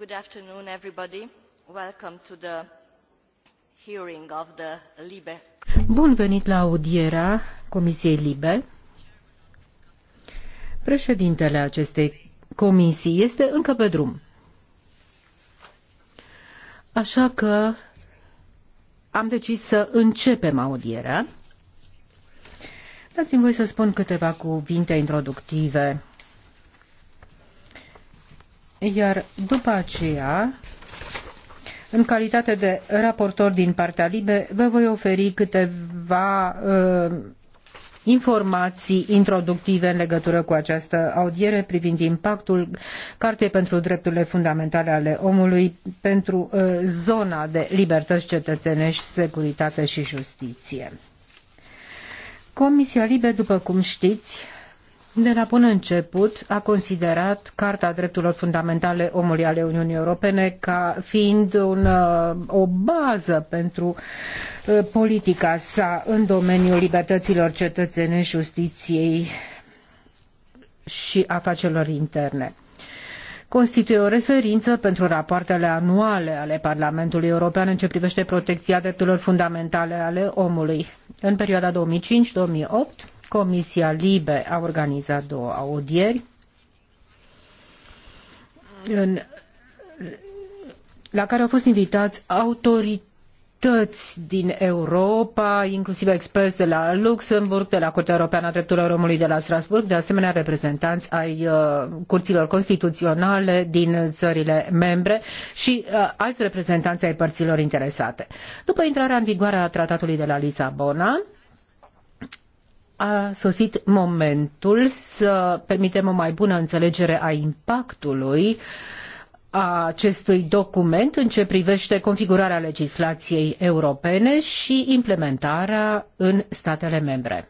Good afternoon, everybody. Welcome to the hearing of the LIBE. Bun venit la audierea Comisiei LIBE. Președintele acestei comisii este încă pe drum. Așa că am decis să începem audierea. Dați-mi voi să spun câteva cuvinte introductive iar după aceea, în calitate de raportor din partea LIBE, vă voi oferi câteva uh, informații introductive în legătură cu această audiere privind impactul Cartei pentru Drepturile Fundamentale ale Omului pentru uh, zona de libertăți cetățenești, securitate și justiție. Comisia LIBE, după cum știți, de la bun început a considerat Carta Drepturilor Fundamentale Omului ale Uniunii Europene ca fiind un, uh, o bază pentru uh, politica sa în domeniul libertăților cetățene, justiției și afacerilor interne constituie o referință pentru rapoartele anuale ale Parlamentului European în ce privește protecția drepturilor fundamentale ale omului. În perioada 2005-2008, Comisia Libe a organizat două audieri în, la care au fost invitați autorități din Europa, inclusiv experți de la Luxemburg, de la Curtea Europeană a Drepturilor Omului de la Strasburg, de asemenea reprezentanți ai uh, curților constituționale din țările membre și uh, alți reprezentanți ai părților interesate. După intrarea în vigoare a Tratatului de la Lisabona, a sosit momentul să permitem o mai bună înțelegere a impactului a acestui document în ce privește configurarea legislației europene și implementarea în statele membre.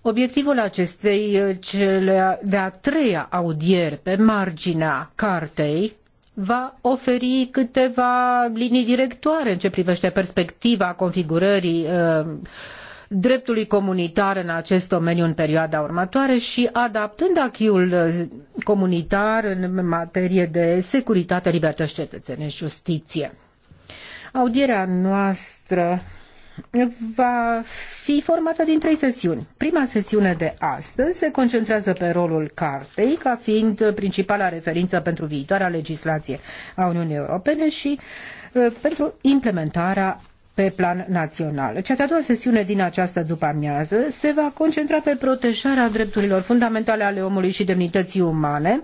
Obiectivul acestei cele de-a treia audieri pe marginea cartei va oferi câteva linii directoare în ce privește perspectiva configurării uh, dreptului comunitar în acest domeniu în perioada următoare și adaptând achiul uh, comunitar în materie de securitate, libertăți cetățene și justiție. Audierea noastră va fi formată din trei sesiuni. Prima sesiune de astăzi se concentrează pe rolul cartei ca fiind principala referință pentru viitoarea legislație a Uniunii Europene și uh, pentru implementarea pe plan național. Cea de-a doua sesiune din această după-amiază se va concentra pe protejarea drepturilor fundamentale ale omului și demnității umane,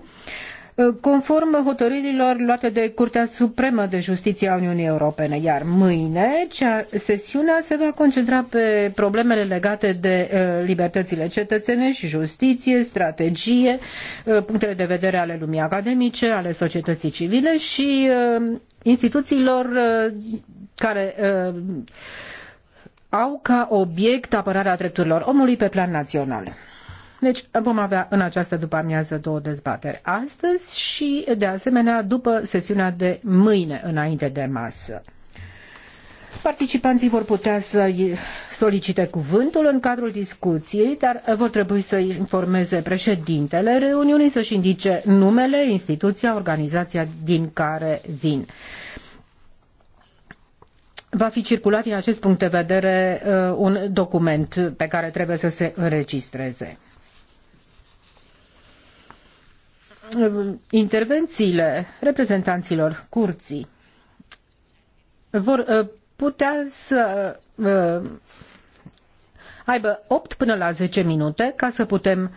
conform hotărârilor luate de Curtea Supremă de Justiție a Uniunii Europene. Iar mâine cea, sesiunea se va concentra pe problemele legate de uh, libertățile cetățenești, justiție, strategie, uh, punctele de vedere ale lumii academice, ale societății civile și uh, instituțiilor uh, care uh, au ca obiect apărarea drepturilor omului pe plan național. Deci vom avea în această după-amiază două dezbateri astăzi și de asemenea după sesiunea de mâine înainte de masă. Participanții vor putea să solicite cuvântul în cadrul discuției, dar vor trebui să informeze președintele reuniunii, să-și indice numele, instituția, organizația din care vin va fi circulat din acest punct de vedere uh, un document pe care trebuie să se înregistreze. Uh, intervențiile reprezentanților curții vor uh, putea să aibă opt până la zece minute ca să putem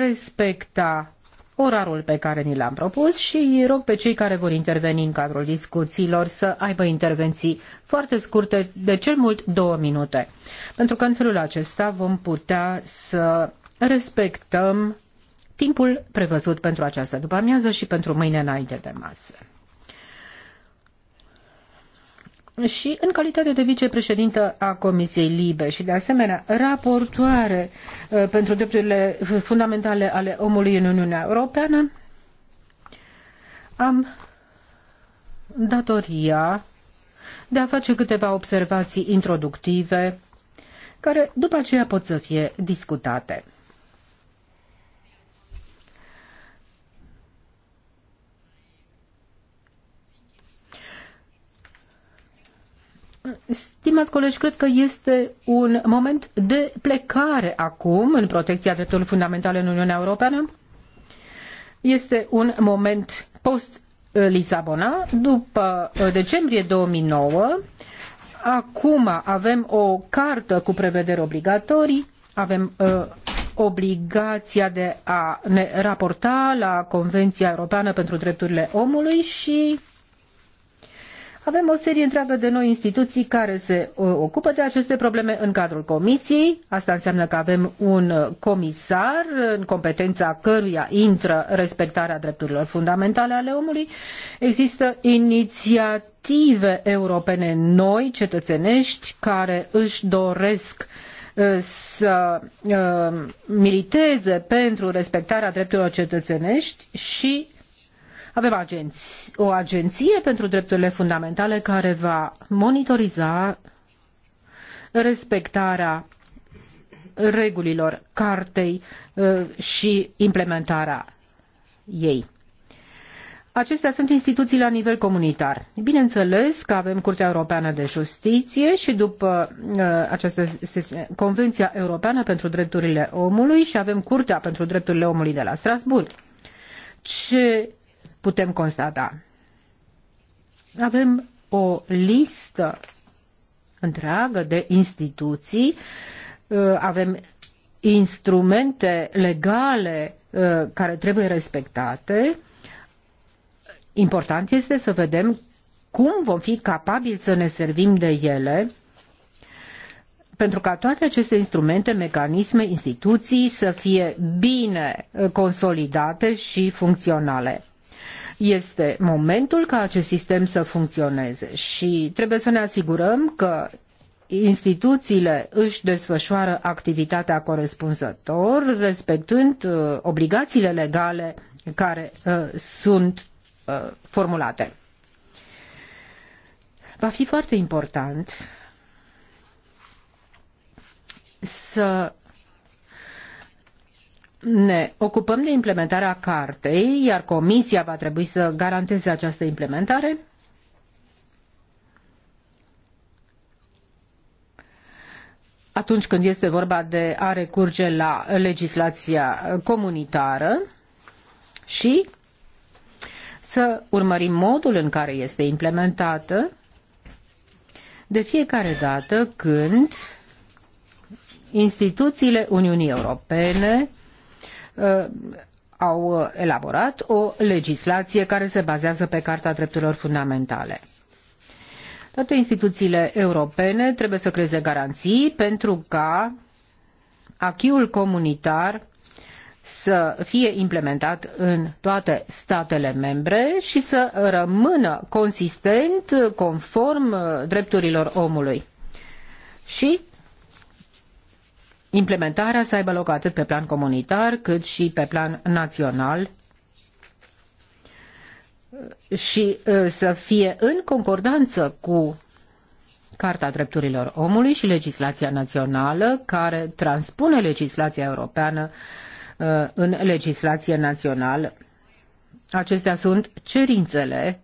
respecta orarul pe care ni l-am propus și îi rog pe cei care vor interveni în cadrul discuțiilor să aibă intervenții foarte scurte, de cel mult două minute. Pentru că în felul acesta vom putea să respectăm timpul prevăzut pentru această după amiază și pentru mâine înainte de masă și în calitate de vicepreședintă a Comisiei Libe și de asemenea raportoare uh, pentru drepturile fundamentale ale omului în Uniunea Europeană, am datoria de a face câteva observații introductive care după aceea pot să fie discutate. Stimați colegi, cred că este un moment de plecare acum în protecția drepturilor fundamentale în Uniunea Europeană. Este un moment post-Lisabona, după uh, decembrie 2009. Acum avem o cartă cu prevederi obligatorii, avem uh, obligația de a ne raporta la Convenția Europeană pentru Drepturile Omului și avem o serie întreagă de noi instituții care se ocupă de aceste probleme în cadrul comisiei. Asta înseamnă că avem un comisar în competența căruia intră respectarea drepturilor fundamentale ale omului. Există inițiative europene noi, cetățenești, care își doresc uh, să uh, militeze pentru respectarea drepturilor cetățenești și avem agenți, o agenție pentru drepturile fundamentale care va monitoriza respectarea regulilor cartei uh, și implementarea ei. Acestea sunt instituții la nivel comunitar. Bineînțeles că avem Curtea Europeană de Justiție și după uh, această Convenția Europeană pentru Drepturile Omului și avem Curtea pentru Drepturile Omului de la Strasburg. Ce putem constata. Avem o listă întreagă de instituții, uh, avem instrumente legale uh, care trebuie respectate. Important este să vedem cum vom fi capabili să ne servim de ele pentru ca toate aceste instrumente, mecanisme, instituții să fie bine uh, consolidate și funcționale. Este momentul ca acest sistem să funcționeze și trebuie să ne asigurăm că instituțiile își desfășoară activitatea corespunzător, respectând uh, obligațiile legale care uh, sunt uh, formulate. Va fi foarte important să ne ocupăm de implementarea cartei, iar Comisia va trebui să garanteze această implementare. Atunci când este vorba de a recurge la legislația comunitară și să urmărim modul în care este implementată de fiecare dată când instituțiile Uniunii Europene Uh, au elaborat o legislație care se bazează pe Carta Drepturilor Fundamentale. Toate instituțiile europene trebuie să creeze garanții pentru ca achiul comunitar să fie implementat în toate statele membre și să rămână consistent conform drepturilor omului. Și implementarea să aibă loc atât pe plan comunitar cât și pe plan național și uh, să fie în concordanță cu Carta Drepturilor Omului și legislația națională care transpune legislația europeană uh, în legislație națională. Acestea sunt cerințele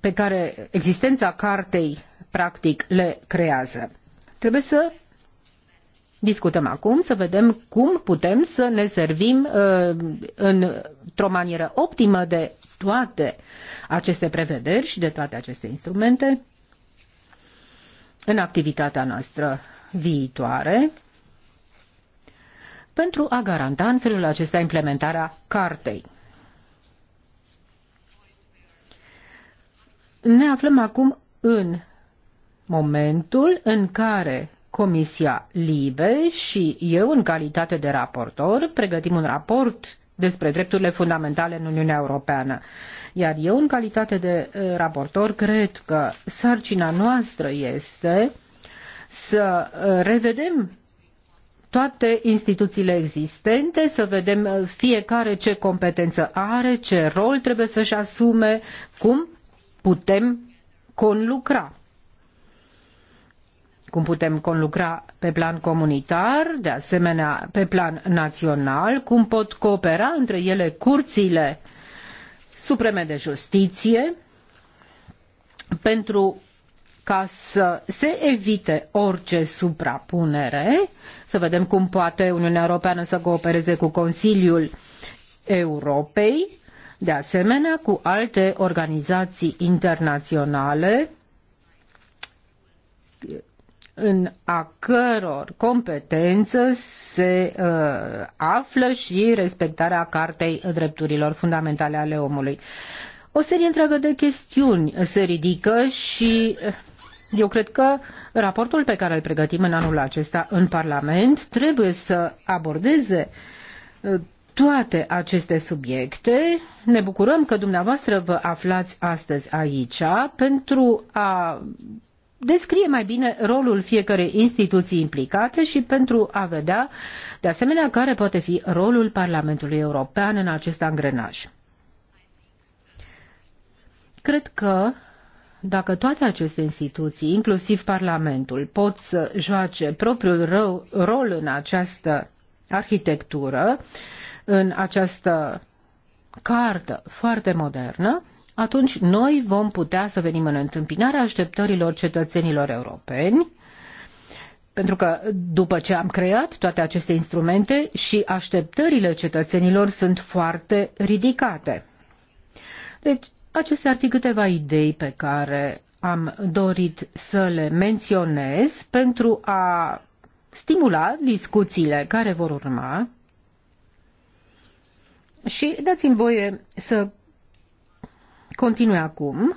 pe care existența cartei practic le creează. Trebuie să discutăm acum, să vedem cum putem să ne servim uh, într-o manieră optimă de toate aceste prevederi și de toate aceste instrumente în activitatea noastră viitoare pentru a garanta în felul acesta implementarea cartei. ne aflăm acum în momentul în care Comisia Libe și eu, în calitate de raportor, pregătim un raport despre drepturile fundamentale în Uniunea Europeană. Iar eu, în calitate de eh, raportor, cred că sarcina noastră este să eh, revedem toate instituțiile existente, să vedem eh, fiecare ce competență are, ce rol trebuie să-și asume, cum putem conlucra. Cum putem conlucra pe plan comunitar, de asemenea pe plan național, cum pot coopera între ele curțile supreme de justiție pentru ca să se evite orice suprapunere, să vedem cum poate Uniunea Europeană să coopereze cu Consiliul Europei de asemenea cu alte organizații internaționale în a căror competență se uh, află și respectarea Cartei Drepturilor Fundamentale ale Omului. O serie întreagă de chestiuni se ridică și uh, eu cred că raportul pe care îl pregătim în anul acesta în Parlament trebuie să abordeze uh, toate aceste subiecte. Ne bucurăm că dumneavoastră vă aflați astăzi aici pentru a descrie mai bine rolul fiecarei instituții implicate și pentru a vedea, de asemenea, care poate fi rolul Parlamentului European în acest angrenaj. Cred că dacă toate aceste instituții, inclusiv Parlamentul, pot să joace propriul rol în această arhitectură, în această cartă foarte modernă, atunci noi vom putea să venim în întâmpinarea așteptărilor cetățenilor europeni, pentru că după ce am creat toate aceste instrumente și așteptările cetățenilor sunt foarte ridicate. Deci, acestea ar fi câteva idei pe care am dorit să le menționez pentru a stimula discuțiile care vor urma și dați-mi voie să continui acum,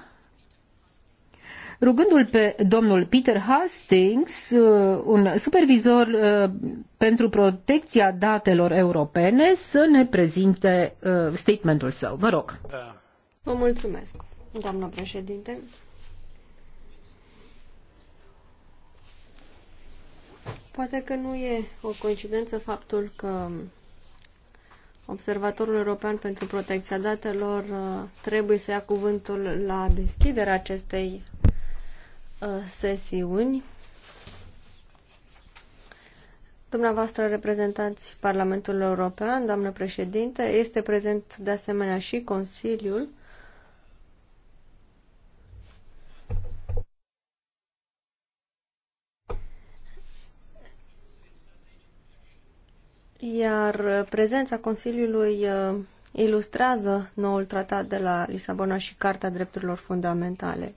rugându-l pe domnul Peter Hastings, uh, un supervizor uh, pentru protecția datelor europene, să ne prezinte uh, statementul său. Vă rog. Vă mulțumesc, doamnă președinte. Poate că nu e o coincidență faptul că Observatorul European pentru Protecția Datelor uh, trebuie să ia cuvântul la deschiderea acestei uh, sesiuni. Dumneavoastră reprezentați Parlamentul European, doamnă președinte, este prezent de asemenea și Consiliul. Iar prezența Consiliului uh, ilustrează noul tratat de la Lisabona și Carta Drepturilor Fundamentale.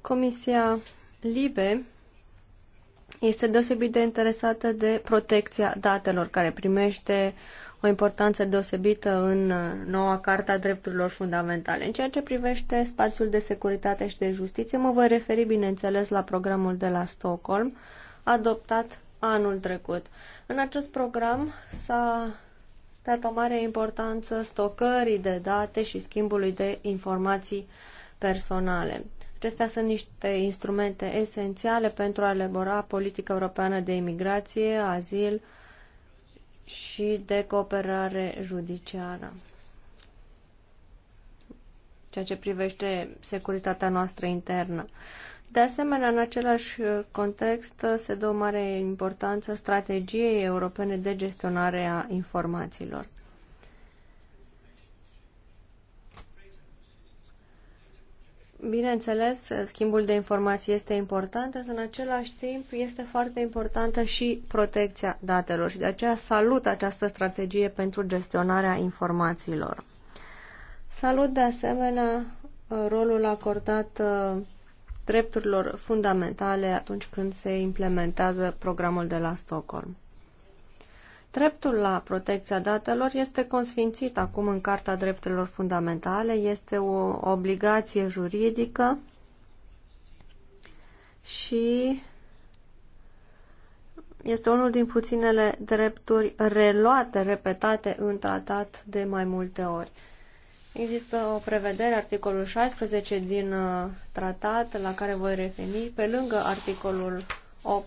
Comisia Libe este deosebit de interesată de protecția datelor, care primește o importanță deosebită în noua Carta a Drepturilor Fundamentale. În ceea ce privește spațiul de securitate și de justiție, mă voi referi, bineînțeles, la programul de la Stockholm, adoptat anul trecut. În acest program s-a dat o mare importanță stocării de date și schimbului de informații personale. Acestea sunt niște instrumente esențiale pentru a elabora politica europeană de imigrație, azil și de cooperare judiciară. Ceea ce privește securitatea noastră internă. De asemenea, în același context, se dă o mare importanță strategiei europene de gestionare a informațiilor. Bineînțeles, schimbul de informații este important, însă în același timp este foarte importantă și protecția datelor și de aceea salut această strategie pentru gestionarea informațiilor. Salut de asemenea uh, rolul acordat uh, drepturilor fundamentale atunci când se implementează programul de la Stockholm. Dreptul la protecția datelor este consfințit acum în Carta Drepturilor Fundamentale, este o obligație juridică și este unul din puținele drepturi reluate, repetate în tratat de mai multe ori. Există o prevedere, articolul 16 din uh, tratat, la care voi referi, pe lângă articolul 8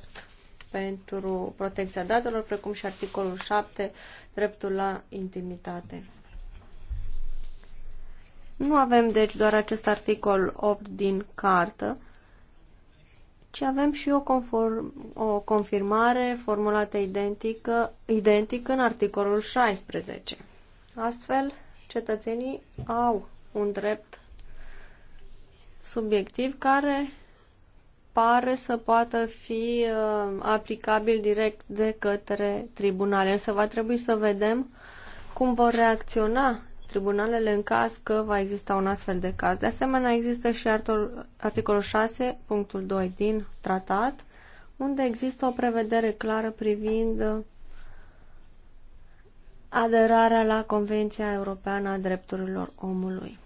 pentru protecția datelor, precum și articolul 7, dreptul la intimitate. Nu avem, deci, doar acest articol 8 din cartă, ci avem și o, conform, o confirmare formulată identică, identic în articolul 16. Astfel, cetățenii au un drept subiectiv care pare să poată fi uh, aplicabil direct de către tribunale, însă va trebui să vedem cum vor reacționa tribunalele în caz că va exista un astfel de caz. De asemenea, există și articolul 6.2 punctul din tratat, unde există o prevedere clară privind aderarea la Convenția Europeană a Drepturilor Omului.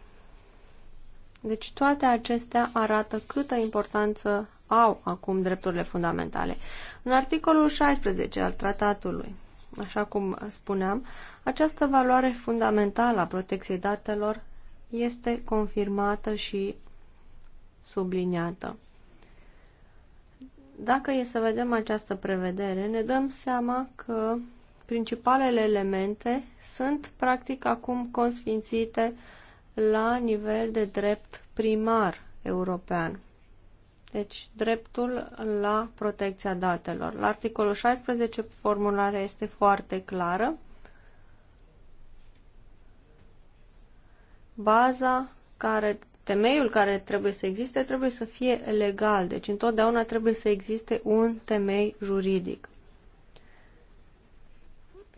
Deci toate acestea arată câtă importanță au acum drepturile fundamentale. În articolul 16 al tratatului, așa cum spuneam, această valoare fundamentală a protecției datelor este confirmată și subliniată. Dacă e să vedem această prevedere, ne dăm seama că principalele elemente sunt practic acum consfințite la nivel de drept primar european. Deci, dreptul la protecția datelor. La articolul 16, formularea este foarte clară. Baza care, temeiul care trebuie să existe, trebuie să fie legal. Deci, întotdeauna trebuie să existe un temei juridic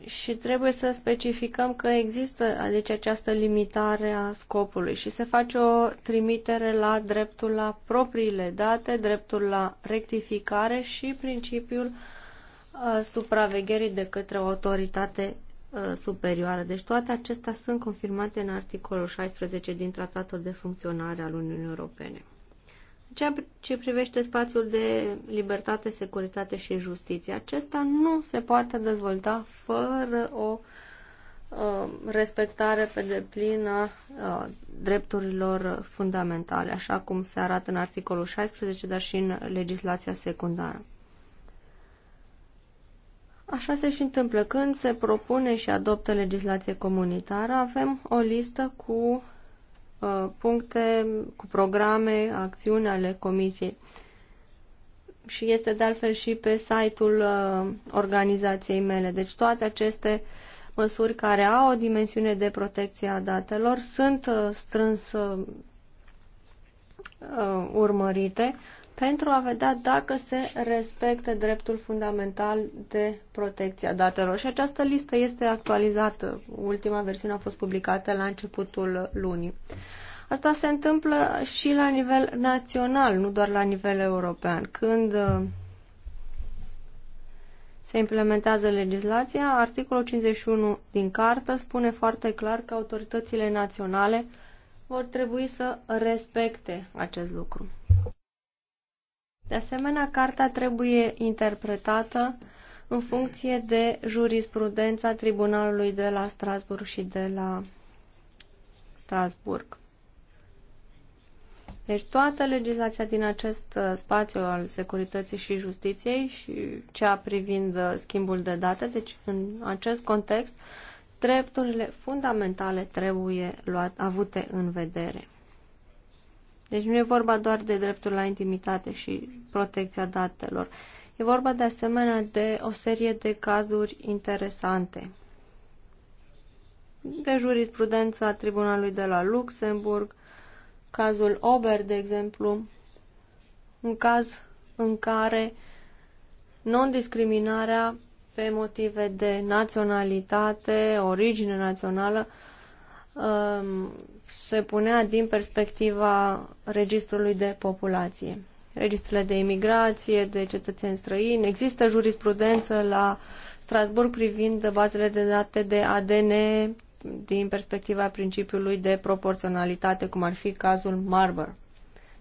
și trebuie să specificăm că există deci această limitare a scopului și se face o trimitere la dreptul la propriile date, dreptul la rectificare și principiul uh, supravegherii de către o autoritate uh, superioară. Deci toate acestea sunt confirmate în articolul 16 din Tratatul de Funcționare al Uniunii Europene ceea ce privește spațiul de libertate, securitate și justiție. Acesta nu se poate dezvolta fără o uh, respectare pe deplin a uh, drepturilor fundamentale, așa cum se arată în articolul 16, dar și în legislația secundară. Așa se și întâmplă. Când se propune și adoptă legislație comunitară, avem o listă cu Uh, puncte cu programe, acțiuni ale Comisiei. Și este de altfel și pe site-ul uh, organizației mele. Deci toate aceste măsuri care au o dimensiune de protecție a datelor sunt uh, strâns urmărite pentru a vedea dacă se respectă dreptul fundamental de protecție a datelor. Și această listă este actualizată. Ultima versiune a fost publicată la începutul lunii. Asta se întâmplă și la nivel național, nu doar la nivel european. Când uh, se implementează legislația, articolul 51 din cartă spune foarte clar că autoritățile naționale vor trebui să respecte acest lucru. De asemenea, cartea trebuie interpretată în funcție de jurisprudența Tribunalului de la Strasburg și de la Strasburg. Deci toată legislația din acest uh, spațiu al securității și justiției și cea privind uh, schimbul de date, deci în acest context, drepturile fundamentale trebuie luat, avute în vedere. Deci nu e vorba doar de dreptul la intimitate și protecția datelor. E vorba de asemenea de o serie de cazuri interesante. De jurisprudența Tribunalului de la Luxemburg, cazul Ober, de exemplu, un caz în care non-discriminarea pe motive de naționalitate, origine națională, Um, se punea din perspectiva registrului de populație. Registrele de imigrație, de cetățeni străini. Există jurisprudență la Strasburg privind bazele de date de ADN din perspectiva principiului de proporționalitate, cum ar fi cazul Marber.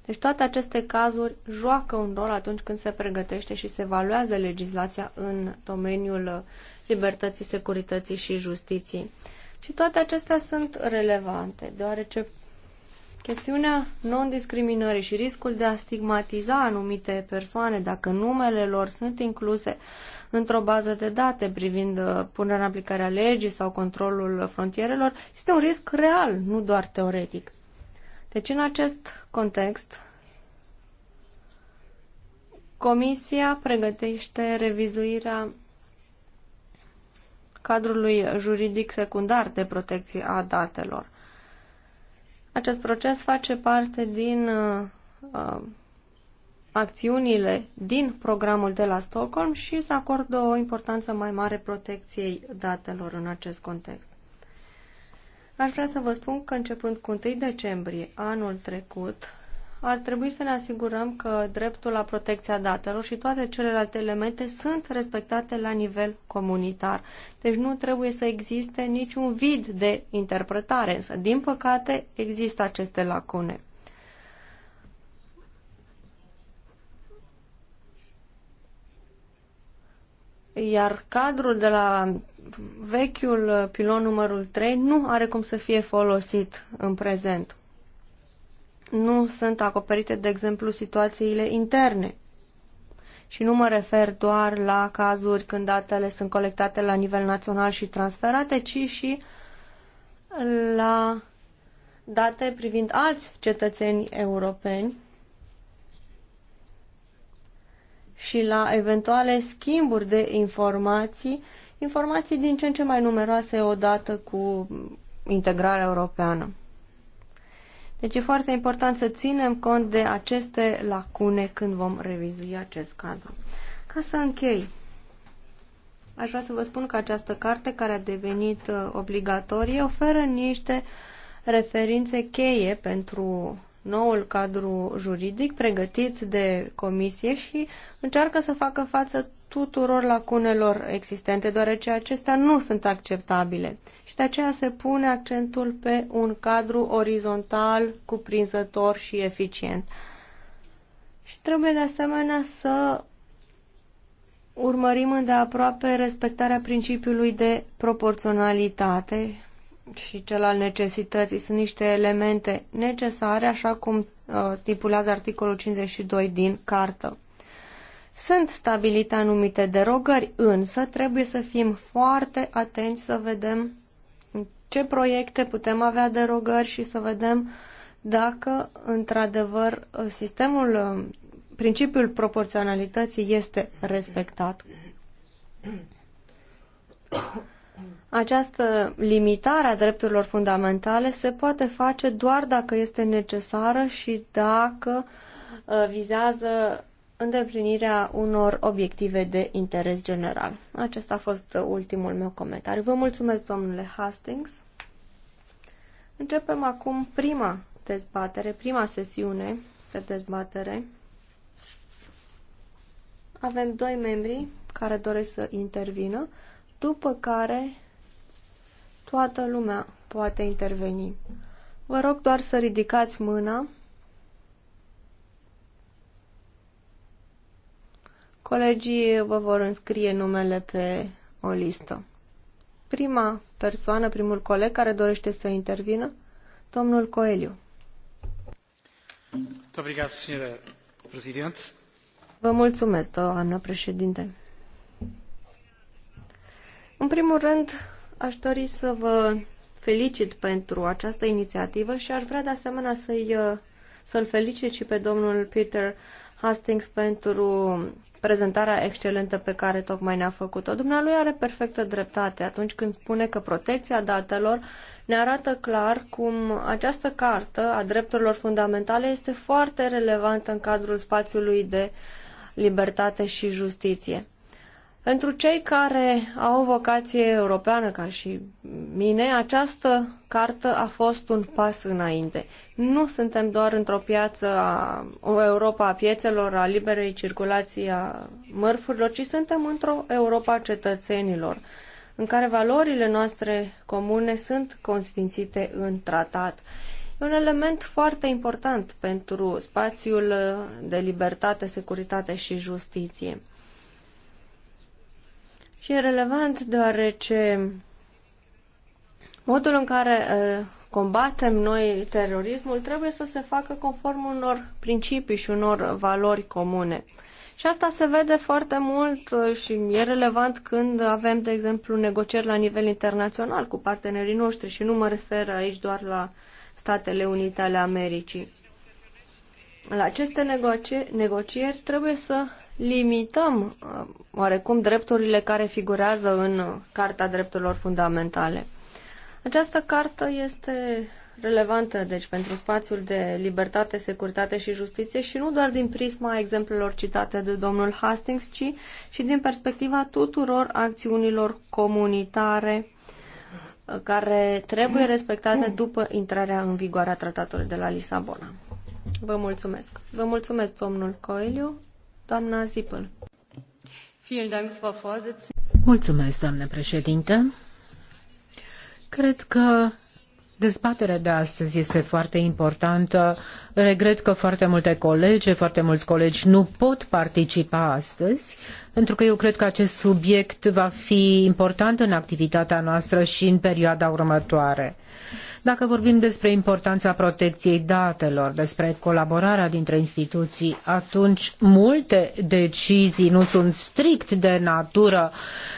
Deci toate aceste cazuri joacă un rol atunci când se pregătește și se evaluează legislația în domeniul libertății, securității și justiției. Și toate acestea sunt relevante, deoarece chestiunea non-discriminării și riscul de a stigmatiza anumite persoane dacă numele lor sunt incluse într-o bază de date privind uh, punerea în aplicare a legii sau controlul frontierelor, este un risc real, nu doar teoretic. Deci, în acest context, Comisia pregătește revizuirea cadrului juridic secundar de protecție a datelor. Acest proces face parte din uh, uh, acțiunile din programul de la Stockholm și se acordă o importanță mai mare protecției datelor în acest context. Aș vrea să vă spun că începând cu 1 decembrie anul trecut, ar trebui să ne asigurăm că dreptul la protecția datelor și toate celelalte elemente sunt respectate la nivel comunitar. Deci nu trebuie să existe niciun vid de interpretare, însă, din păcate, există aceste lacune. Iar cadrul de la vechiul pilon numărul 3 nu are cum să fie folosit în prezent nu sunt acoperite, de exemplu, situațiile interne. Și nu mă refer doar la cazuri când datele sunt colectate la nivel național și transferate, ci și la date privind alți cetățeni europeni și la eventuale schimburi de informații, informații din ce în ce mai numeroase odată cu integrarea europeană. Deci e foarte important să ținem cont de aceste lacune când vom revizui acest cadru. Ca să închei, aș vrea să vă spun că această carte care a devenit uh, obligatorie oferă niște referințe cheie pentru noul cadru juridic pregătit de comisie și încearcă să facă față tuturor lacunelor existente, deoarece acestea nu sunt acceptabile. Și de aceea se pune accentul pe un cadru orizontal, cuprinzător și eficient. Și trebuie de asemenea să urmărim îndeaproape respectarea principiului de proporționalitate și cel al necesității sunt niște elemente necesare, așa cum uh, stipulează articolul 52 din cartă. Sunt stabilite anumite derogări, însă trebuie să fim foarte atenți să vedem ce proiecte putem avea derogări și să vedem dacă, într-adevăr, sistemul, uh, principiul proporționalității este respectat. Această limitare a drepturilor fundamentale se poate face doar dacă este necesară și dacă uh, vizează îndeplinirea unor obiective de interes general. Acesta a fost ultimul meu comentariu. Vă mulțumesc, domnule Hastings. Începem acum prima dezbatere, prima sesiune pe dezbatere. Avem doi membri care doresc să intervină după care toată lumea poate interveni. Vă rog doar să ridicați mâna. Colegii vă vor înscrie numele pe o listă. Prima persoană, primul coleg care dorește să intervină, domnul Coeliu. Vă mulțumesc, doamnă președinte. În primul rând, aș dori să vă felicit pentru această inițiativă și aș vrea de asemenea să-i, uh, să-l felicit și pe domnul Peter Hastings pentru prezentarea excelentă pe care tocmai ne-a făcut-o. Dumnealui are perfectă dreptate atunci când spune că protecția datelor ne arată clar cum această cartă a drepturilor fundamentale este foarte relevantă în cadrul spațiului de libertate și justiție. Pentru cei care au o vocație europeană ca și mine, această cartă a fost un pas înainte. Nu suntem doar într-o piață, a, o Europa a piețelor, a liberei circulații a mărfurilor, ci suntem într-o Europa a cetățenilor, în care valorile noastre comune sunt consfințite în tratat. E un element foarte important pentru spațiul de libertate, securitate și justiție. Și e relevant deoarece modul în care uh, combatem noi terorismul trebuie să se facă conform unor principii și unor valori comune. Și asta se vede foarte mult uh, și e relevant când avem, de exemplu, negocieri la nivel internațional cu partenerii noștri și nu mă refer aici doar la Statele Unite ale Americii. La aceste negocieri trebuie să limităm uh, oarecum drepturile care figurează în uh, Carta Drepturilor Fundamentale. Această cartă este relevantă deci pentru spațiul de libertate, securitate și justiție și nu doar din prisma exemplelor citate de domnul Hastings, ci și din perspectiva tuturor acțiunilor comunitare uh, care trebuie respectate după intrarea în vigoare a tratatului de la Lisabona. Vă mulțumesc. Vă mulțumesc, domnul Coelho. Mulțumesc, doamnă președinte. Cred că Dezbaterea de astăzi este foarte importantă. Regret că foarte multe colege, foarte mulți colegi nu pot participa astăzi, pentru că eu cred că acest subiect va fi important în activitatea noastră și în perioada următoare. Dacă vorbim despre importanța protecției datelor, despre colaborarea dintre instituții, atunci multe decizii nu sunt strict de natură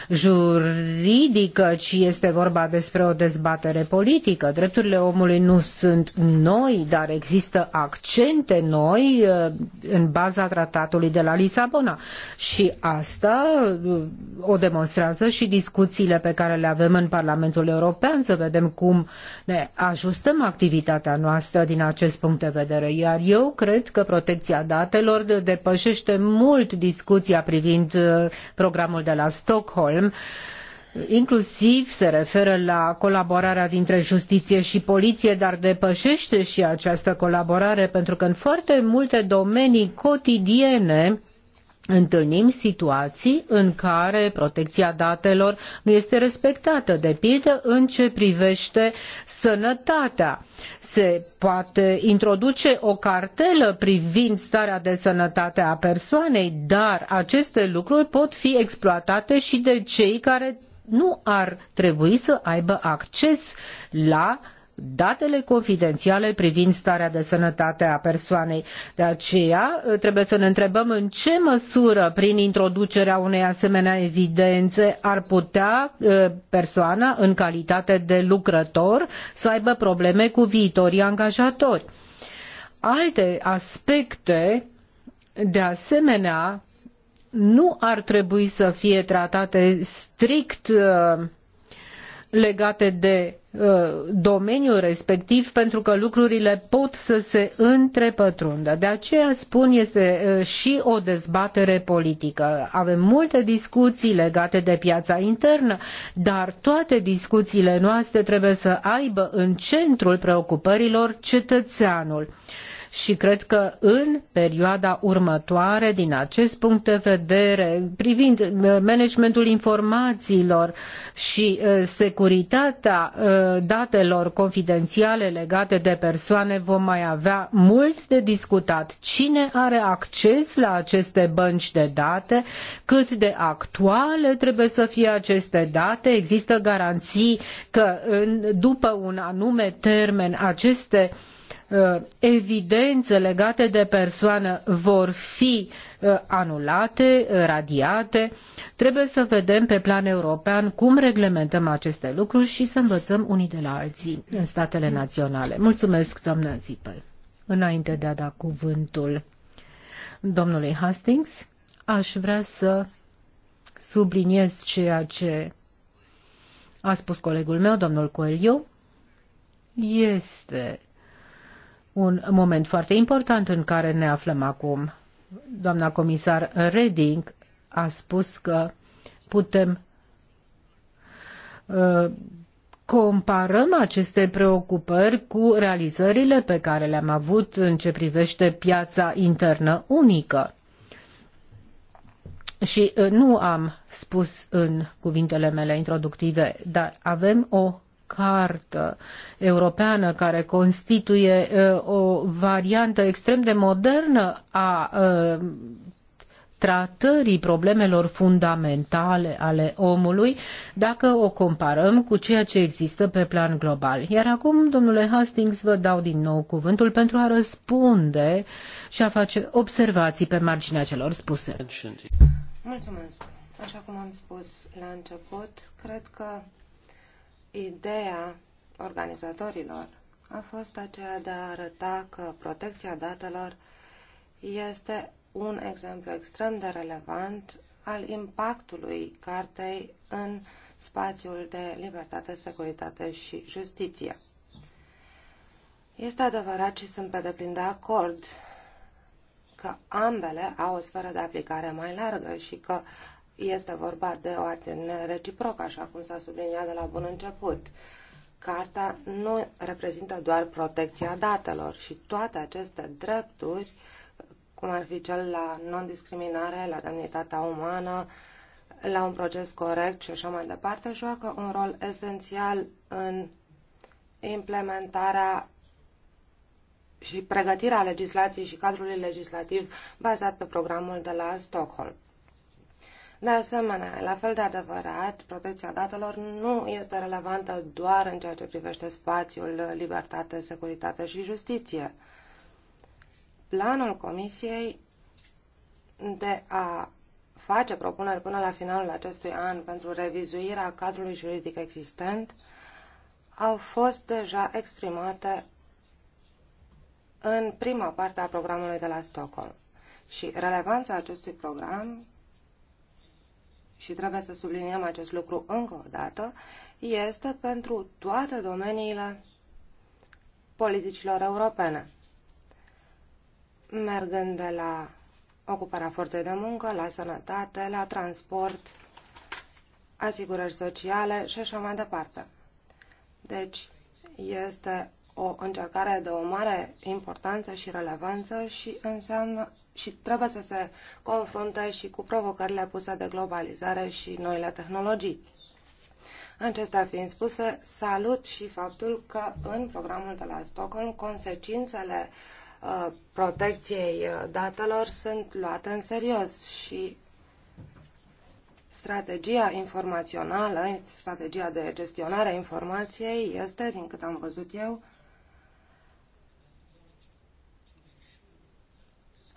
juridică, ci este vorba despre o dezbatere politică. Drepturile omului nu sunt noi, dar există accente noi uh, în baza tratatului de la Lisabona. Și asta uh, o demonstrează și discuțiile pe care le avem în Parlamentul European, să vedem cum ne ajustăm activitatea noastră din acest punct de vedere, iar eu cred că protecția datelor depășește mult discuția privind uh, programul de la Stockholm, inclusiv se referă la colaborarea dintre justiție și poliție, dar depășește și această colaborare pentru că în foarte multe domenii cotidiene întâlnim situații în care protecția datelor nu este respectată, de pildă în ce privește sănătatea. Se poate introduce o cartelă privind starea de sănătate a persoanei, dar aceste lucruri pot fi exploatate și de cei care nu ar trebui să aibă acces la datele confidențiale privind starea de sănătate a persoanei. De aceea ă, trebuie să ne întrebăm în ce măsură, prin introducerea unei asemenea evidențe, ar putea ă, persoana, în calitate de lucrător, să aibă probleme cu viitorii angajatori. Alte aspecte, de asemenea, nu ar trebui să fie tratate strict ă, legate de Uh, domeniul respectiv pentru că lucrurile pot să se întrepătrundă. De aceea spun este uh, și o dezbatere politică. Avem multe discuții legate de piața internă, dar toate discuțiile noastre trebuie să aibă în centrul preocupărilor cetățeanul și cred că în perioada următoare, din acest punct de vedere, privind uh, managementul informațiilor și uh, securitatea uh, datelor confidențiale legate de persoane, vom mai avea mult de discutat. Cine are acces la aceste bănci de date? Cât de actuale trebuie să fie aceste date? Există garanții că după un anume termen aceste uh, Uh, evidențe legate de persoană vor fi uh, anulate, radiate. Trebuie să vedem pe plan european cum reglementăm aceste lucruri și să învățăm unii de la alții în statele naționale. Mulțumesc, doamnă Zipel. Înainte de a da cuvântul domnului Hastings, aș vrea să subliniez ceea ce a spus colegul meu, domnul Coelho, este un moment foarte important în care ne aflăm acum. Doamna comisar Reding a spus că putem uh, comparăm aceste preocupări cu realizările pe care le-am avut în ce privește piața internă unică. Și uh, nu am spus în cuvintele mele introductive, dar avem o cartă europeană care constituie o variantă extrem de modernă a tratării problemelor fundamentale ale omului dacă o comparăm cu ceea ce există pe plan global. Iar acum, domnule Hastings, vă dau din nou cuvântul pentru a răspunde și a face observații pe marginea celor spuse. Mulțumesc. Așa cum am spus la început, cred că Ideea organizatorilor a fost aceea de a arăta că protecția datelor este un exemplu extrem de relevant al impactului cartei în spațiul de libertate, securitate și justiție. Este adevărat și sunt pe deplin de acord că ambele au o sferă de aplicare mai largă și că este vorba de o atenere reciprocă, așa cum s-a subliniat de la bun început. Carta nu reprezintă doar protecția datelor și toate aceste drepturi, cum ar fi cel la non-discriminare, la demnitatea umană, la un proces corect și așa mai departe, joacă un rol esențial în implementarea și pregătirea legislației și cadrului legislativ bazat pe programul de la Stockholm. De asemenea, la fel de adevărat, protecția datelor nu este relevantă doar în ceea ce privește spațiul libertate, securitate și justiție. Planul Comisiei de a face propuneri până la finalul acestui an pentru revizuirea cadrului juridic existent au fost deja exprimate în prima parte a programului de la Stockholm. Și relevanța acestui program și trebuie să subliniem acest lucru încă o dată, este pentru toate domeniile politicilor europene, mergând de la ocuparea forței de muncă, la sănătate, la transport, asigurări sociale și așa mai departe. Deci, este o încercare de o mare importanță și relevanță și înseamnă și trebuie să se confrunte și cu provocările puse de globalizare și noile tehnologii. Acestea fiind spuse, salut și faptul că în programul de la Stockholm consecințele uh, protecției uh, datelor sunt luate în serios și strategia informațională, strategia de gestionare a informației este, din cât am văzut eu,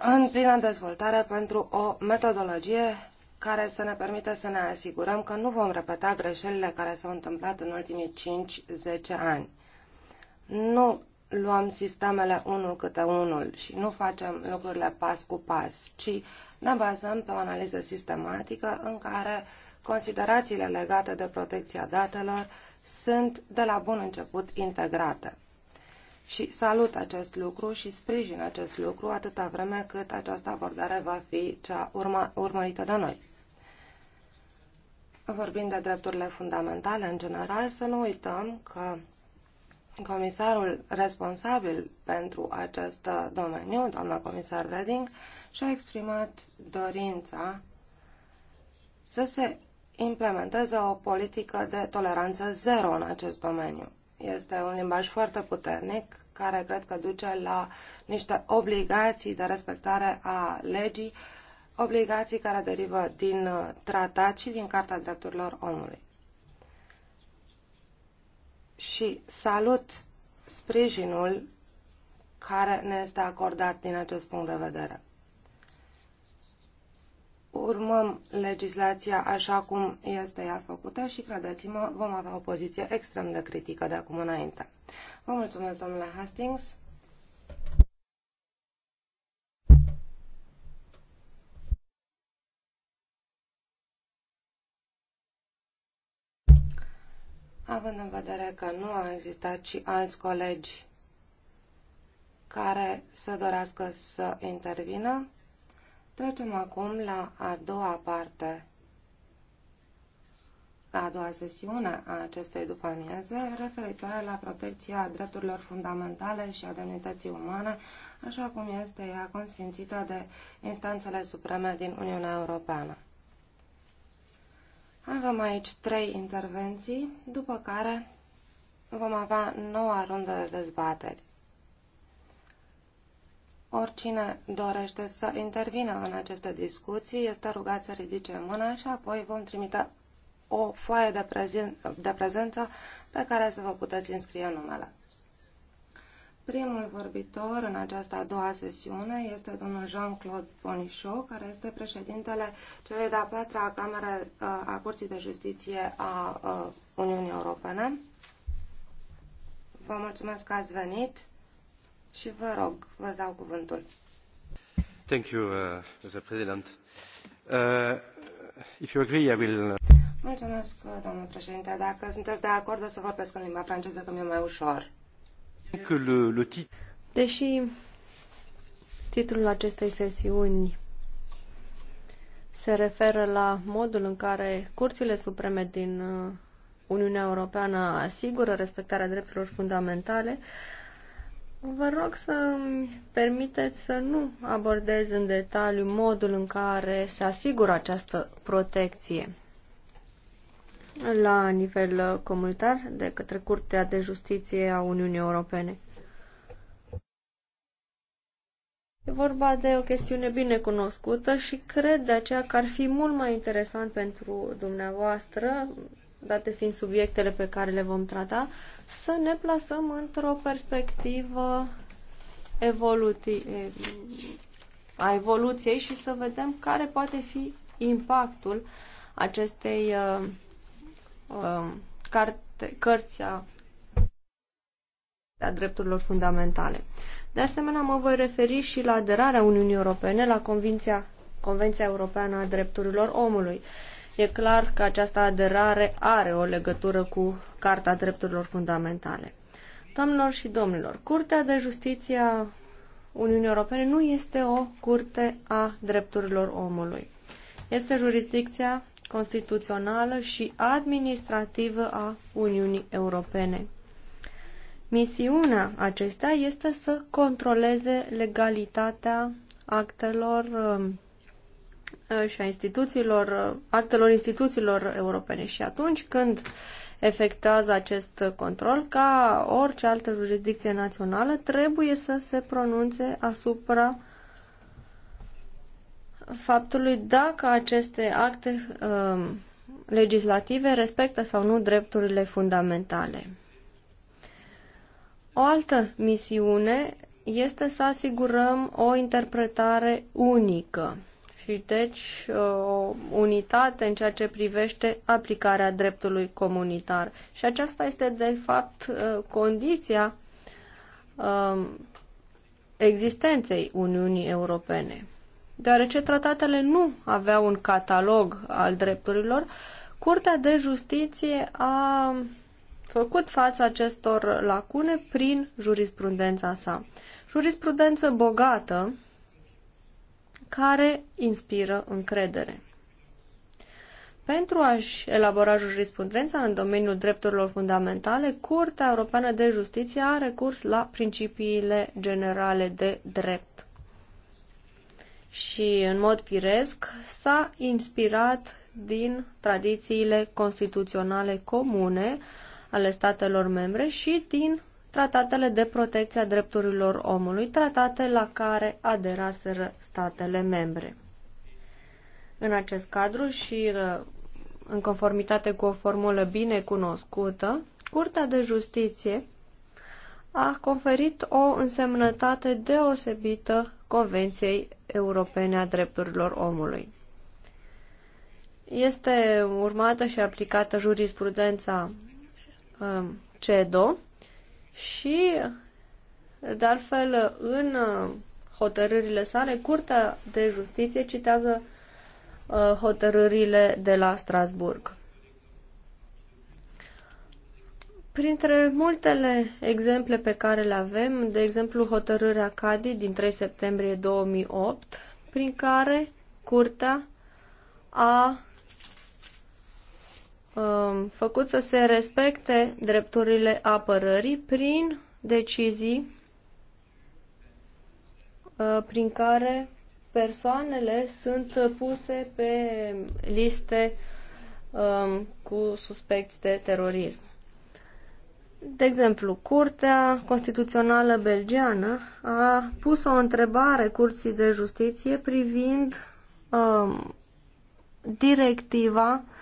în plină dezvoltare pentru o metodologie care să ne permită să ne asigurăm că nu vom repeta greșelile care s-au întâmplat în ultimii 5-10 ani. Nu luăm sistemele unul câte unul și nu facem lucrurile pas cu pas, ci ne bazăm pe o analiză sistematică în care considerațiile legate de protecția datelor sunt de la bun început integrate. Și salut acest lucru și sprijin acest lucru atâta vreme cât această abordare va fi cea urma, urmărită de noi. Vorbind de drepturile fundamentale în general, să nu uităm că comisarul responsabil pentru acest domeniu, doamna comisar Reding, și-a exprimat dorința să se implementeze o politică de toleranță zero în acest domeniu. Este un limbaj foarte puternic care cred că duce la niște obligații de respectare a legii, obligații care derivă din uh, tratat și din Carta Drepturilor Omului. Și salut sprijinul care ne este acordat din acest punct de vedere urmăm legislația așa cum este ea făcută și, credeți-mă, vom avea o poziție extrem de critică de acum înainte. Vă mulțumesc, domnule Hastings. Având în vedere că nu au existat și alți colegi care să dorească să intervină, Trecem acum la a doua parte, la a doua sesiune a acestei după amieze, referitoare la protecția drepturilor fundamentale și a demnității umane, așa cum este ea consfințită de instanțele supreme din Uniunea Europeană. Avem aici trei intervenții, după care vom avea noua rundă de dezbateri. Oricine dorește să intervină în aceste discuții este rugat să ridice mâna și apoi vom trimite o foaie de, prezen de prezență pe care să vă puteți înscrie numele. Primul vorbitor în această a doua sesiune este domnul Jean-Claude Bonichot, care este președintele celei de-a patra Camere uh, a Curții de Justiție a uh, Uniunii Europene. Vă mulțumesc că ați venit și vă rog, vă dau cuvântul. Thank you, uh, Mr. President. Uh, if you agree, I will... Uh, Mulțumesc, domnul președinte. Dacă sunteți de acord, o să vorbesc în limba franceză, că mi-e mai ușor. Că le, le tit... Deși titlul acestei sesiuni se referă la modul în care curțile supreme din uh, Uniunea Europeană asigură respectarea drepturilor fundamentale, Vă rog să îmi permiteți să nu abordez în detaliu modul în care se asigură această protecție la nivel uh, comunitar de către Curtea de Justiție a Uniunii Europene. E vorba de o chestiune bine cunoscută și cred de aceea că ar fi mult mai interesant pentru dumneavoastră date fiind subiectele pe care le vom trata, să ne plasăm într-o perspectivă evoluti- a evoluției și să vedem care poate fi impactul acestei uh, uh, carte, cărți a, a drepturilor fundamentale. De asemenea, mă voi referi și la aderarea Uniunii Europene la Convenția, Convenția Europeană a Drepturilor Omului. Uh, E clar că această aderare are o legătură cu Carta Drepturilor Fundamentale. Doamnelor și domnilor, Curtea de Justiție a Uniunii Europene nu este o curte a drepturilor omului. Este jurisdicția constituțională și administrativă a Uniunii Europene. Misiunea acestea este să controleze legalitatea actelor um, Uh, și a instituțiilor, uh, actelor instituțiilor europene. Și atunci când efectuează acest control, ca orice altă jurisdicție națională, trebuie să se pronunțe asupra faptului dacă aceste acte uh, legislative respectă sau nu drepturile fundamentale. O altă misiune este să asigurăm o interpretare unică fi deci o unitate în ceea ce privește aplicarea dreptului comunitar. Și aceasta este de fapt uh, condiția um, existenței Uniunii Europene. Deoarece tratatele nu aveau un catalog al drepturilor, Curtea de Justiție a făcut față acestor lacune prin jurisprudența sa. Jurisprudență bogată, care inspiră încredere. Pentru a-și elabora jurisprudența în domeniul drepturilor fundamentale, Curtea Europeană de Justiție a recurs la principiile generale de drept. Și, în mod firesc, s-a inspirat din tradițiile constituționale comune ale statelor membre și din tratatele de protecție a drepturilor omului, tratate la care aderaseră statele membre. În acest cadru și uh, în conformitate cu o formulă bine cunoscută, Curtea de Justiție a conferit o însemnătate deosebită Convenției Europene a Drepturilor Omului. Este urmată și aplicată jurisprudența um, CEDO, și, de altfel, în uh, hotărârile sale, Curtea de Justiție citează uh, hotărârile de la Strasburg. Printre multele exemple pe care le avem, de exemplu hotărârea Cadi din 3 septembrie 2008, prin care curtea a Um, făcut să se respecte drepturile apărării prin decizii uh, prin care persoanele sunt puse pe liste um, cu suspecți de terorism. De exemplu, Curtea Constituțională Belgiană a pus o întrebare Curții de Justiție privind um, directiva uh,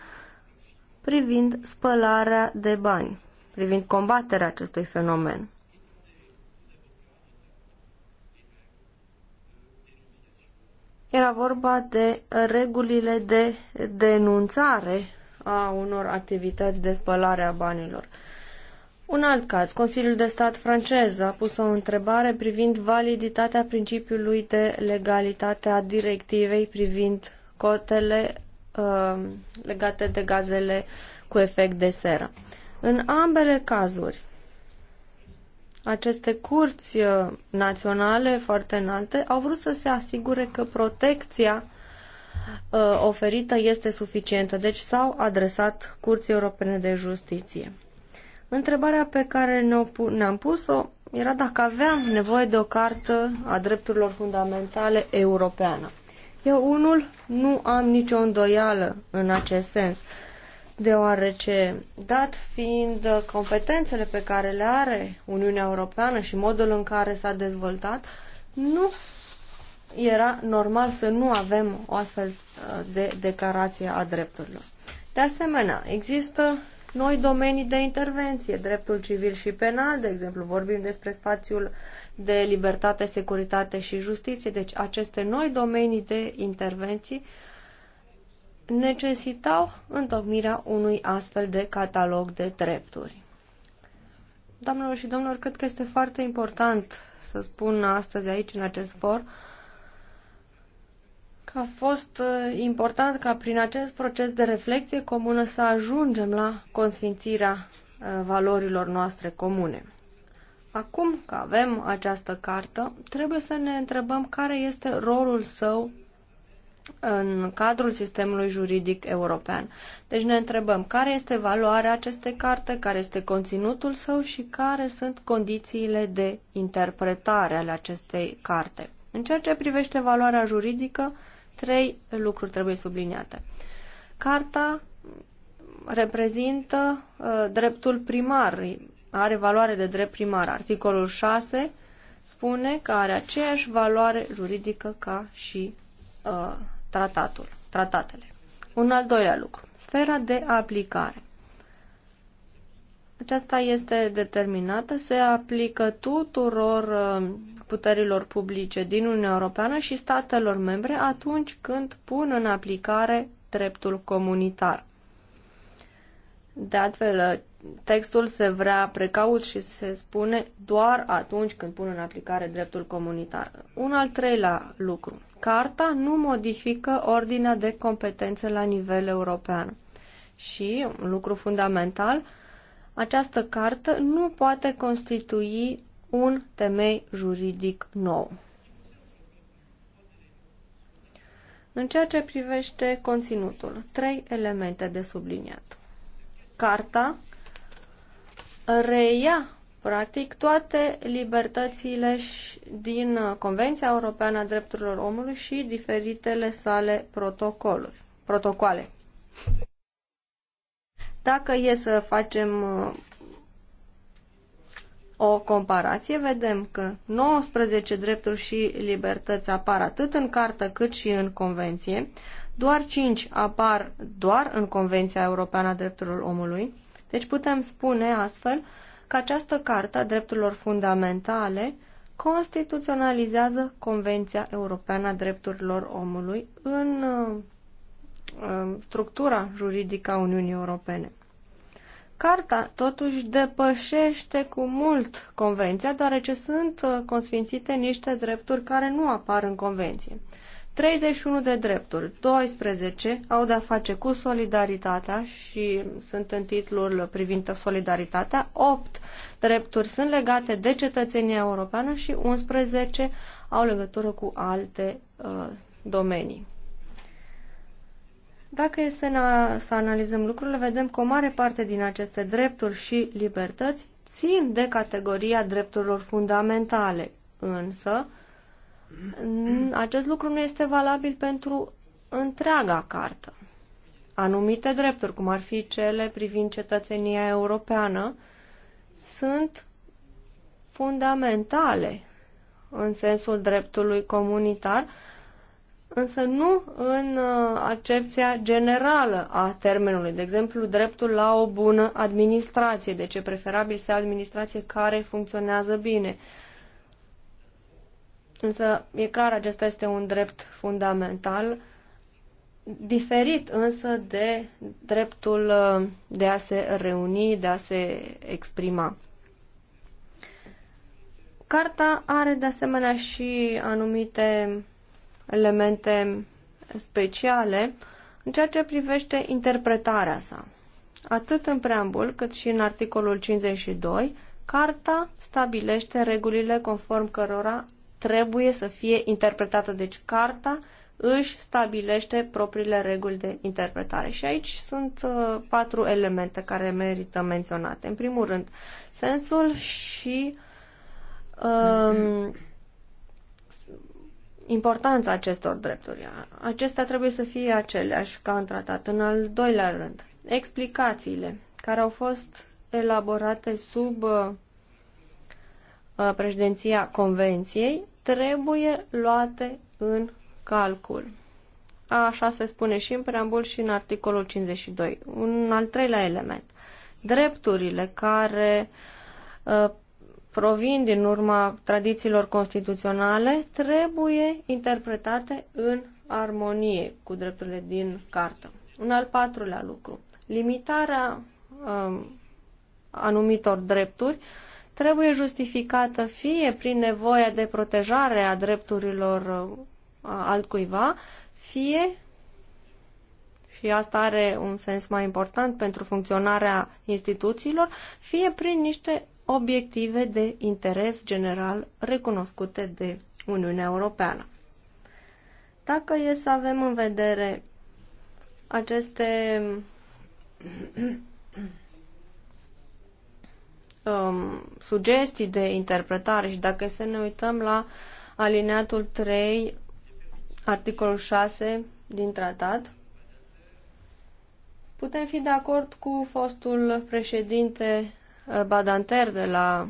privind spălarea de bani, privind combaterea acestui fenomen. Era vorba de regulile de denunțare a unor activități de spălare a banilor. Un alt caz, Consiliul de Stat francez a pus o întrebare privind validitatea principiului de legalitate a directivei privind cotele Uh, legate de gazele cu efect de seră. În ambele cazuri, aceste curți uh, naționale foarte înalte au vrut să se asigure că protecția uh, oferită este suficientă, deci s-au adresat Curții Europene de Justiție. Întrebarea pe care ne-am pus-o era dacă aveam nevoie de o cartă a drepturilor fundamentale europeană. Eu unul nu am nicio îndoială în acest sens, deoarece, dat fiind competențele pe care le are Uniunea Europeană și modul în care s-a dezvoltat, nu era normal să nu avem o astfel uh, de declarație a drepturilor. De asemenea, există noi domenii de intervenție, dreptul civil și penal, de exemplu, vorbim despre spațiul de libertate, securitate și justiție, deci aceste noi domenii de intervenții necesitau întocmirea unui astfel de catalog de drepturi. Doamnelor și domnilor, cred că este foarte important să spun astăzi aici, în acest for, că a fost uh, important ca prin acest proces de reflexie comună să ajungem la consfințirea uh, valorilor noastre comune. Acum că avem această cartă, trebuie să ne întrebăm care este rolul său în cadrul sistemului juridic european. Deci ne întrebăm care este valoarea acestei carte, care este conținutul său și care sunt condițiile de interpretare ale acestei carte. În ceea ce privește valoarea juridică, trei lucruri trebuie subliniate. Carta reprezintă uh, dreptul primar, are valoare de drept primar. Articolul 6 spune că are aceeași valoare juridică ca și uh, tratatul, tratatele. Un al doilea lucru, sfera de aplicare. Aceasta este determinată, se aplică tuturor uh, puterilor publice din Uniunea Europeană și statelor membre atunci când pun în aplicare dreptul comunitar. De altfel, textul se vrea precaut și se spune doar atunci când pun în aplicare dreptul comunitar. Un al treilea lucru. Carta nu modifică ordinea de competențe la nivel european. Și, un lucru fundamental, această carte nu poate constitui un temei juridic nou. În ceea ce privește conținutul, trei elemente de subliniat. Carta reia practic toate libertățile din Convenția Europeană a Drepturilor Omului și diferitele sale protocoluri, protocoale. Dacă e să facem uh, o comparație, vedem că 19 drepturi și libertăți apar atât în cartă cât și în convenție, doar 5 apar doar în Convenția Europeană a Drepturilor Omului, deci putem spune astfel că această Carta a Drepturilor Fundamentale constituționalizează Convenția Europeană a Drepturilor Omului în uh, uh, structura juridică a Uniunii Europene. Carta totuși depășește cu mult convenția, deoarece sunt uh, consfințite niște drepturi care nu apar în convenție. 31 de drepturi, 12 au de-a face cu solidaritatea și sunt în titlul privind solidaritatea, 8 drepturi sunt legate de cetățenia europeană și 11 au legătură cu alte uh, domenii. Dacă e să, să analizăm lucrurile, vedem că o mare parte din aceste drepturi și libertăți țin de categoria drepturilor fundamentale, însă acest lucru nu este valabil pentru întreaga cartă. Anumite drepturi, cum ar fi cele privind cetățenia europeană, sunt fundamentale în sensul dreptului comunitar, însă nu în uh, accepția generală a termenului. De exemplu, dreptul la o bună administrație, deci e preferabil să ai administrație care funcționează bine. Însă, e clar, acesta este un drept fundamental, diferit însă de dreptul uh, de a se reuni, de a se exprima. Carta are de asemenea și anumite elemente speciale în ceea ce privește interpretarea sa. Atât în preambul cât și în articolul 52, Carta stabilește regulile conform cărora trebuie să fie interpretată. Deci carta își stabilește propriile reguli de interpretare. Și aici sunt uh, patru elemente care merită menționate. În primul rând, sensul și um, importanța acestor drepturi. Acestea trebuie să fie aceleași ca în tratat. În al doilea rând, explicațiile care au fost elaborate sub uh, Uh, președinția Convenției trebuie luate în calcul. Așa se spune și în preambul și în articolul 52. Un al treilea element. Drepturile care uh, provin din urma tradițiilor constituționale trebuie interpretate în armonie cu drepturile din cartă. Un al patrulea lucru. Limitarea um, anumitor drepturi uh, trebuie justificată fie prin nevoia de protejare a drepturilor uh, altcuiva, fie și asta are un sens mai important pentru funcționarea instituțiilor, fie prin niște obiective de interes general recunoscute de Uniunea Europeană. Dacă e să avem în vedere aceste um, sugestii de interpretare și dacă să ne uităm la alineatul 3, articolul 6 din tratat, putem fi de acord cu fostul președinte uh, Badanter de la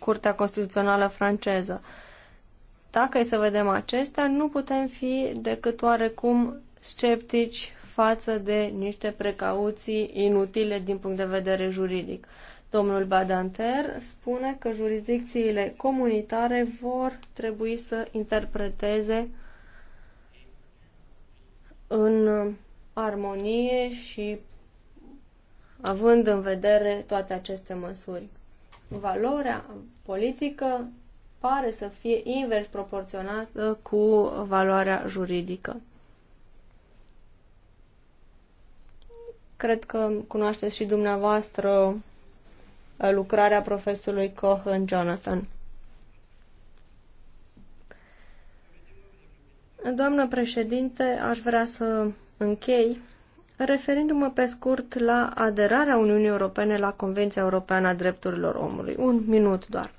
Curtea Constituțională franceză. Dacă e să vedem acestea, nu putem fi decât oarecum sceptici față de niște precauții inutile din punct de vedere juridic. Domnul Badanter spune că jurisdicțiile comunitare vor trebui să interpreteze în armonie și având în vedere toate aceste măsuri. Valoarea politică pare să fie invers proporționată cu valoarea juridică. Cred că cunoașteți și dumneavoastră uh, lucrarea profesorului Cohen Jonathan. Doamnă președinte, aș vrea să închei referindu-mă pe scurt la aderarea Uniunii Europene la Convenția Europeană a Drepturilor Omului. Un minut doar.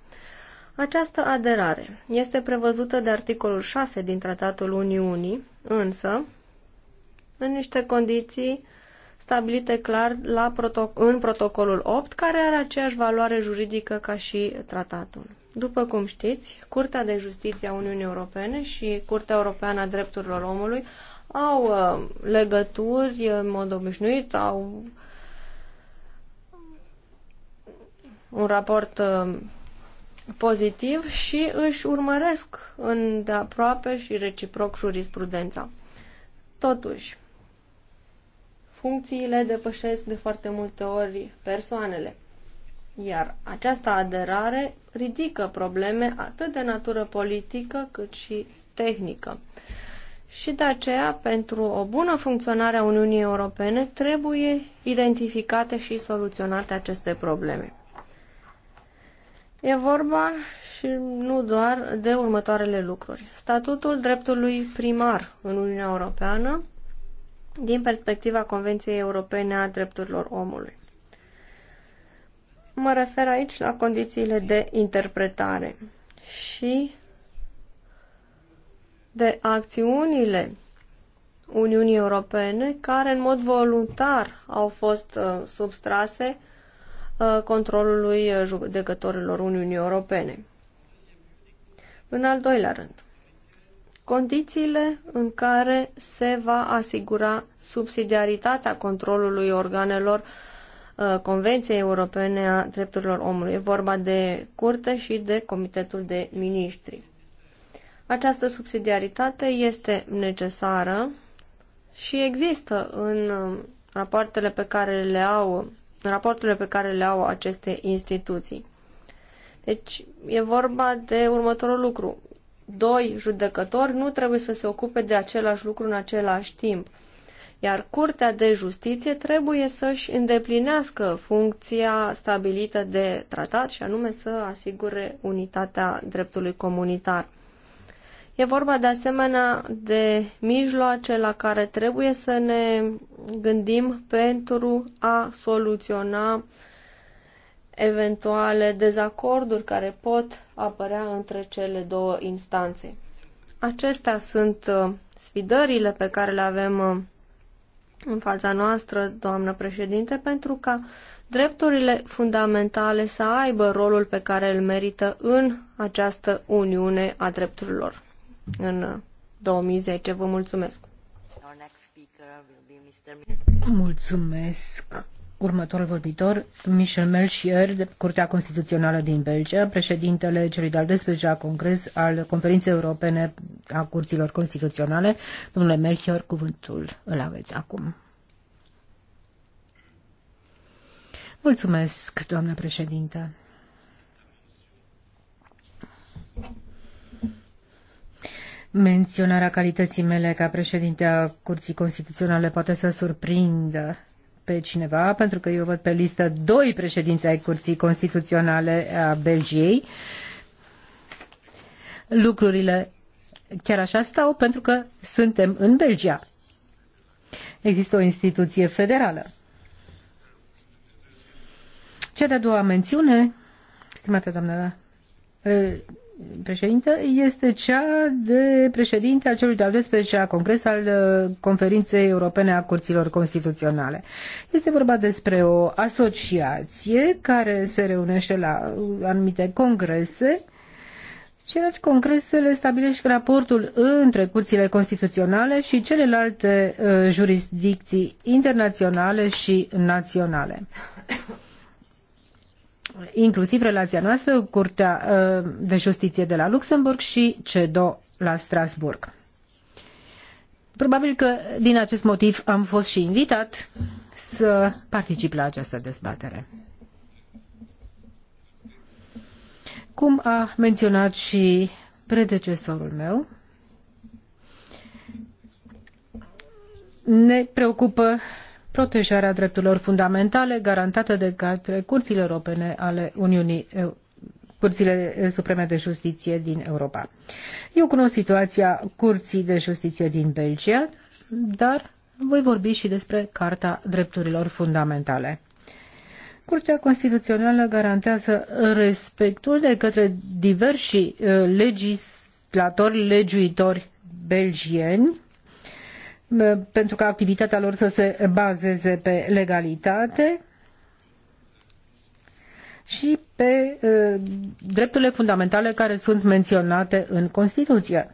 Această aderare este prevăzută de articolul 6 din Tratatul Uniunii, însă, în niște condiții stabilite clar la protoc- în protocolul 8, care are aceeași valoare juridică ca și tratatul. După cum știți, Curtea de Justiție a Uniunii Europene și Curtea Europeană a Drepturilor Omului au uh, legături în mod obișnuit, au un raport uh, pozitiv și își urmăresc îndeaproape și reciproc jurisprudența. Totuși, funcțiile depășesc de foarte multe ori persoanele. Iar această aderare ridică probleme atât de natură politică cât și tehnică. Și de aceea, pentru o bună funcționare a Uniunii Europene, trebuie identificate și soluționate aceste probleme. E vorba și nu doar de următoarele lucruri. Statutul dreptului primar în Uniunea Europeană din perspectiva Convenției Europene a Drepturilor Omului. Mă refer aici la condițiile de interpretare și de acțiunile Uniunii Europene care în mod voluntar au fost uh, substrase uh, controlului uh, judecătorilor Uniunii Europene. În al doilea rând, condițiile în care se va asigura subsidiaritatea controlului organelor uh, Convenției Europene a Drepturilor Omului. E vorba de curte și de Comitetul de Ministri. Această subsidiaritate este necesară și există în uh, rapoartele pe care le au, rapoartele pe care le au aceste instituții. Deci e vorba de următorul lucru doi judecători nu trebuie să se ocupe de același lucru în același timp. Iar Curtea de Justiție trebuie să-și îndeplinească funcția stabilită de tratat și anume să asigure unitatea dreptului comunitar. E vorba de asemenea de mijloace la care trebuie să ne gândim pentru a soluționa eventuale dezacorduri care pot apărea între cele două instanțe. Acestea sunt uh, sfidările pe care le avem uh, în fața noastră, doamnă președinte, pentru ca drepturile fundamentale să aibă rolul pe care îl merită în această Uniune a Drepturilor în 2010. Uh, Vă mulțumesc! Mulțumesc! Următorul vorbitor, Michel Melchior, de Curtea Constituțională din Belgia, președintele celui de-al 12-lea congres al Conferinței Europene a Curților Constituționale. Domnule Melchior, cuvântul îl aveți acum. Mulțumesc, doamnă președinte. Menționarea calității mele ca președinte a Curții Constituționale poate să surprindă pe cineva, pentru că eu văd pe listă doi președinți ai Curții Constituționale a Belgiei. Lucrurile chiar așa stau pentru că suntem în Belgia. Există o instituție federală. Cea de-a doua mențiune, stimată doamnă președintă este cea de președinte al celui de-al 12-lea congres al uh, Conferinței Europene a Curților Constituționale. Este vorba despre o asociație care se reunește la uh, anumite congrese Congrese congresele stabilește raportul între curțile constituționale și celelalte uh, jurisdicții internaționale și naționale inclusiv relația noastră cu Curtea uh, de Justiție de la Luxemburg și CEDO la Strasburg. Probabil că din acest motiv am fost și invitat să particip la această dezbatere. Cum a menționat și predecesorul meu, ne preocupă protejarea drepturilor fundamentale garantată de către curțile europene ale Uniunii Curțile eh, Supreme de Justiție din Europa. Eu cunosc situația Curții de Justiție din Belgia, dar voi vorbi și despre Carta Drepturilor Fundamentale. Curtea Constituțională garantează respectul de către diversi eh, legislatori, legiuitori belgieni pentru ca activitatea lor să se bazeze pe legalitate și pe uh, drepturile fundamentale care sunt menționate în Constituție.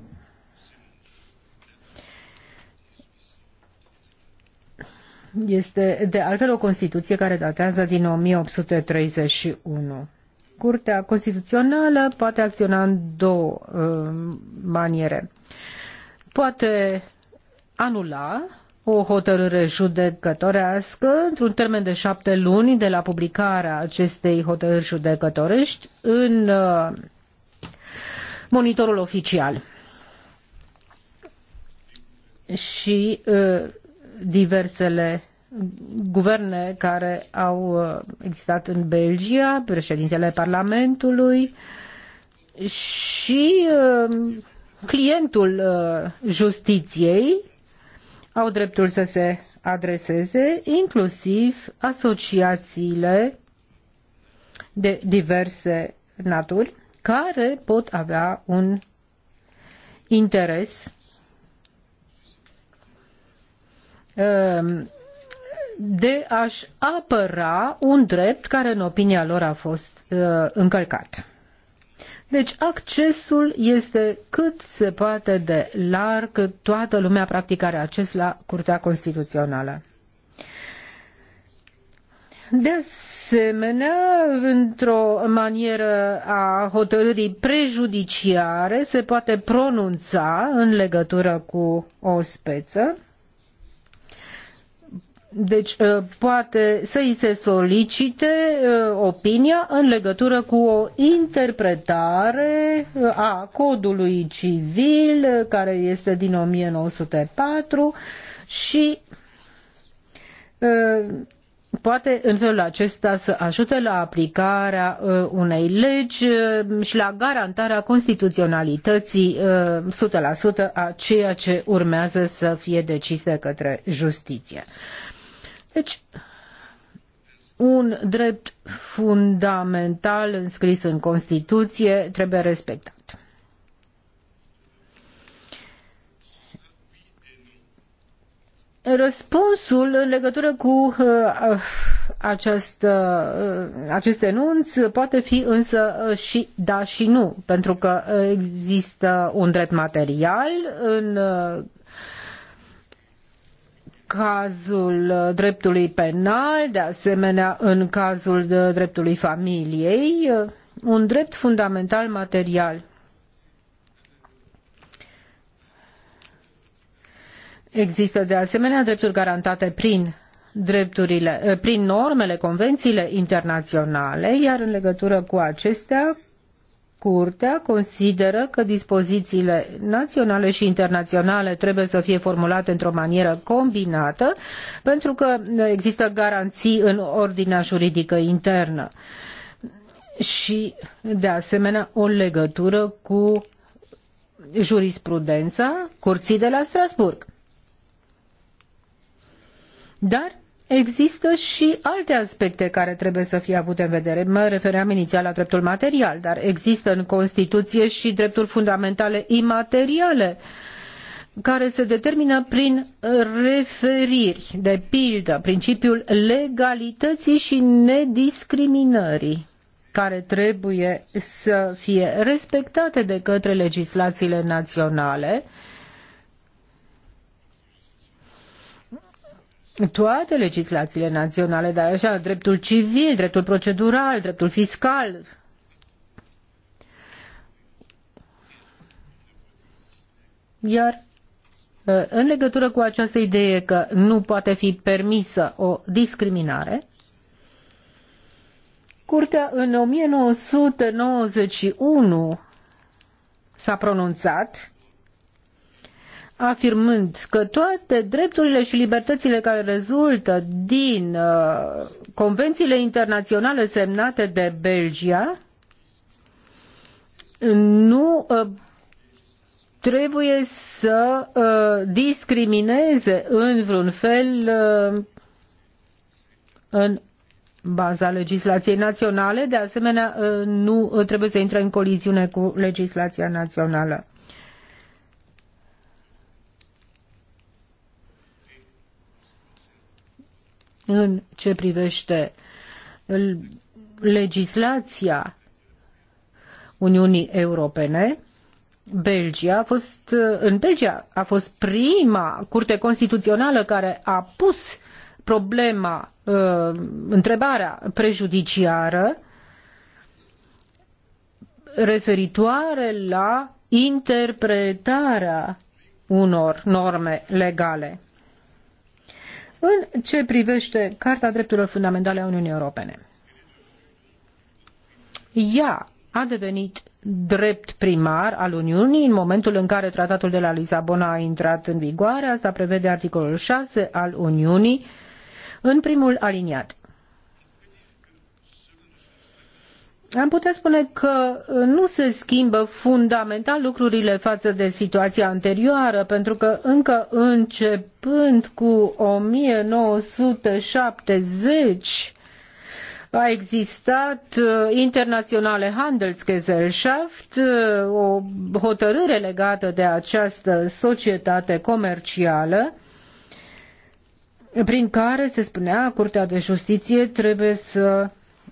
Este de altfel o Constituție care datează din 1831. Curtea Constituțională poate acționa în două uh, maniere. Poate anula o hotărâre judecătorească într-un termen de șapte luni de la publicarea acestei hotărâri judecătorești în uh, monitorul oficial. Și uh, diversele guverne care au uh, existat în Belgia, președintele Parlamentului și clientul justiției au dreptul să se adreseze, inclusiv asociațiile de diverse naturi care pot avea un interes um, de a-și apăra un drept care, în opinia lor, a fost uh, încălcat. Deci accesul este cât se poate de larg, toată lumea practicare are acces la Curtea Constituțională. De asemenea, într-o manieră a hotărârii prejudiciare, se poate pronunța în legătură cu o speță deci uh, poate să îi se solicite uh, opinia în legătură cu o interpretare uh, a codului civil care este din 1904 și poate în felul acesta să ajute la aplicarea unei legi și la garantarea constituționalității 100% a ceea ce urmează să fie decise către justiție. Deci, un drept fundamental înscris în Constituție trebuie respectat. Răspunsul în legătură cu uh, acest, uh, acest enunț poate fi însă uh, și da și nu, pentru că există un drept material în cazul uh, dreptului penal, de asemenea în cazul uh, dreptului familiei, uh, un drept fundamental material. Există de asemenea drepturi garantate prin drepturile, prin normele, convențiile internaționale, iar în legătură cu acestea, Curtea consideră că dispozițiile naționale și internaționale trebuie să fie formulate într-o manieră combinată, pentru că există garanții în ordinea juridică internă și, de asemenea, o legătură cu jurisprudența Curții de la Strasburg. Dar Există și alte aspecte care trebuie să fie avute în vedere. Mă refeream inițial la dreptul material, dar există în Constituție și drepturi fundamentale imateriale care se determină prin uh, referiri, de pildă, principiul legalității și nediscriminării care trebuie să fie respectate de către legislațiile naționale toate legislațiile naționale, dar așa, dreptul civil, dreptul procedural, dreptul fiscal. Iar ă, în legătură cu această idee că nu poate fi permisă o discriminare, Curtea în 1991 s-a pronunțat afirmând că toate drepturile și libertățile care rezultă din uh, convențiile internaționale semnate de Belgia nu uh, trebuie să uh, discrimineze în vreun fel uh, în baza legislației naționale, de asemenea uh, nu uh, trebuie să intre în coliziune cu legislația națională. în ce privește legislația Uniunii Europene, Belgia a fost, în Belgia a fost prima curte constituțională care a pus problema, ă, întrebarea prejudiciară referitoare la interpretarea unor norme legale în ce privește Carta Drepturilor Fundamentale a Uniunii Europene. Ea a devenit drept primar al Uniunii în momentul în care tratatul de la Lisabona a intrat în vigoare, asta prevede articolul 6 al Uniunii, în primul aliniat. am putea spune că uh, nu se schimbă fundamental lucrurile față de situația anterioară, pentru că încă începând cu 1970 a existat uh, Internaționale Handelsgesellschaft, uh, o hotărâre legată de această societate comercială, prin care se spunea Curtea de Justiție trebuie să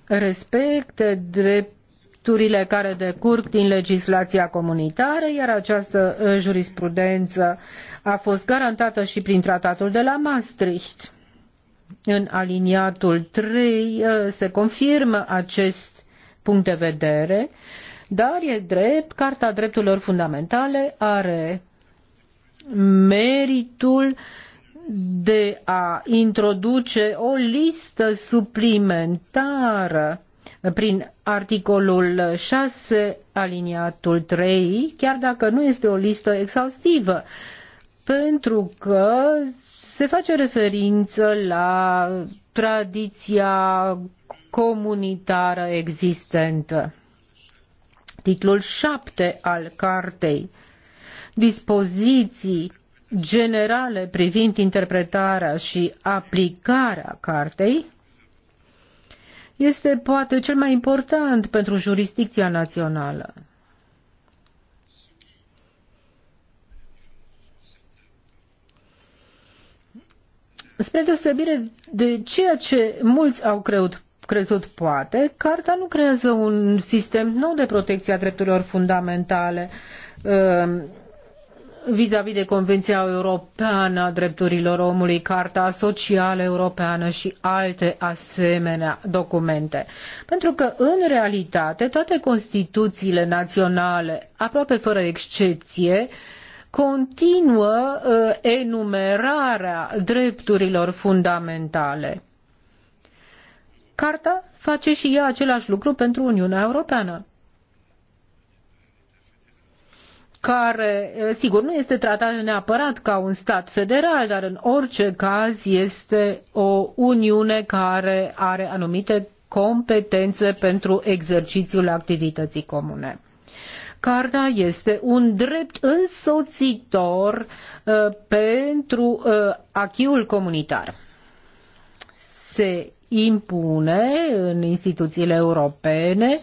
respecte drepturile care decurg din legislația comunitară, iar această uh, jurisprudență a fost garantată și prin tratatul de la Maastricht. În aliniatul 3 uh, se confirmă acest punct de vedere, dar e drept, Carta Drepturilor Fundamentale are meritul uh, de a introduce o listă suplimentară prin articolul 6 aliniatul 3, chiar dacă nu este o listă exhaustivă, pentru că se face referință la tradiția comunitară existentă. Titlul 7 al cartei dispoziții generale privind interpretarea și aplicarea cartei este poate cel mai important pentru jurisdicția națională. Spre deosebire de ceea ce mulți au creut, crezut poate, Carta nu creează un sistem nou de protecție a drepturilor fundamentale. Uh, vis-a-vis de Convenția Europeană a Drepturilor Omului, Carta Socială Europeană și alte asemenea documente. Pentru că, în realitate, toate Constituțiile naționale, aproape fără excepție, continuă uh, enumerarea drepturilor fundamentale. Carta face și ea același lucru pentru Uniunea Europeană. care, eh, sigur, nu este tratat neapărat ca un stat federal, dar în orice caz este o Uniune care are anumite competențe pentru exercițiul activității comune. Carta este un drept însoțitor uh, pentru uh, achiul comunitar. Se impune în instituțiile europene uh,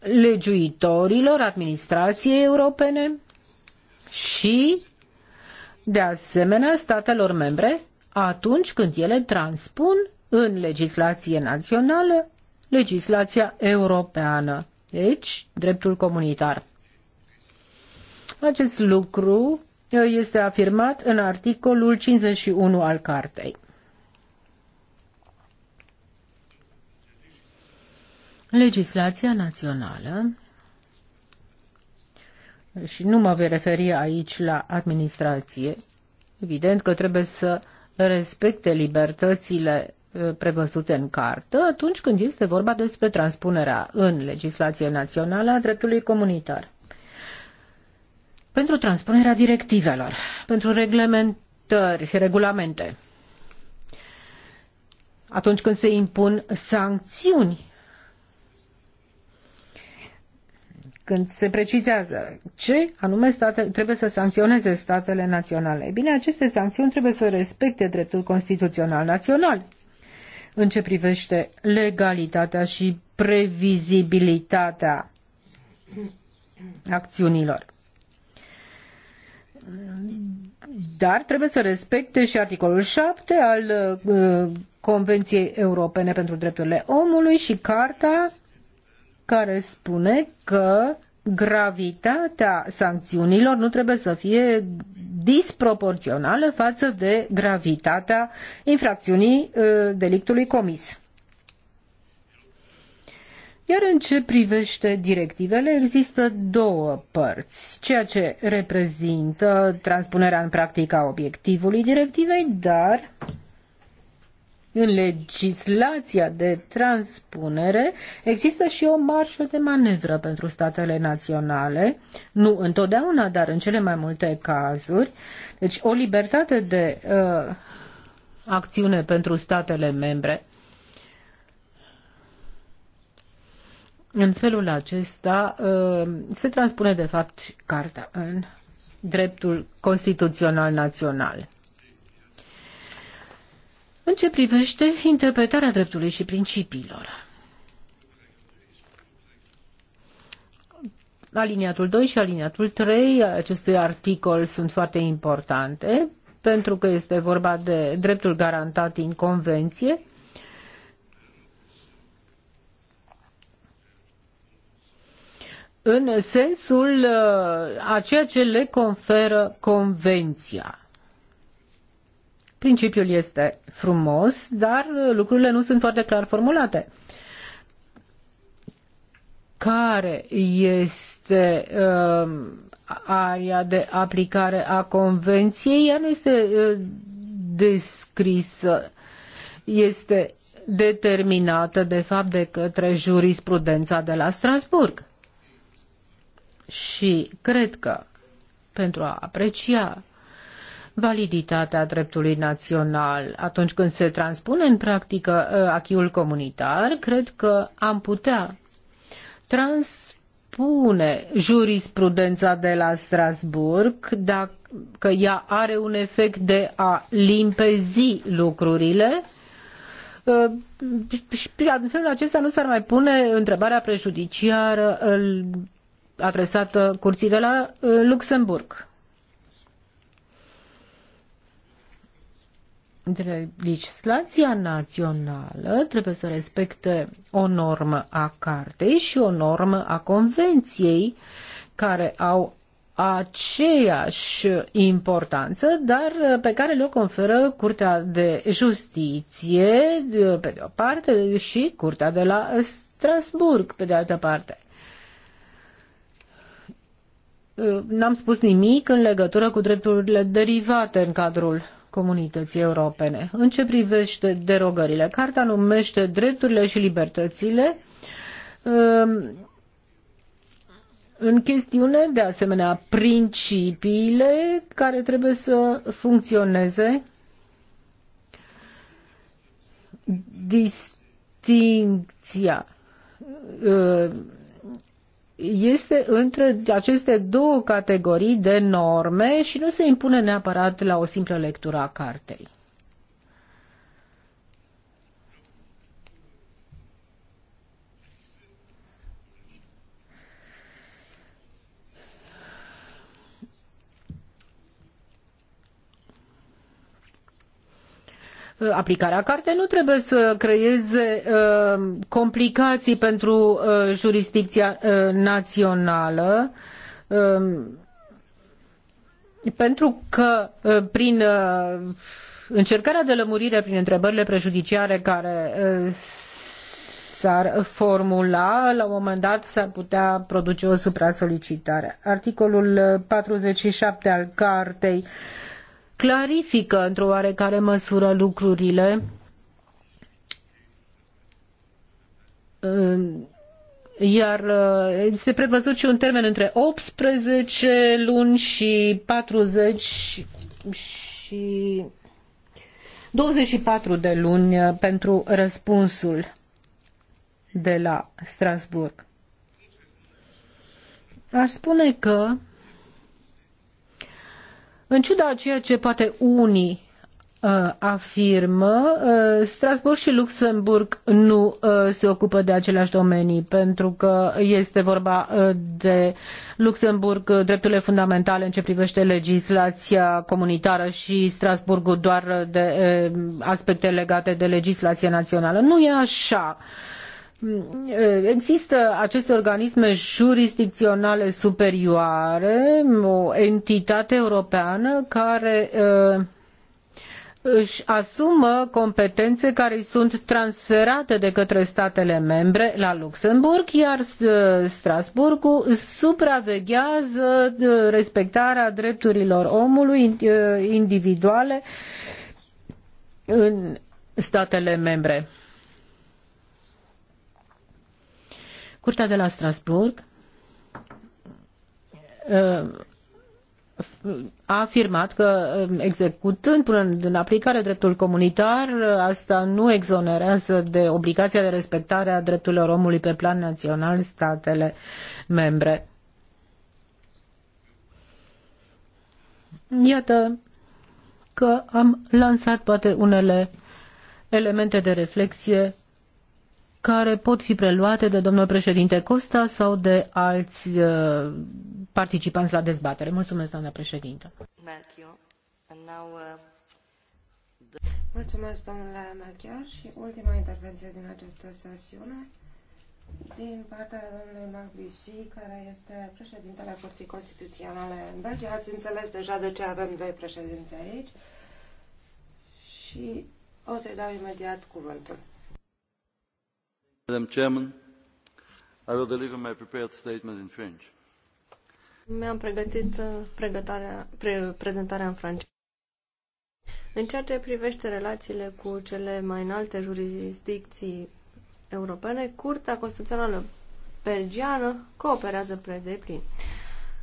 legiuitorilor administrației europene și, de asemenea, statelor membre atunci când ele transpun în legislație națională legislația europeană, deci dreptul comunitar. Acest lucru este afirmat în articolul 51 al cartei. Legislația națională și nu mă voi referi aici la administrație. Evident că trebuie să respecte libertățile uh, prevăzute în cartă atunci când este vorba despre transpunerea în legislație națională a dreptului comunitar. Pentru transpunerea directivelor, pentru reglementări, regulamente, atunci când se impun sancțiuni când se precizează ce anume state, trebuie să sancționeze statele naționale. Ei bine, aceste sancțiuni trebuie să respecte dreptul constituțional național în ce privește legalitatea și previzibilitatea acțiunilor. Dar trebuie să respecte și articolul 7 al uh, Convenției Europene pentru Drepturile Omului și Carta care spune că gravitatea sancțiunilor nu trebuie să fie disproporțională față de gravitatea infracțiunii uh, delictului comis. Iar în ce privește directivele, există două părți, ceea ce reprezintă transpunerea în practică a obiectivului directivei, dar în legislația de transpunere există și o marșă de manevră pentru statele naționale, nu întotdeauna, dar în cele mai multe cazuri. Deci o libertate de uh, acțiune pentru statele membre. În felul acesta uh, se transpune de fapt carta în dreptul constituțional național în ce privește interpretarea dreptului și principiilor. Aliniatul 2 și aliniatul 3 acestui articol sunt foarte importante pentru că este vorba de dreptul garantat în convenție în sensul uh, a ceea ce le conferă convenția. Principiul este frumos, dar lucrurile nu sunt foarte clar formulate. Care este uh, area de aplicare a convenției? Ea nu este uh, descrisă. Este determinată, de fapt, de către jurisprudența de la Strasburg. Și cred că pentru a aprecia validitatea dreptului național. Atunci când se transpune în practică ă, achiul comunitar, cred că am putea transpune jurisprudența de la Strasburg dacă ea are un efect de a limpezi lucrurile ă, și în felul acesta nu s-ar mai pune întrebarea prejudiciară ă, adresată curții de la Luxemburg. legislația națională trebuie să respecte o normă a cartei și o normă a convenției care au aceeași importanță, dar pe care le-o conferă Curtea de Justiție, pe de o parte, și Curtea de la Strasburg, pe de altă parte. N-am spus nimic în legătură cu drepturile derivate în cadrul comunității europene. În ce privește derogările, Carta numește drepturile și libertățile ehm, în chestiune, de asemenea, principiile care trebuie să funcționeze distincția ehm, este între aceste două categorii de norme și nu se impune neapărat la o simplă lectură a cartei. Uh, aplicarea cartei nu trebuie să creeze uh, complicații pentru uh, jurisdicția națională um, pentru că prin încercarea de lămurire prin întrebările prejudiciare care s-ar formula, la un moment dat s-ar putea produce o supra-solicitare. Articolul 47 al cartei uh, clarifică într-o oarecare măsură lucrurile. Iar uh, se prevăzut și un termen între 18 luni și 40 și 24 de luni uh, pentru răspunsul de la Strasburg. Aș spune că în ciuda a ceea ce poate unii uh, afirmă, uh, Strasbourg și Luxemburg nu uh, se ocupă de aceleași domenii, pentru că este vorba de Luxemburg, drepturile fundamentale în ce privește legislația comunitară și Strasbourg doar de aspecte legate de legislația națională. Nu e așa. Uh, Există aceste organisme jurisdicționale superioare, o entitate europeană care își asumă competențe care îi sunt transferate de către statele membre la Luxemburg, iar Strasburgul supraveghează respectarea drepturilor omului individuale în statele membre. Curtea de la Strasburg uh, a afirmat că um, executând până în aplicare dreptul comunitar, uh, asta nu exonerează de obligația de respectare a drepturilor omului pe plan național statele membre. Iată că am lansat poate unele elemente de reflexie care pot fi preluate de domnul președinte Costa sau de alți uh, participanți la dezbatere. Mulțumesc, doamna președintă. Uh, Mulțumesc, domnule Melchior, și ultima intervenție din această sesiune din partea domnului Magbisi, care este președintele Curții Constituționale în Belgia. Ați înțeles deja de ce avem doi președinți aici și o să-i dau imediat cuvântul. Madam Chairman, I will deliver my prepared statement in French. Mi-am pregătit uh, pregătarea, pre, prezentarea în franceză. În ceea ce privește relațiile cu cele mai înalte jurisdicții europene, Curtea Constituțională Belgiană cooperează pe deplin.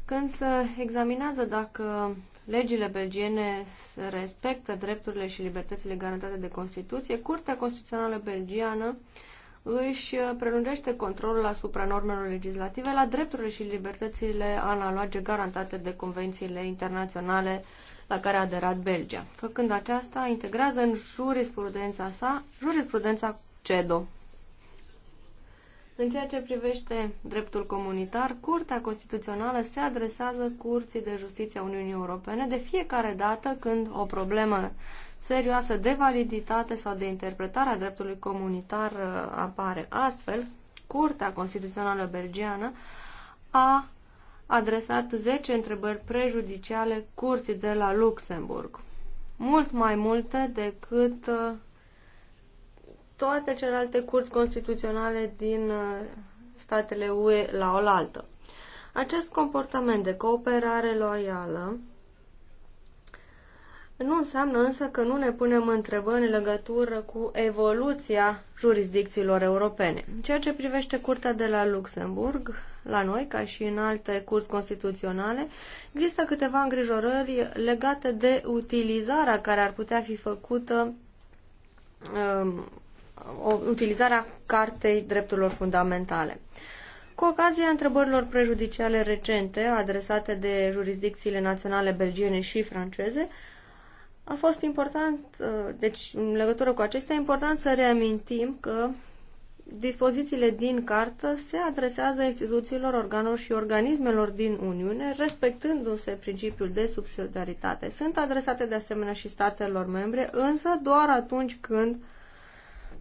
Când se examinează dacă legile belgiene respectă drepturile și libertățile garantate de Constituție, Curtea Constituțională Belgiană își uh, prelungește controlul asupra normelor legislative la drepturile și libertățile analoge garantate de convențiile internaționale la care a aderat Belgia. Făcând aceasta, integrează în jurisprudența sa jurisprudența CEDO. În ceea ce privește dreptul comunitar, Curtea Constituțională se adresează Curții de Justiție a Uniunii Europene de fiecare dată când o problemă serioasă de validitate sau de interpretare a dreptului comunitar uh, apare. Astfel, Curtea Constituțională Belgiană a adresat 10 întrebări prejudiciale curții de la Luxemburg. Mult mai multe decât uh, toate celelalte curți constituționale din uh, statele UE la oaltă. Acest comportament de cooperare loială nu înseamnă însă că nu ne punem întrebări în legătură cu evoluția jurisdicțiilor europene. Ceea ce privește Curtea de la Luxemburg, la noi, ca și în alte curți constituționale, există câteva îngrijorări legate de utilizarea care ar putea fi făcută um, o, utilizarea Cartei Drepturilor Fundamentale. Cu ocazia întrebărilor prejudiciale recente adresate de jurisdicțiile naționale belgiene și franceze, a fost important, uh, deci în legătură cu acestea, e important să reamintim că dispozițiile din cartă se adresează instituțiilor, organelor și organismelor din Uniune, respectându-se principiul de subsidiaritate. Sunt adresate de asemenea și statelor membre, însă doar atunci când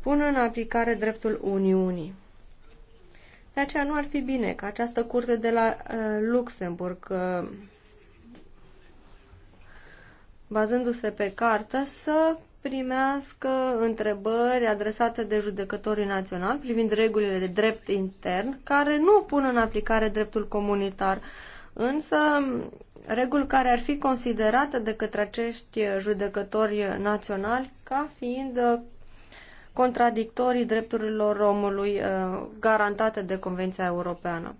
pun în aplicare dreptul Uniunii. De aceea nu ar fi bine ca această curte de la uh, Luxemburg uh, bazându-se pe cartă, să primească întrebări adresate de judecătorii naționali privind regulile de drept intern, care nu pun în aplicare dreptul comunitar, însă reguli care ar fi considerate de către acești judecători naționali ca fiind uh, contradictorii drepturilor omului uh, garantate de Convenția Europeană.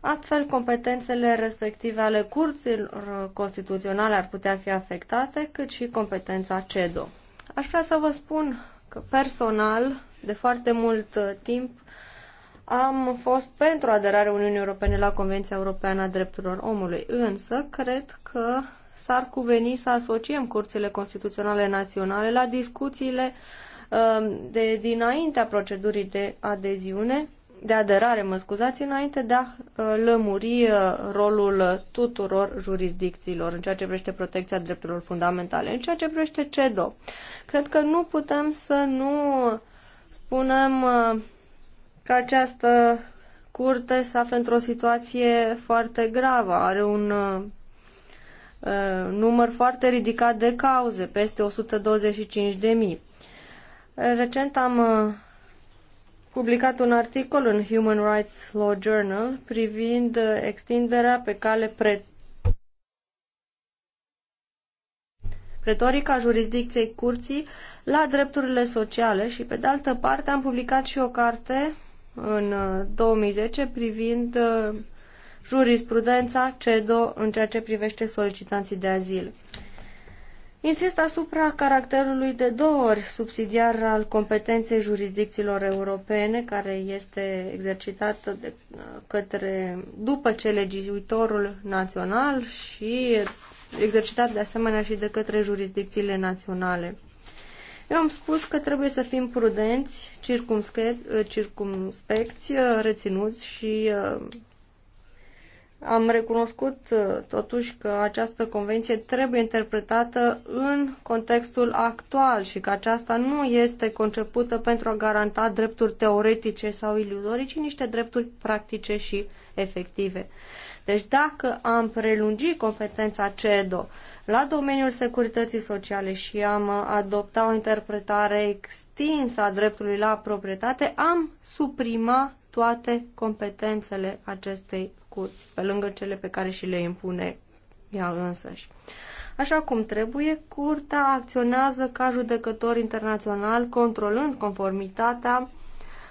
Astfel, competențele respective ale curților constituționale ar putea fi afectate, cât și competența CEDO. Aș vrea să vă spun că personal, de foarte mult timp, am fost pentru aderarea Uniunii Europene la Convenția Europeană a Drepturilor Omului, însă cred că s-ar cuveni să asociem curțile constituționale naționale la discuțiile uh, de dinaintea procedurii de adeziune de aderare, mă scuzați, înainte de a uh, lămuri uh, rolul tuturor jurisdicțiilor în ceea ce privește protecția drepturilor fundamentale, în ceea ce privește CEDO. Cred că nu putem să nu spunem uh, că această curte se află într-o situație foarte gravă, are un număr foarte ridicat de cauze, peste 125.000. Recent am publicat un articol în Human Rights Law Journal privind uh, extinderea pe cale pre retorica jurisdicției curții la drepturile sociale și, pe de altă parte, am publicat și o carte în 2010 uh, privind uh, jurisprudența CEDO în ceea ce privește solicitanții de azil. Insist asupra caracterului de două ori subsidiar al competenței jurisdicțiilor europene, care este exercitată de către, după ce legiuitorul național și exercitat de asemenea și de către jurisdicțiile naționale. Eu am spus că trebuie să fim prudenți, circumspecți, reținuți și am recunoscut uh, totuși că această convenție trebuie interpretată în contextul actual și că aceasta nu este concepută pentru a garanta drepturi teoretice sau iluzorii, ci niște drepturi practice și efective. Deci dacă am prelungit competența CEDO la domeniul securității sociale și am adoptat o interpretare extinsă a dreptului la proprietate, am suprima toate competențele acestei făcuți, pe lângă cele pe care și le impune ea însăși. Așa cum trebuie, curtea acționează ca judecător internațional, controlând conformitatea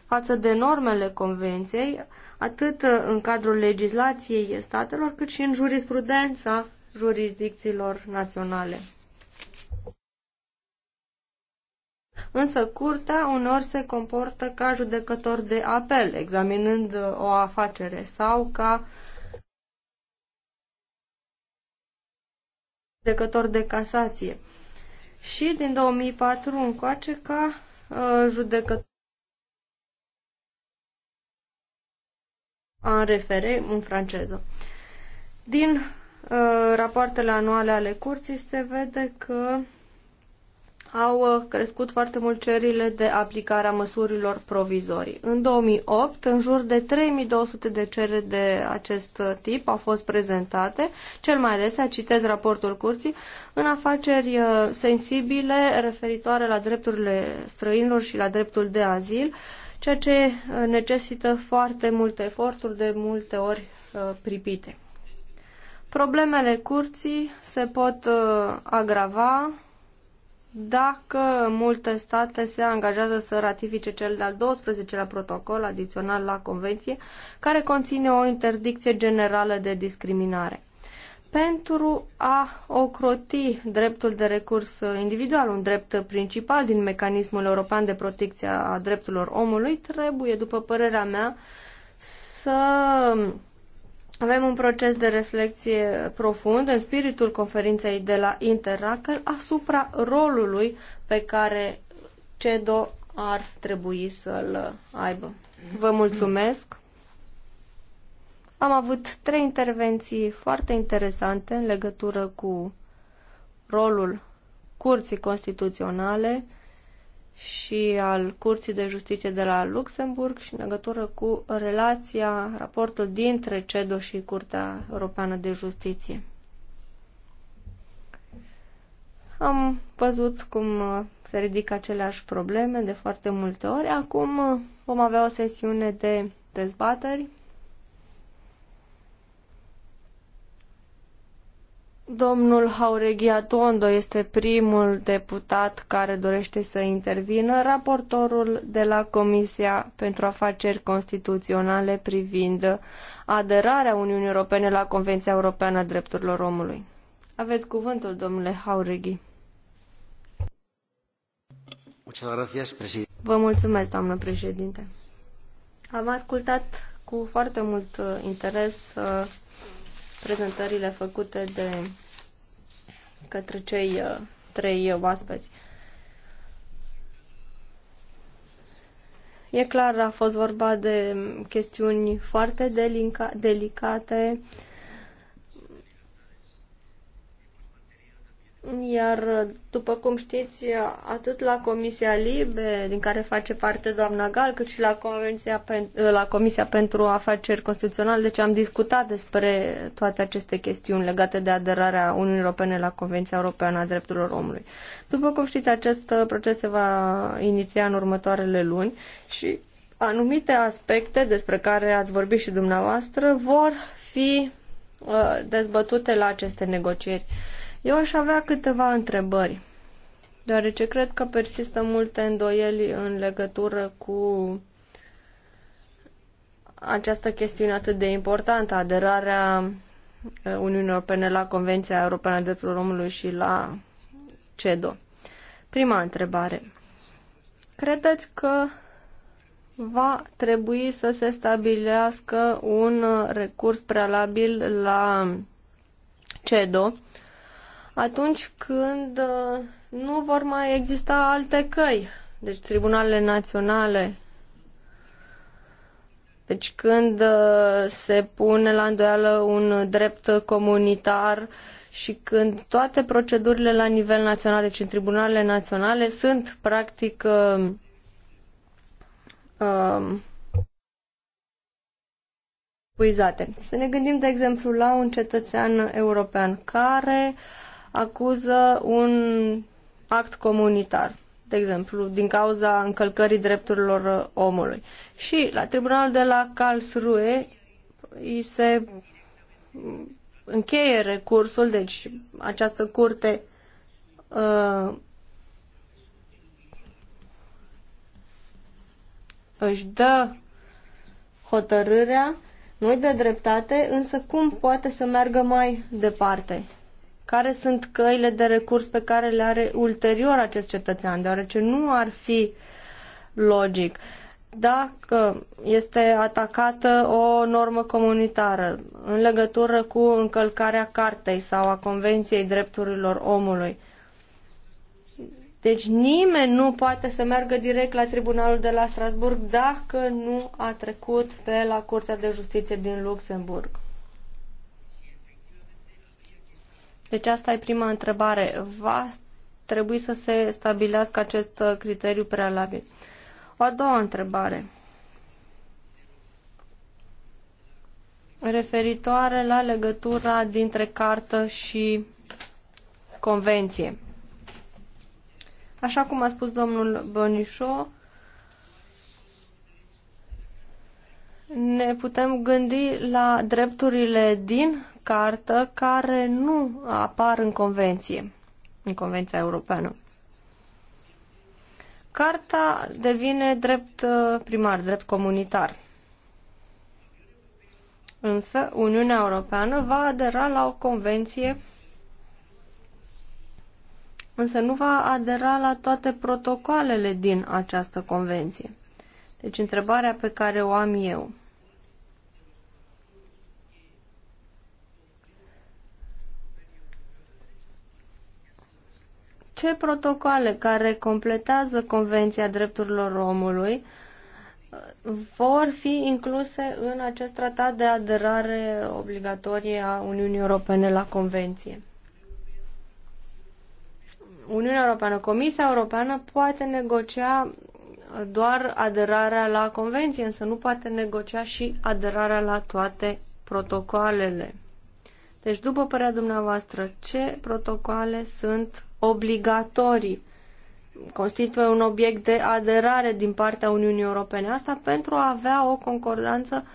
față de normele convenției, atât în cadrul legislației statelor, cât și în jurisprudența jurisdicțiilor naționale. Însă curtea unor se comportă ca judecător de apel, examinând uh, o afacere sau ca judecător de casație. Și din 2004 încoace ca uh, judecător în refere în franceză. Din uh, rapoartele anuale ale curții se vede că au uh, crescut foarte mult cererile de aplicare a măsurilor provizorii. În 2008, în jur de 3200 de cereri de acest uh, tip au fost prezentate, cel mai adesea, citez raportul curții, în afaceri uh, sensibile referitoare la drepturile străinilor și la dreptul de azil, ceea ce necesită foarte multe eforturi, de multe ori pripite. Problemele curții se pot agrava dacă multe state se angajează să ratifice cel de-al 12-lea protocol adițional la Convenție, care conține o interdicție generală de discriminare. Pentru a ocroti dreptul de recurs individual, un drept principal din mecanismul european de protecție a drepturilor omului, trebuie, după părerea mea, să avem un proces de reflexie profund în spiritul conferinței de la Interacel asupra rolului pe care CEDO ar trebui să-l aibă. Vă mulțumesc! Am avut trei intervenții foarte interesante în legătură cu rolul Curții Constituționale, și al Curții de Justiție de la Luxemburg și în legătură cu relația, raportul dintre CEDO și Curtea Europeană de Justiție. Am văzut cum se ridică aceleași probleme de foarte multe ori. Acum uh, vom avea o sesiune de dezbateri Domnul Haureghia Tondo este primul deputat care dorește să intervină, raportorul de la Comisia pentru Afaceri Constituționale privind aderarea Uniunii Europene la Convenția Europeană a Drepturilor Omului. Aveți cuvântul, domnule Haureghi. Vă mulțumesc, doamnă președinte. Am ascultat cu foarte mult uh, interes uh, prezentările făcute de către cei uh, trei uh, oaspeți. E clar, a fost vorba de chestiuni foarte delicate, Iar, după cum știți, atât la Comisia Libe, din care face parte doamna Gal, cât și la, Convenția, la Comisia pentru Afaceri Constituționale, deci am discutat despre toate aceste chestiuni legate de aderarea Uniunii Europene la Convenția Europeană a Drepturilor Omului. După cum știți, acest proces se va iniția în următoarele luni și anumite aspecte despre care ați vorbit și dumneavoastră vor fi uh, dezbătute la aceste negocieri. Uh, eu aș avea câteva întrebări, deoarece cred că persistă multe îndoieli în legătură cu această chestiune atât de importantă, aderarea uh, Uniunii Europene la Convenția Europeană a Drepturilor Omului și la CEDO. Prima întrebare. Credeți că va trebui să se stabilească un uh, recurs prealabil la CEDO atunci când uh, nu vor mai exista alte căi. Deci tribunalele naționale. Deci când uh, se pune la îndoială un drept comunitar și când toate procedurile la nivel național, deci în tribunalele naționale, sunt practic uh, um, puizate. Să ne gândim, de exemplu, la un cetățean european care uh, acuză un act comunitar, de exemplu, din cauza încălcării drepturilor omului. Și la tribunalul de la Karlsruhe îi se încheie recursul, deci această curte uh, își dă hotărârea, nu-i dă dreptate, însă cum poate să meargă mai departe? care sunt căile de recurs pe care le are ulterior acest cetățean, deoarece nu ar fi logic dacă este atacată o normă comunitară în legătură cu încălcarea cartei sau a Convenției Drepturilor Omului. Deci nimeni nu poate să meargă direct la tribunalul de la Strasburg dacă nu a trecut pe la Curtea de Justiție din Luxemburg. Deci asta e prima întrebare. Va trebui să se stabilească acest uh, criteriu prealabil. O a doua întrebare. Referitoare la legătura dintre cartă și convenție. Așa cum a spus domnul Bonișo, ne putem gândi la drepturile din cartă care nu apar în convenție, în Convenția Europeană. Carta devine drept uh, primar, drept comunitar. Însă, Uniunea Europeană va adera la o convenție, însă nu va adera la toate protocoalele din această convenție. Deci, întrebarea pe care o am eu ce protocoale care completează Convenția Drepturilor Omului uh, vor fi incluse în acest tratat de aderare obligatorie a Uniunii Europene la Convenție. Uniunea Europeană, Comisia Europeană poate negocia uh, doar aderarea la Convenție, însă nu poate negocia și aderarea la toate protocoalele. Deci, după părerea dumneavoastră, ce protocoale sunt obligatorii constituie un obiect de aderare din partea Uniunii Europene. Asta pentru a avea o concordanță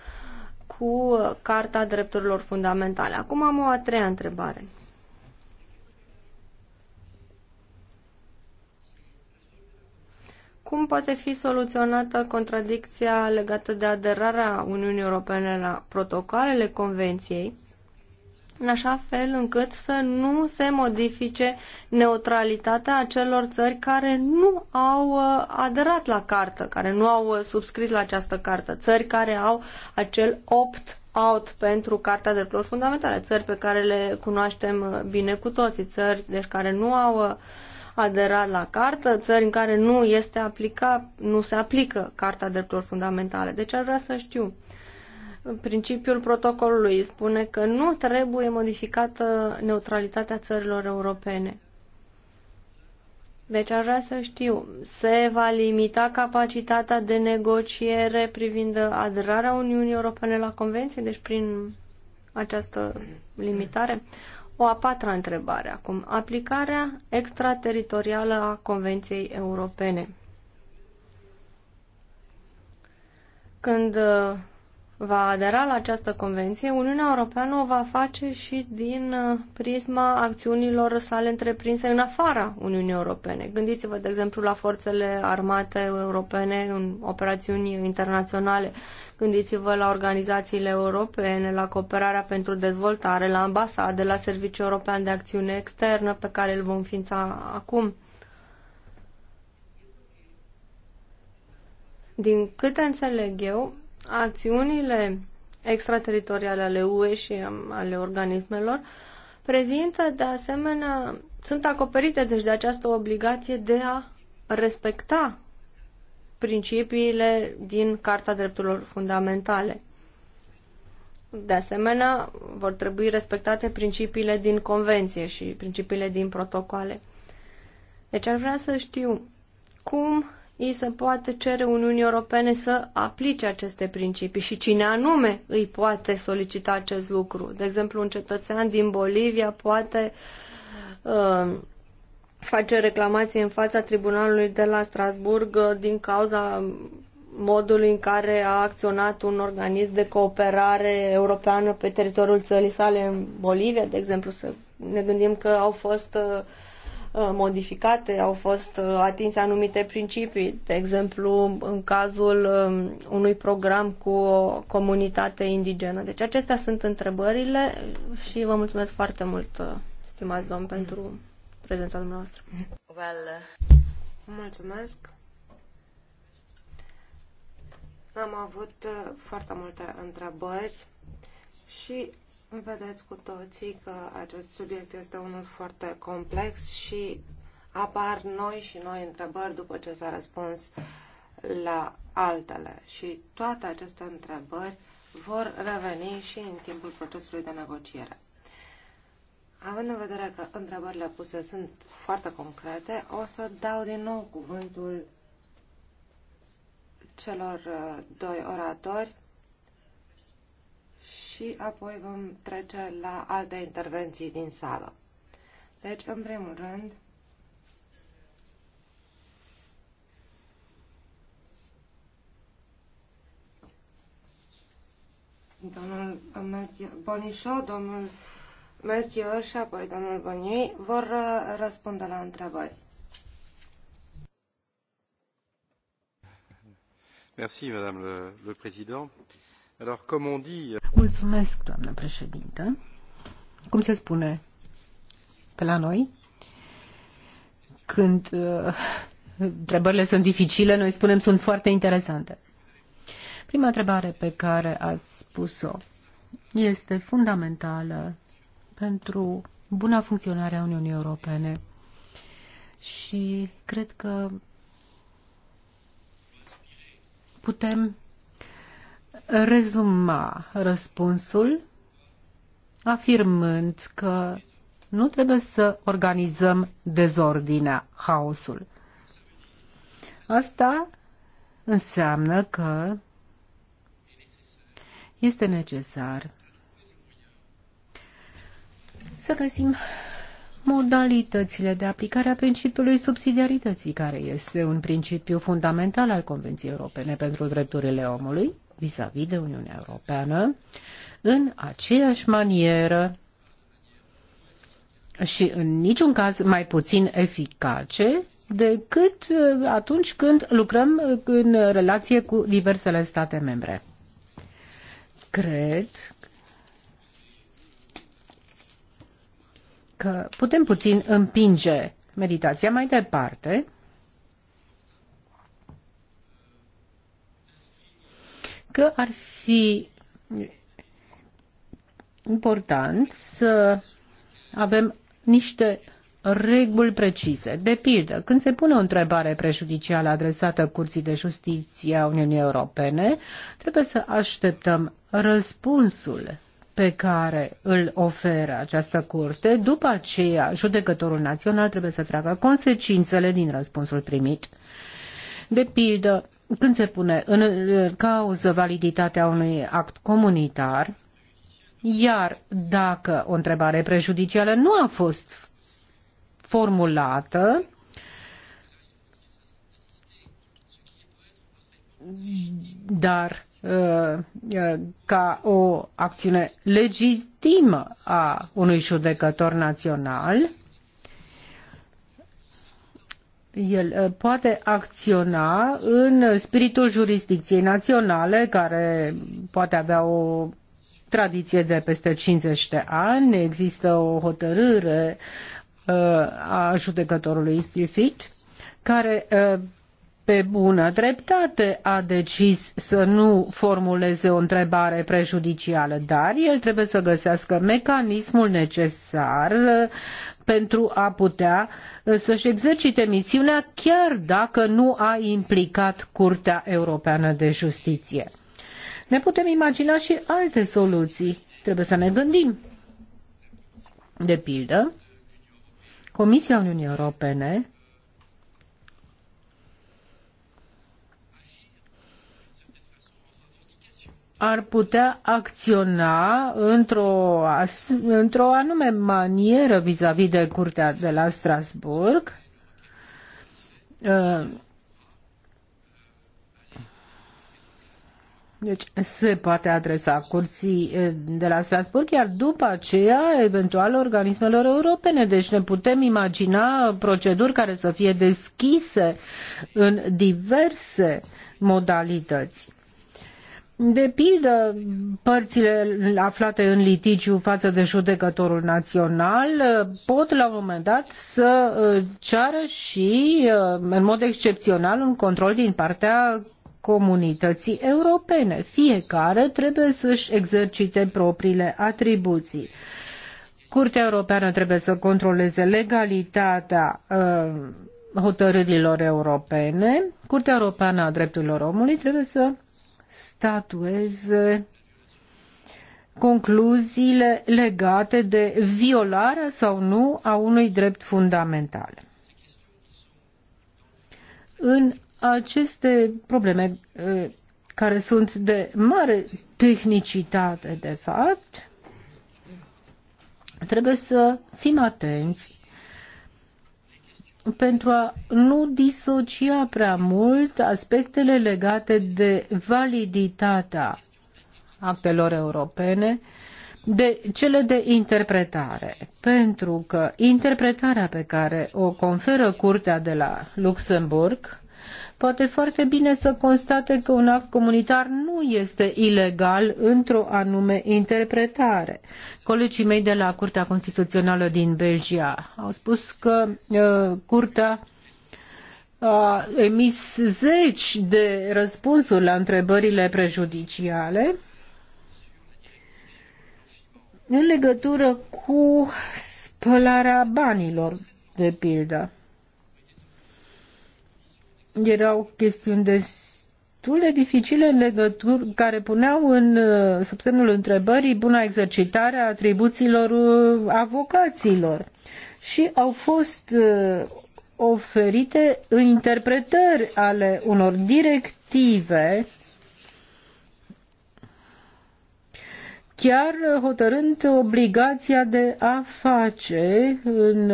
cu Carta Drepturilor Fundamentale. Acum am o a treia întrebare. Cum poate fi soluționată contradicția legată de aderarea Uniunii Europene la protocoalele Convenției în așa fel încât să nu se modifice neutralitatea acelor țări care nu au uh, aderat la cartă, care nu au uh, subscris la această cartă, țări care au acel opt out pentru Carta Drepturilor Fundamentale, țări pe care le cunoaștem uh, bine cu toții, țări deci care nu au aderat la cartă, țări în care nu este aplicat, nu se aplică Carta Drepturilor Fundamentale. Deci ar vrea să știu principiul protocolului spune că nu trebuie modificată neutralitatea țărilor europene. Deci aș vrea să știu, se va limita capacitatea de negociere privind aderarea Uniunii Europene la Convenție, deci prin această limitare? O a patra întrebare acum. Aplicarea extrateritorială a Convenției Europene. Când uh, va adera la această convenție, Uniunea Europeană o va face și din uh, prisma acțiunilor sale întreprinse în afara Uniunii Europene. Gândiți-vă, de exemplu, la forțele armate europene în operațiuni internaționale. Gândiți-vă la organizațiile europene, la cooperarea pentru dezvoltare, la ambasade, la Serviciul European de Acțiune Externă pe care îl vom ființa acum. Din câte înțeleg eu, acțiunile extrateritoriale ale UE și ale organismelor prezintă de asemenea, sunt acoperite deci de această obligație de a respecta principiile din Carta Drepturilor Fundamentale. De asemenea, vor trebui respectate principiile din convenție și principiile din protocoale. Deci ar vrea să știu cum ei se poate cere Uniunii Europene să aplice aceste principii și cine anume îi poate solicita acest lucru. De exemplu, un cetățean din Bolivia poate uh, face reclamație în fața tribunalului de la Strasburg uh, din cauza modului în care a acționat un organism de cooperare europeană pe teritoriul țării sale în Bolivia, de exemplu, să ne gândim că au fost uh, Uh, modificate, au fost uh, atinse anumite principii, de exemplu în cazul um, unui program cu o comunitate indigenă. Deci acestea sunt întrebările și vă mulțumesc foarte mult, uh, stimați domn, pentru prezența dumneavoastră. Well, mulțumesc. Am avut foarte multe întrebări și Vedeți cu toții că acest subiect este unul foarte complex și apar noi și noi întrebări după ce s-a răspuns la altele. Și toate aceste întrebări vor reveni și în timpul procesului de negociere. Având în vedere că întrebările puse sunt foarte concrete, o să dau din nou cuvântul celor uh, doi oratori și apoi vom trece la alte intervenții din sală. Deci, în primul rând, domnul Bonișo, domnul Melchior și apoi domnul Boniui vor uh, răspunde la întrebări. Merci, Madame le, le Président. Euh, doamnă președintă. Cum se spune pe la noi? Când uh, întrebările sunt dificile, noi spunem sunt foarte interesante. Prima întrebare pe care ați spus-o este fundamentală pentru buna funcționare a Uniunii Europene și cred că putem rezuma răspunsul afirmând că nu trebuie să organizăm dezordinea, haosul. Asta înseamnă că este necesar să găsim modalitățile de aplicare a principiului subsidiarității, care este un principiu fundamental al Convenției Europene pentru Drepturile Omului vis-a-vis -vis de Uniunea Europeană în aceeași manieră și în niciun caz mai puțin eficace decât uh, atunci când lucrăm în relație cu diversele state membre. Cred că putem puțin împinge meditația mai departe că ar fi important să avem niște reguli precise. De pildă, când se pune o întrebare prejudicială adresată Curții de Justiție a Uniunii Europene, trebuie să așteptăm răspunsul pe care îl oferă această curte. După aceea, judecătorul național trebuie să tragă consecințele din răspunsul primit. De pildă, când se pune în cauză validitatea unui act comunitar, iar dacă o întrebare prejudicială nu a fost formulată, dar uh, uh, ca o acțiune legitimă a unui judecător național, el uh, poate acționa în spiritul jurisdicției naționale, care poate avea o tradiție de peste 50 de ani. Există o hotărâre uh, a judecătorului Istifit, care uh, pe bună dreptate a decis să nu formuleze o întrebare prejudicială, dar el trebuie să găsească mecanismul necesar pentru a putea uh, să-și exercite misiunea chiar dacă nu a implicat Curtea Europeană de Justiție. Ne putem imagina și alte soluții. Trebuie să ne gândim. De pildă, Comisia Uniunii Europene ar putea acționa într-o, într-o anume manieră vis-a-vis de Curtea de la Strasburg. Uh, deci se poate adresa curții uh, de la Strasburg, iar după aceea, eventual, organismelor europene. Deci ne putem imagina proceduri care să fie deschise în diverse modalități. De pildă, părțile aflate în litigiu față de judecătorul național uh, pot la un moment dat să uh, ceară și, uh, în mod excepțional, un control din partea comunității europene. Fiecare trebuie să-și exercite propriile atribuții. Curtea Europeană trebuie să controleze legalitatea hotărârilor europene. Curtea Europeană a Drepturilor Omului trebuie să statueze concluziile legate de violarea sau nu a unui drept fundamental. În aceste probleme care sunt de mare tehnicitate, de fapt, trebuie să fim atenți pentru a nu disocia prea mult aspectele legate de validitatea actelor europene de cele de interpretare, pentru că interpretarea pe care o conferă Curtea de la Luxemburg poate foarte bine să constate că un act comunitar nu este ilegal într-o anume interpretare. Colegii mei de la Curtea Constituțională din Belgia au spus că uh, Curtea a emis zeci de răspunsuri la întrebările prejudiciale în legătură cu spălarea banilor, de pildă erau chestiuni destul de dificile în legături care puneau în uh, sub semnul întrebării buna exercitare a atribuțiilor uh, avocaților și au fost uh, oferite interpretări ale unor directive chiar hotărând obligația de a face în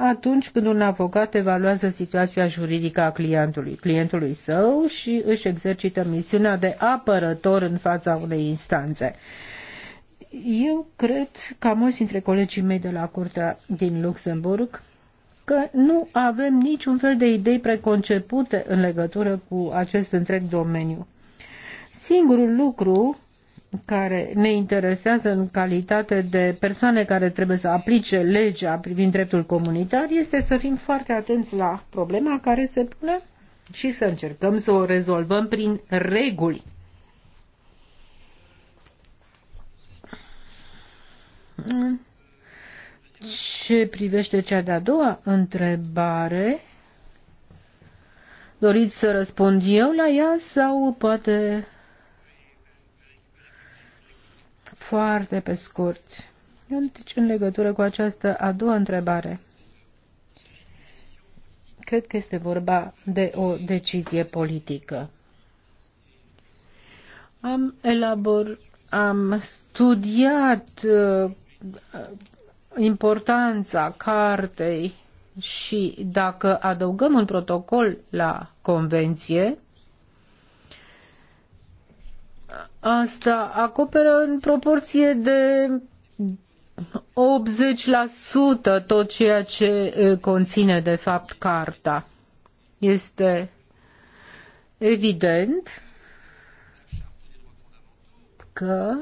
atunci când un avocat evaluează situația juridică a clientului, clientului său și își exercită misiunea de apărător în fața unei instanțe. Eu cred, ca mulți dintre colegii mei de la Curtea din Luxemburg, că nu avem niciun fel de idei preconcepute în legătură cu acest întreg domeniu. Singurul lucru care ne interesează în calitate de persoane care trebuie să aplice legea privind dreptul comunitar este să fim foarte atenți la problema care se pune și să încercăm să o rezolvăm prin reguli. Ce privește cea de-a doua întrebare, doriți să răspund eu la ea sau poate foarte pe scurt. Deci, în legătură cu această a doua întrebare, cred că este vorba de o decizie politică. Am elabor, am studiat uh, importanța cartei și dacă adăugăm un protocol la convenție, asta acoperă în proporție de 80% tot ceea ce conține de fapt carta. Este evident că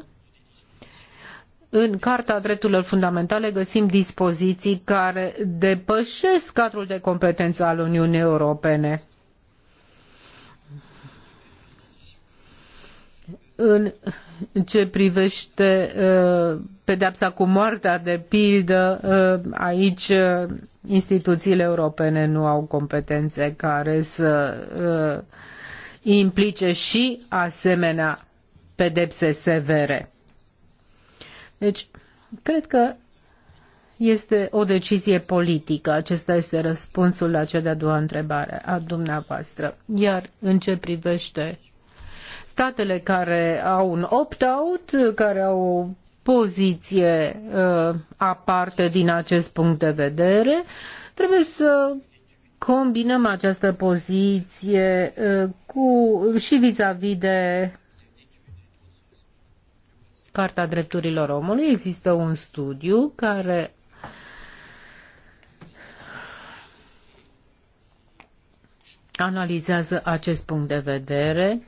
în Carta Drepturilor Fundamentale găsim dispoziții care depășesc cadrul de competență al Uniunii Europene. În ce privește uh, pedepsa cu moartea, de pildă, uh, aici uh, instituțiile europene nu au competențe care să implice și asemenea pedepse severe. Deci, cred că este o decizie politică. Acesta este răspunsul la cea de-a doua întrebare a dumneavoastră. Iar în ce privește statele care au un opt-out, care au o poziție uh, aparte din acest punct de vedere, trebuie să combinăm această poziție uh, cu și vis-a-vis -vis de Carta Drepturilor Omului. Există un studiu care analizează acest punct de vedere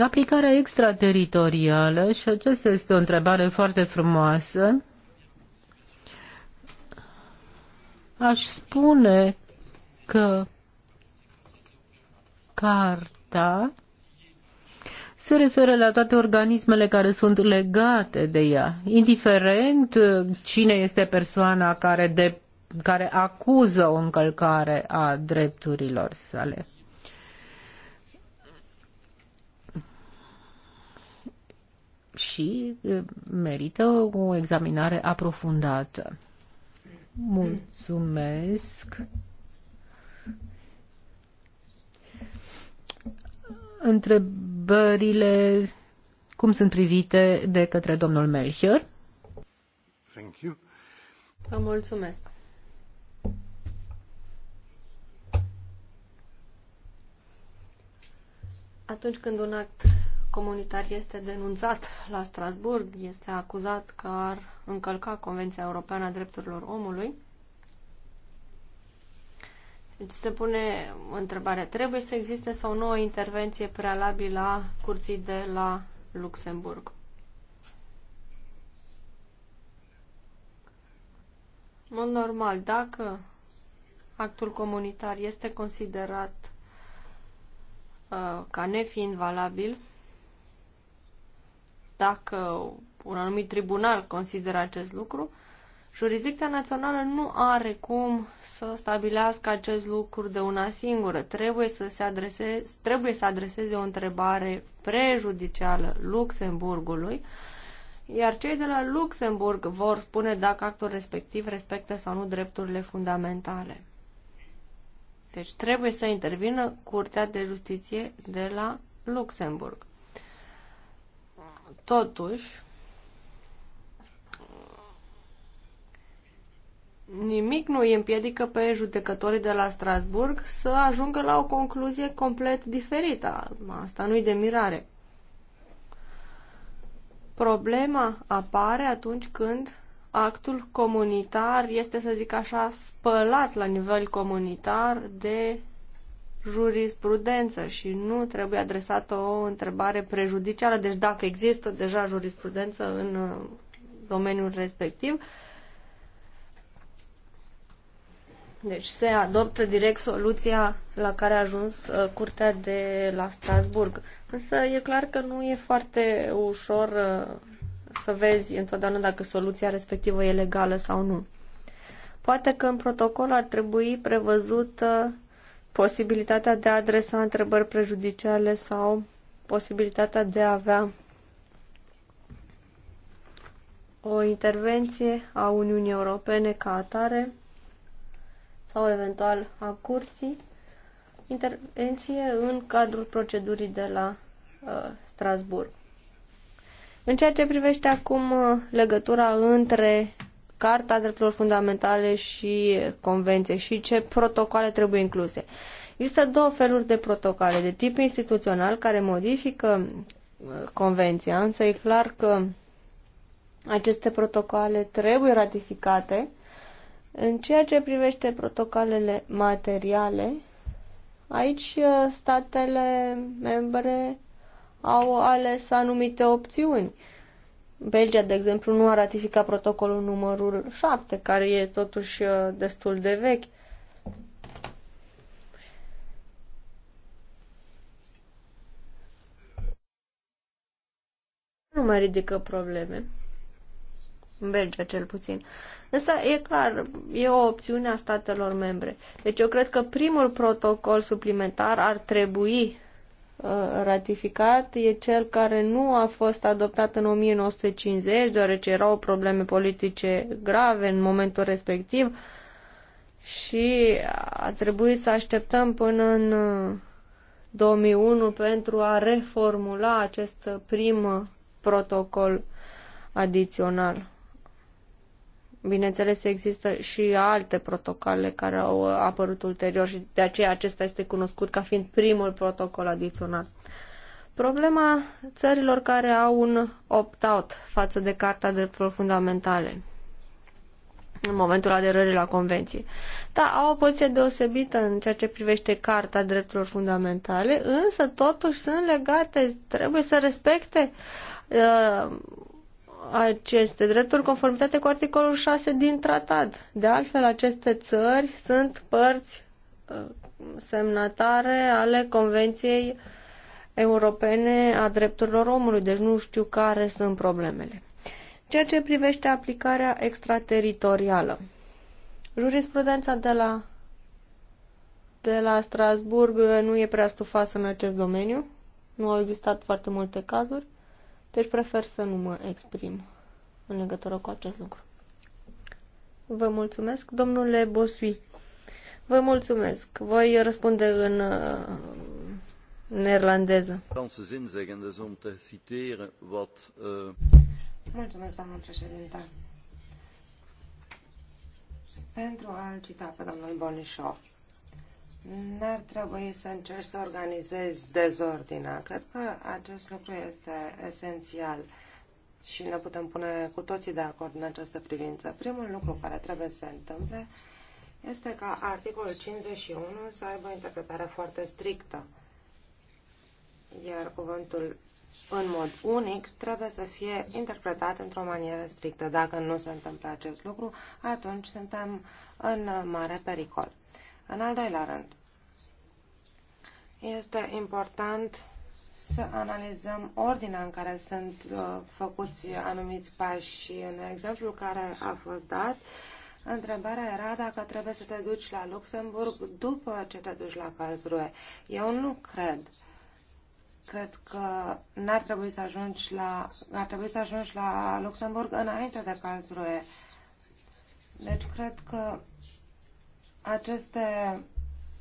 Aplicarea extrateritorială, și aceasta este o întrebare foarte frumoasă, aș spune că carta se referă la toate organismele care sunt legate de ea, indiferent uh, cine este persoana care, de, care acuză o încălcare a drepturilor sale. și merită o examinare aprofundată. Mulțumesc. Întrebările cum sunt privite de către domnul Melchior? Thank you. Vă mulțumesc. Atunci când un act comunitar este denunțat la Strasburg, este acuzat că ar încălca Convenția Europeană a Drepturilor Omului. Deci se pune întrebarea, trebuie să existe sau nu o intervenție prealabilă a curții de la Luxemburg? În mod normal, dacă actul comunitar este considerat uh, ca nefiind valabil, dacă un anumit tribunal consideră acest lucru, jurisdicția națională nu are cum să stabilească acest lucru de una singură. Trebuie să, se adreseze, trebuie să adreseze o întrebare prejudicială Luxemburgului, iar cei de la Luxemburg vor spune dacă actul respectiv respectă sau nu drepturile fundamentale. Deci trebuie să intervină Curtea de Justiție de la Luxemburg. Totuși, nimic nu îi împiedică pe judecătorii de la Strasburg să ajungă la o concluzie complet diferită. Asta nu-i de mirare. Problema apare atunci când actul comunitar este, să zic așa, spălat la nivel comunitar de jurisprudență și nu trebuie adresată o întrebare prejudicială, deci dacă există deja jurisprudență în uh, domeniul respectiv. Deci se adoptă direct soluția la care a ajuns uh, curtea de la Strasburg. Însă e clar că nu e foarte ușor uh, să vezi întotdeauna dacă soluția respectivă e legală sau nu. Poate că în protocol ar trebui prevăzută posibilitatea de a adresa întrebări prejudiciale sau posibilitatea de a avea o intervenție a Uniunii Europene ca atare sau eventual a curții, intervenție în cadrul procedurii de la uh, Strasburg. În ceea ce privește acum uh, legătura între Carta Drepturilor Fundamentale și Convenție și ce protocoale trebuie incluse. Există două feluri de protocoale, de tip instituțional care modifică uh, Convenția, însă e clar că aceste protocoale trebuie ratificate. În ceea ce privește protocolele materiale, aici uh, statele membre au ales anumite opțiuni. Belgia, de exemplu, nu a ratificat protocolul numărul 7, care e totuși uh, destul de vechi. Nu mai ridică probleme. În Belgia, cel puțin. Însă, e clar, e o opțiune a statelor membre. Deci eu cred că primul protocol suplimentar ar trebui Uh, ratificat e cel care nu a fost adoptat în 1950, deoarece erau probleme politice grave în momentul respectiv și a trebuit să așteptăm până în 2001 uh, pentru a reformula acest prim protocol adițional. Bineînțeles, există și alte protocole care au apărut ulterior și de aceea acesta este cunoscut ca fiind primul protocol adițional. Problema țărilor care au un opt-out față de Carta Drepturilor Fundamentale în momentul aderării la convenție. Da, au o poziție deosebită în ceea ce privește Carta Drepturilor Fundamentale, însă totuși sunt legate, trebuie să respecte uh, aceste drepturi conformitate cu articolul 6 din tratat. De altfel, aceste țări sunt părți uh, semnatare ale Convenției Europene a Drepturilor Omului, deci nu știu care sunt problemele. Ceea ce privește aplicarea extrateritorială. Jurisprudența de la, de la Strasburg nu e prea stufasă în acest domeniu. Nu au existat foarte multe cazuri. Deci prefer să nu mă exprim în legătură cu acest lucru. Vă mulțumesc, domnule Bosui. Vă mulțumesc. Voi răspunde în neerlandeză. Mulțumesc, doamnă președinte. Pentru a-l cita pe domnul Bonișov, N-ar trebui să încerci să organizezi dezordinea. Cred că acest lucru este esențial și ne putem pune cu toții de acord în această privință. Primul lucru care trebuie să se întâmple este ca articolul 51 să aibă o interpretare foarte strictă, iar cuvântul în mod unic trebuie să fie interpretat într-o manieră strictă. Dacă nu se întâmplă acest lucru, atunci suntem în mare pericol. În al doilea rând, este important să analizăm ordinea în care sunt uh, făcuți anumiți pași și în exemplul care a fost dat, întrebarea era dacă trebuie să te duci la Luxemburg după ce te duci la Karlsruhe. Eu nu cred. Cred că n-ar trebui să ajungi la, ar trebui să ajungi la Luxemburg înainte de Karlsruhe. Deci cred că aceste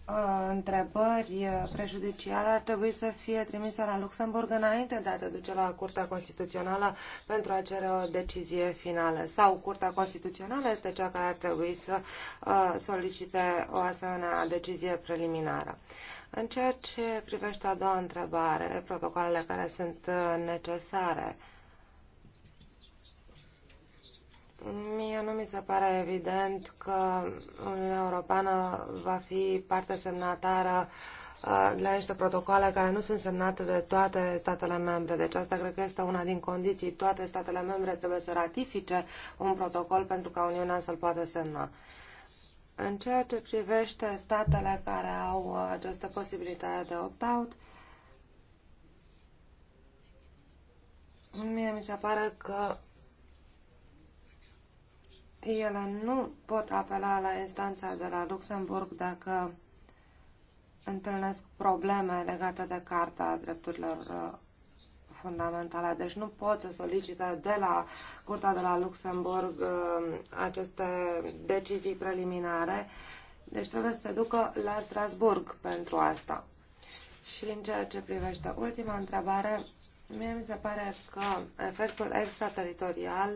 uh, întrebări uh, prejudiciale ar trebui să fie trimise la Luxemburg înainte de a te duce la Curtea Constituțională pentru a cere o decizie finală. Sau Curtea Constituțională este cea care ar trebui să uh, solicite o asemenea decizie preliminară. În ceea ce privește a doua întrebare, protocoalele care sunt uh, necesare, uh, Mie nu mi se pare evident că Uniunea Europeană va fi parte semnatară uh, la niște protocoale care nu sunt semnate de toate statele membre. Deci asta cred că este una din condiții. Toate statele membre trebuie să ratifice un protocol pentru ca Uniunea să-l poată semna. În ceea ce privește statele care au uh, această posibilitate de opt-out, mie mi se pare că ele nu pot apela la instanța de la Luxemburg dacă întâlnesc probleme legate de Carta Drepturilor uh, fundamentale. Deci nu pot să solicite de la Curtea de la Luxemburg uh, aceste decizii preliminare. Deci trebuie să se ducă la Strasburg pentru asta. Și în ceea ce privește ultima întrebare, mie mi se pare că efectul extrateritorial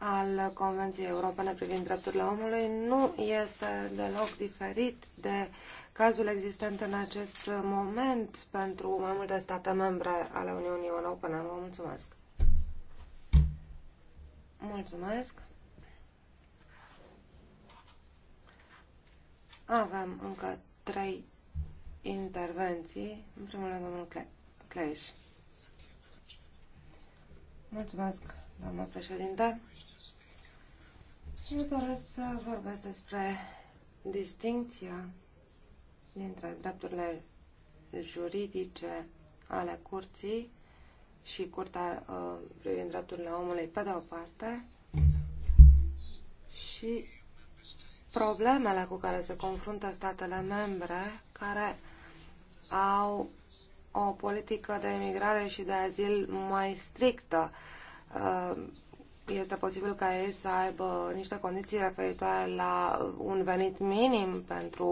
al Convenției Europene privind drepturile omului nu este deloc diferit de cazul existent în acest moment pentru mai multe state membre ale Uniunii Europene. Vă mulțumesc! Mulțumesc! Avem încă trei intervenții. În primul rând, domnul Cleiș. Mulțumesc! doamnă președinte. Eu doresc să vorbesc despre distinția dintre drepturile juridice ale curții și curtea uh, privind drepturile omului pe de o parte și problemele cu care se confruntă statele membre care au o politică de emigrare și de azil mai strictă Uh, este posibil ca ei să aibă niște condiții referitoare la un venit minim pentru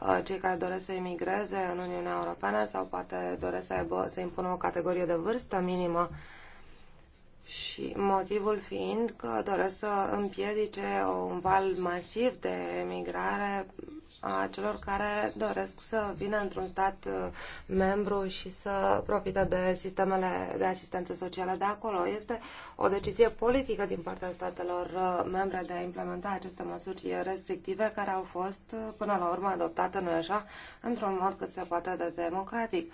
uh, cei care doresc să emigreze în Uniunea Europeană sau poate doresc să, aibă, să impună o categorie de vârstă minimă și motivul fiind că doresc să împiedice un val masiv de emigrare a celor care doresc să vină într-un stat uh, membru și să profite de sistemele de asistență socială de acolo. Este o decizie politică din partea statelor uh, membre de a implementa aceste măsuri restrictive care au fost uh, până la urmă adoptate, nu așa, într-un mod cât se poate de democratic.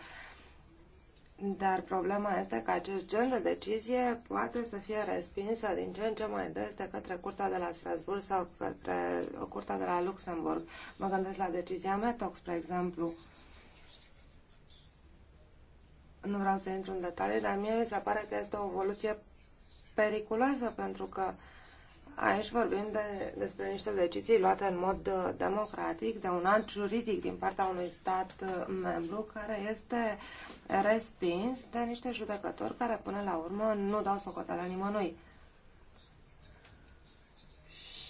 Dar problema este că acest gen de decizie poate să fie respinsă din ce în ce mai des de către Curtea de la Strasburg sau către Curtea de la Luxemburg. Mă gândesc la decizia Metox, spre exemplu. Nu vreau să intru în detalii, dar mie mi se pare că este o evoluție periculoasă pentru că uh, aici vorbim de, despre niște decizii luate în mod uh, democratic de un alt juridic din partea unui stat uh, membru care este respins de niște judecători care până la urmă nu dau socoteala nimănui.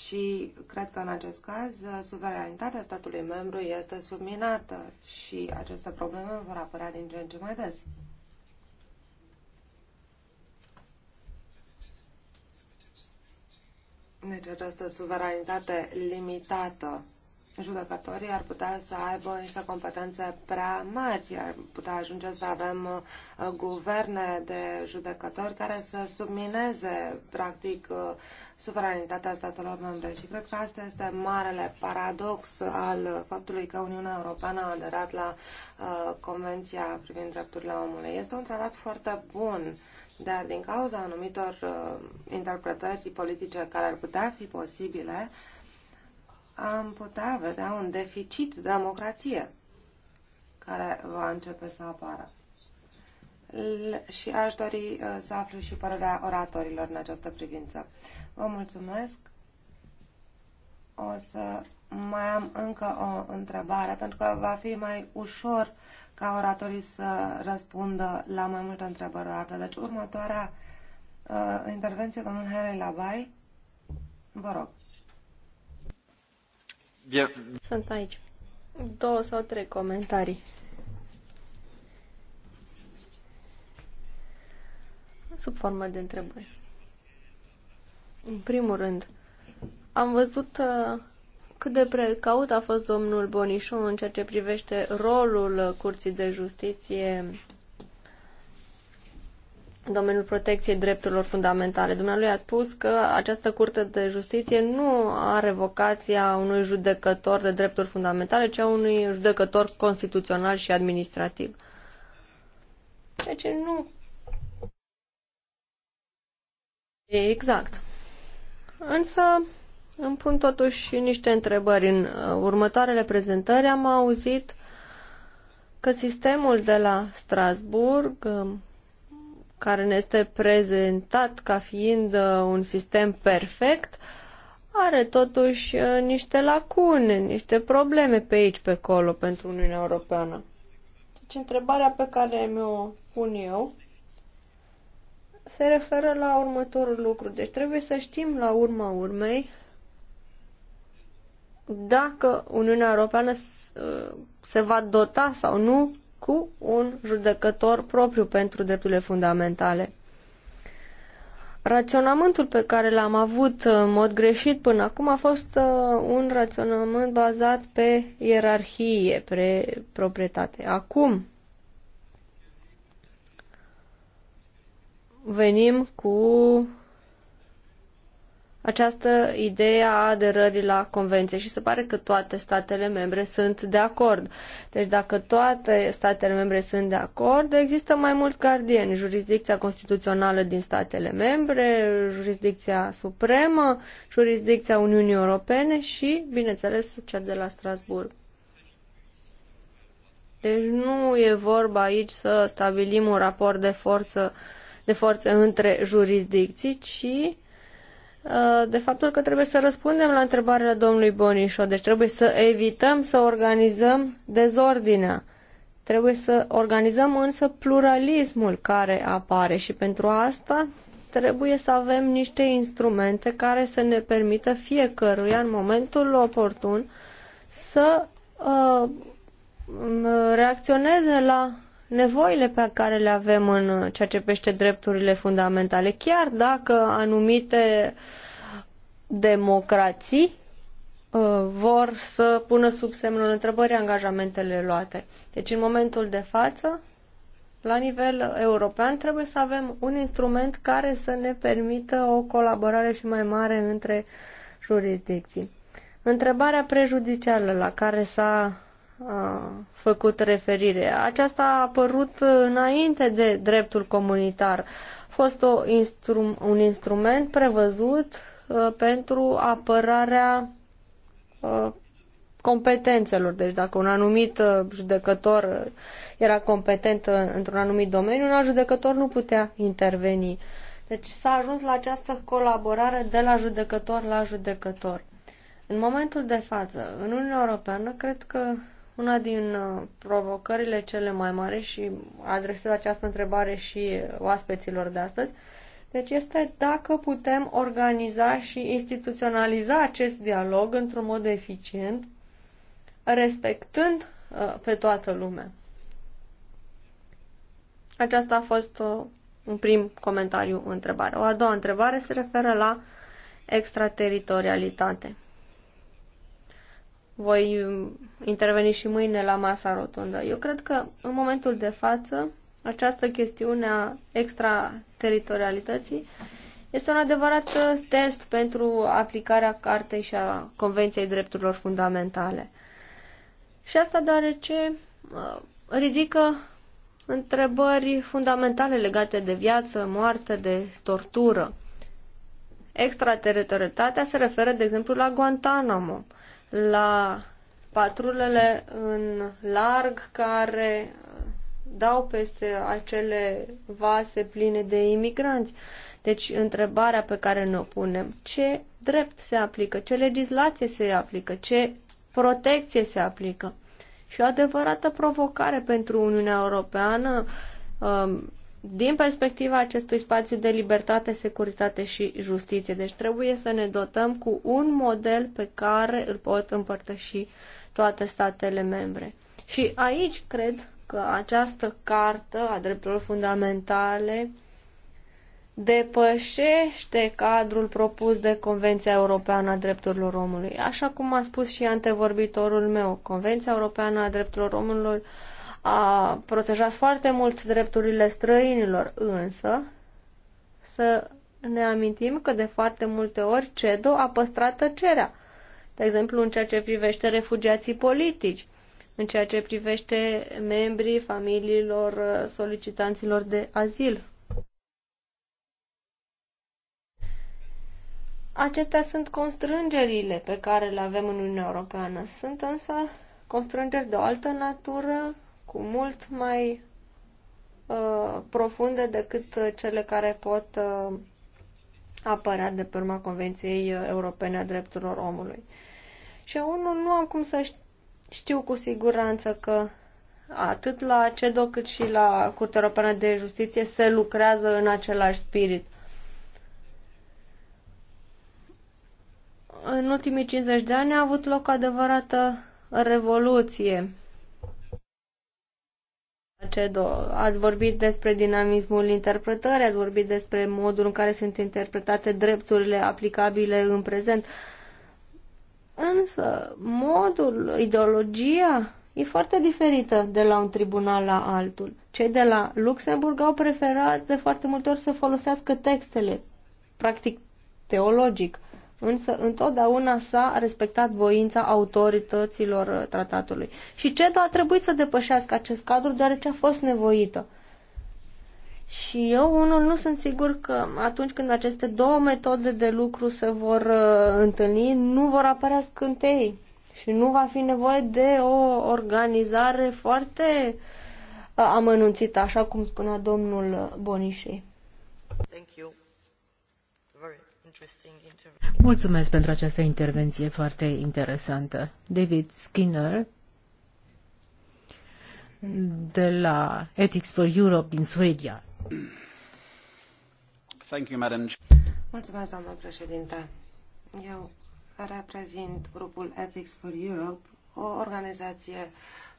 Și cred că în acest caz uh, suveranitatea statului membru este subminată și aceste probleme vor apărea din ce în ce mai des. Deci această suveranitate limitată judecătorii ar putea să aibă niște competențe prea mari, ar putea ajunge să avem uh, guverne de judecători care să submineze, practic, uh, suveranitatea statelor membre. Și cred că asta este marele paradox al faptului că Uniunea Europeană a aderat la uh, Convenția privind drepturile omului. Este un tratat foarte bun dar din cauza anumitor uh, interpretări politice care ar putea fi posibile, am putea vedea un deficit de democrație care va începe să apară. L și aș dori uh, să aflu și părerea oratorilor în această privință. Vă mulțumesc. O să mai am încă o întrebare, pentru că va fi mai ușor uh, ca oratorii să răspundă la mai multe întrebări odată. Deci următoarea uh, intervenție, domnul Henry Labai, vă rog. Bien. Sunt aici. Două sau trei comentarii. Sub formă de întrebări. În primul rând, am văzut uh, cât de precaut a fost domnul Bonișu în ceea ce privește rolul Curții de Justiție în domeniul protecției drepturilor fundamentale. Dumnealui a spus că această curte de justiție nu are vocația unui judecător de drepturi fundamentale, ci a unui judecător constituțional și administrativ. Ceea deci, ce nu... exact. Însă, îmi pun totuși niște întrebări. În uh, următoarele prezentări am auzit că sistemul de la Strasburg, um, care ne este prezentat ca fiind uh, un sistem perfect, are totuși uh, niște lacune, niște probleme pe aici, pe acolo, pentru Uniunea Europeană. Deci întrebarea pe care mi-o pun eu se referă la următorul lucru. Deci trebuie să știm la urma urmei dacă Uniunea Europeană uh, se va dota sau nu cu un judecător propriu pentru drepturile fundamentale. Raționamentul pe care l-am avut uh, în mod greșit până acum a fost uh, un raționament bazat pe ierarhie, pe proprietate. Acum venim cu această idee a aderării la convenție și se pare că toate statele membre sunt de acord. Deci dacă toate statele membre sunt de acord, există mai mulți gardieni, jurisdicția constituțională din statele membre, jurisdicția supremă, jurisdicția Uniunii Europene și, bineînțeles, cea de la Strasburg. Deci nu e vorba aici să stabilim un raport de forță de forță între jurisdicții, ci Uh, de faptul că trebuie să răspundem la întrebarea domnului Bonișo, deci trebuie să evităm să organizăm dezordinea. Trebuie să organizăm însă pluralismul care apare și pentru asta trebuie să avem niște instrumente care să ne permită fiecăruia în momentul oportun să uh, reacționeze la nevoile pe care le avem în ceea ce pește drepturile fundamentale, chiar dacă anumite democrații uh, vor să pună sub semnul întrebării angajamentele luate. Deci, în momentul de față, la nivel european, trebuie să avem un instrument care să ne permită o colaborare și mai mare între jurisdicții. Întrebarea prejudicială la care s-a făcut referire. Aceasta a apărut înainte de dreptul comunitar. A fost o instru- un instrument prevăzut uh, pentru apărarea uh, competențelor. Deci dacă un anumit judecător era competent într-un anumit domeniu, un alt judecător nu putea interveni. Deci s-a ajuns la această colaborare de la judecător la judecător. În momentul de față, în Uniunea Europeană, cred că una din uh, provocările cele mai mari și adresez această întrebare și oaspeților de astăzi, deci este dacă putem organiza și instituționaliza acest dialog într-un mod eficient, respectând uh, pe toată lumea. Aceasta a fost uh, un prim comentariu, întrebare. O a doua întrebare se referă la extrateritorialitate voi mm, interveni și mâine la masa rotundă. Eu cred că în momentul de față această chestiune a extrateritorialității este un adevărat uh, test pentru aplicarea cartei și a Convenției Drepturilor Fundamentale. Și asta deoarece uh, ridică întrebări fundamentale legate de viață, moarte, de tortură. Extrateritorialitatea se referă, de exemplu, la Guantanamo la patrulele în larg care uh, dau peste acele vase pline de imigranți. Deci întrebarea pe care ne o punem, ce drept se aplică, ce legislație se aplică, ce protecție se aplică? Și o adevărată provocare pentru Uniunea Europeană um, din perspectiva acestui spațiu de libertate, securitate și justiție. Deci trebuie să ne dotăm cu un model pe care îl pot împărtăși toate statele membre. Și aici cred că această cartă a drepturilor fundamentale depășește cadrul propus de Convenția Europeană a Drepturilor Omului. Așa cum a spus și antevorbitorul meu, Convenția Europeană a Drepturilor Omului a protejat foarte mult drepturile străinilor, însă să ne amintim că de foarte multe ori CEDO a păstrat tăcerea. De exemplu, în ceea ce privește refugiații politici, în ceea ce privește membrii familiilor solicitanților de azil. Acestea sunt constrângerile pe care le avem în Uniunea Europeană. Sunt însă constrângeri de o altă natură cu mult mai uh, profunde decât uh, cele care pot uh, apărea de pe urma Convenției uh, Europene a Drepturilor Omului. Și eu nu, nu am cum să știu cu siguranță că atât la CEDO cât și la Curtea Europeană de Justiție se lucrează în același spirit. În ultimii 50 de ani a avut loc o adevărată revoluție Cedo, ați vorbit despre dinamismul interpretării, ați vorbit despre modul în care sunt interpretate drepturile aplicabile în prezent. Însă, modul, ideologia e foarte diferită de la un tribunal la altul. Cei de la Luxemburg au preferat de foarte multe ori să folosească textele, practic teologic însă întotdeauna s-a respectat voința autorităților uh, tratatului. Și CEDO a trebuit să depășească acest cadru deoarece a fost nevoită. Și eu, unul, nu sunt sigur că atunci când aceste două metode de lucru se vor uh, întâlni, nu vor apărea scântei și nu va fi nevoie de o organizare foarte uh, amănunțită, așa cum spunea domnul Bonișei. Thank you. Mulțumesc pentru această intervenție foarte interesantă. David Skinner de la Ethics for Europe din Suedia. Thank you, madam. Mulțumesc, doamnă președinte. Eu reprezint grupul Ethics for Europe, o organizație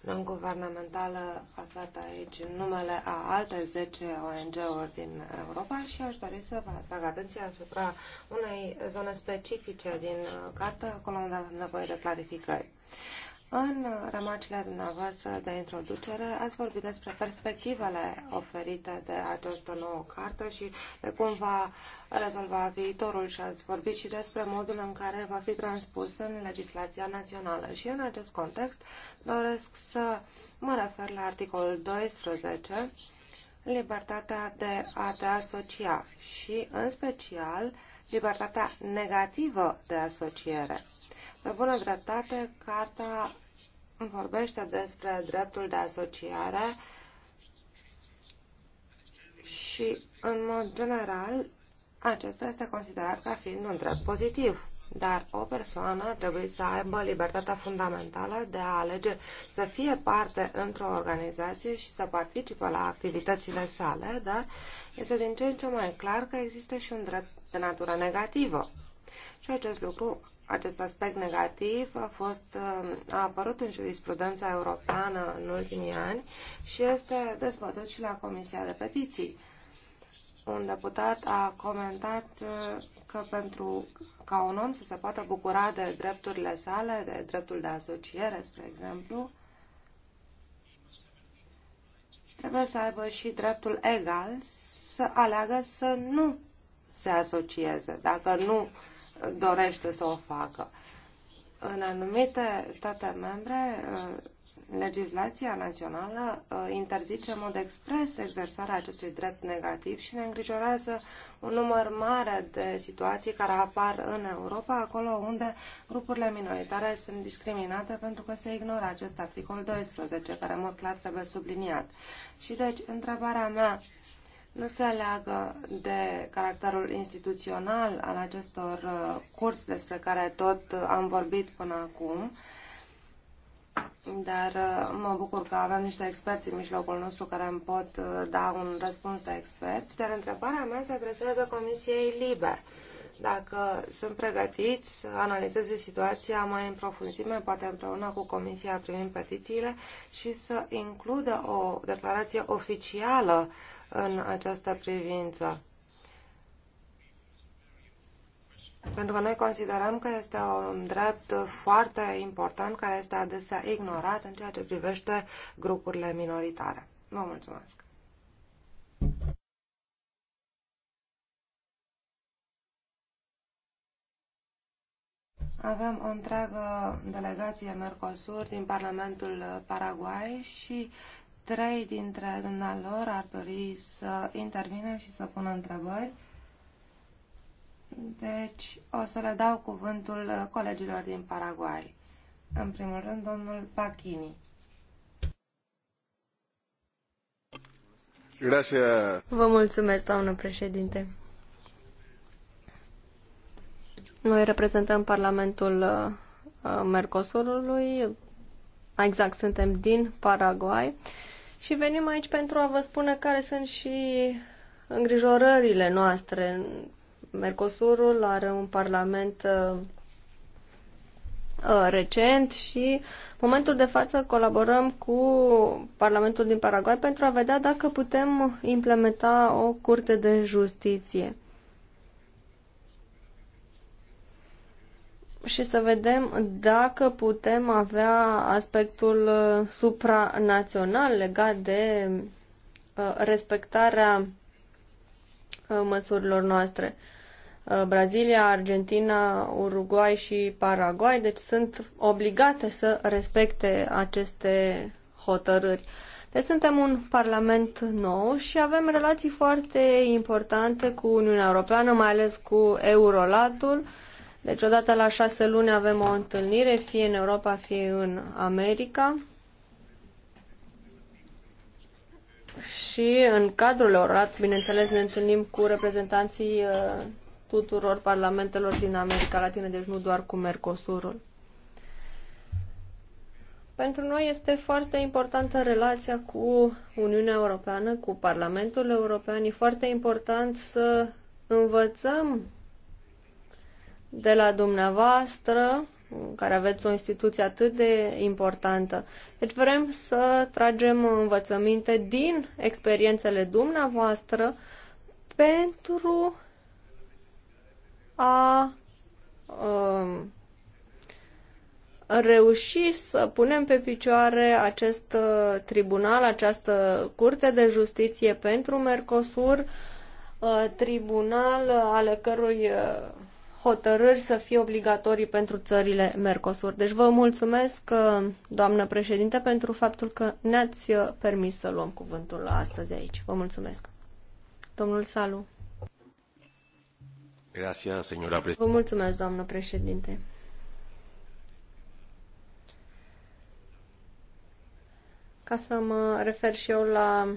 non-guvernamentală aflată aici în numele a alte 10 ONG-uri din Europa și aș dori să vă atrag atenția asupra unei zone specifice din carte, acolo unde avem nevoie de clarificări. În remarcile dumneavoastră de introducere ați vorbit despre perspectivele oferite de această nouă carte și de cum va rezolva viitorul și ați vorbit și despre modul în care va fi transpus în legislația națională. Și în acest context doresc să mă refer la articolul 12, libertatea de a te asocia și, în special, libertatea negativă de asociere. Pe bună dreptate, carta vorbește despre dreptul de asociare și, în mod general, acesta este considerat ca fiind un drept pozitiv. Dar o persoană trebuie să aibă libertatea fundamentală de a alege să fie parte într-o organizație și să participe la activitățile sale, dar este din ce în ce mai clar că există și un drept de natură negativă. Și acest lucru acest aspect negativ a fost a apărut în jurisprudența europeană în ultimii ani și este dezbătut și la Comisia de Petiții. Un deputat a comentat uh, că pentru ca un om să se poată bucura de drepturile sale, de dreptul de asociere, spre exemplu, trebuie să aibă și dreptul egal să aleagă să nu se asocieze, dacă nu dorește să o facă. În anumite state membre, eh, legislația națională eh, interzice în mod expres exersarea acestui drept negativ și ne îngrijorează un număr mare de situații care apar în Europa, acolo unde grupurile minoritare sunt discriminate pentru că se ignoră acest articol 12, care în clar trebuie subliniat. Și deci, întrebarea mea nu se leagă de caracterul instituțional al acestor uh, curs despre care tot uh, am vorbit până acum, dar uh, mă bucur că avem niște experți în mijlocul nostru care îmi pot da un răspuns de experți, dar întrebarea mea se adresează Comisiei Liber dacă sunt pregătiți să analizeze situația mai în profunzime, poate împreună cu Comisia privind petițiile, și să includă o declarație oficială în această privință. Pentru că noi considerăm că este un drept foarte important care este adesea ignorat în ceea ce privește grupurile minoritare. Vă mulțumesc! Avem o întreagă delegație Mercosur din Parlamentul Paraguay și trei dintre dumnealor ar dori să intervină și să pună întrebări. Deci o să le dau cuvântul colegilor din Paraguay. În primul rând, domnul Pachini. Vă mulțumesc, doamnă președinte. Noi reprezentăm Parlamentul uh, uh, Mercosurului, exact suntem din Paraguay și venim aici pentru a vă spune care sunt și îngrijorările noastre. Mercosurul are un parlament uh, recent și în momentul de față colaborăm cu Parlamentul din Paraguay pentru a vedea dacă putem implementa o curte de justiție. și să vedem dacă putem avea aspectul uh, supranațional legat de uh, respectarea uh, măsurilor noastre. Brazilia, Argentina, Uruguay și Paraguay, deci sunt obligate să respecte aceste hotărâri. Deci suntem un parlament nou și avem relații foarte importante cu Uniunea Europeană, mai ales cu Eurolatul, deci odată la șase luni avem o întâlnire, fie în Europa, fie în America. Și în cadrul orat, bineînțeles, ne întâlnim cu reprezentanții uh, tuturor parlamentelor din America Latină, deci nu doar cu Mercosurul. Pentru noi este foarte importantă relația cu Uniunea Europeană, cu Parlamentul European. E foarte important să învățăm de la dumneavoastră, care aveți o instituție atât de importantă. Deci vrem să tragem învățăminte din experiențele dumneavoastră pentru a um, reuși să punem pe picioare acest uh, tribunal, această curte de justiție pentru Mercosur, uh, tribunal ale cărui uh, hotărâri să fie obligatorii pentru țările Mercosur. Deci vă mulțumesc, uh, doamnă președinte, pentru faptul că ne-ați uh, permis să luăm cuvântul astăzi aici. Vă mulțumesc. Domnul Salu. Gracias, señora Vă mulțumesc, doamnă președinte. Ca să mă refer și eu la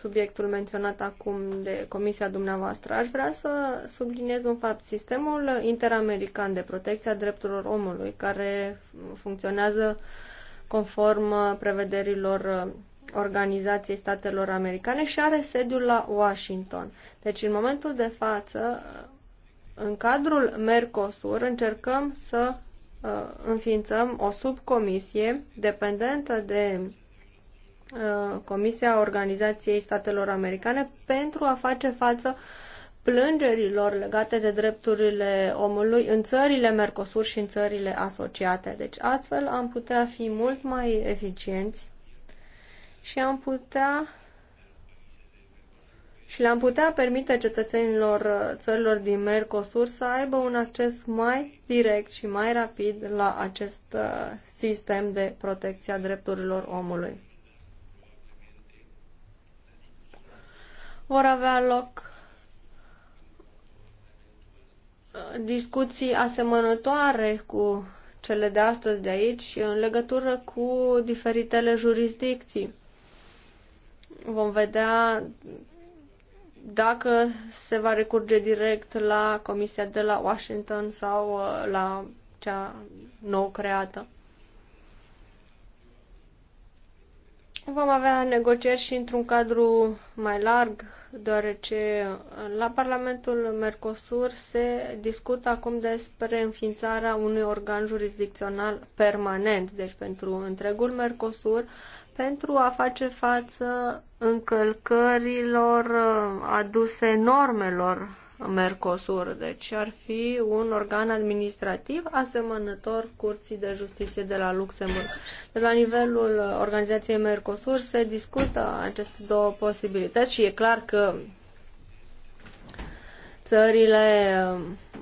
subiectul menționat acum de comisia dumneavoastră, aș vrea să subliniez un fapt. Sistemul interamerican de protecție a drepturilor omului, care funcționează conform prevederilor Organizației Statelor Americane și are sediul la Washington. Deci, în momentul de față, în cadrul Mercosur, încercăm să uh, înființăm o subcomisie dependentă de Uh, Comisia Organizației Statelor Americane pentru a face față plângerilor legate de drepturile omului în țările Mercosur și în țările asociate. Deci astfel am putea fi mult mai eficienți și am putea și le-am putea permite cetățenilor țărilor din Mercosur să aibă un acces mai direct și mai rapid la acest uh, sistem de protecție a drepturilor omului. vor avea loc uh, discuții asemănătoare cu cele de astăzi de aici în legătură cu diferitele jurisdicții. Vom vedea dacă se va recurge direct la Comisia de la Washington sau uh, la cea nou creată. Vom avea negocieri și într-un cadru mai larg deoarece la Parlamentul Mercosur se discută acum despre înființarea unui organ jurisdicțional permanent, deci pentru întregul Mercosur, pentru a face față încălcărilor uh, aduse normelor Mercosur. Deci ar fi un organ administrativ asemănător Curții de Justiție de la Luxemburg. De la nivelul organizației Mercosur se discută aceste două posibilități și e clar că țările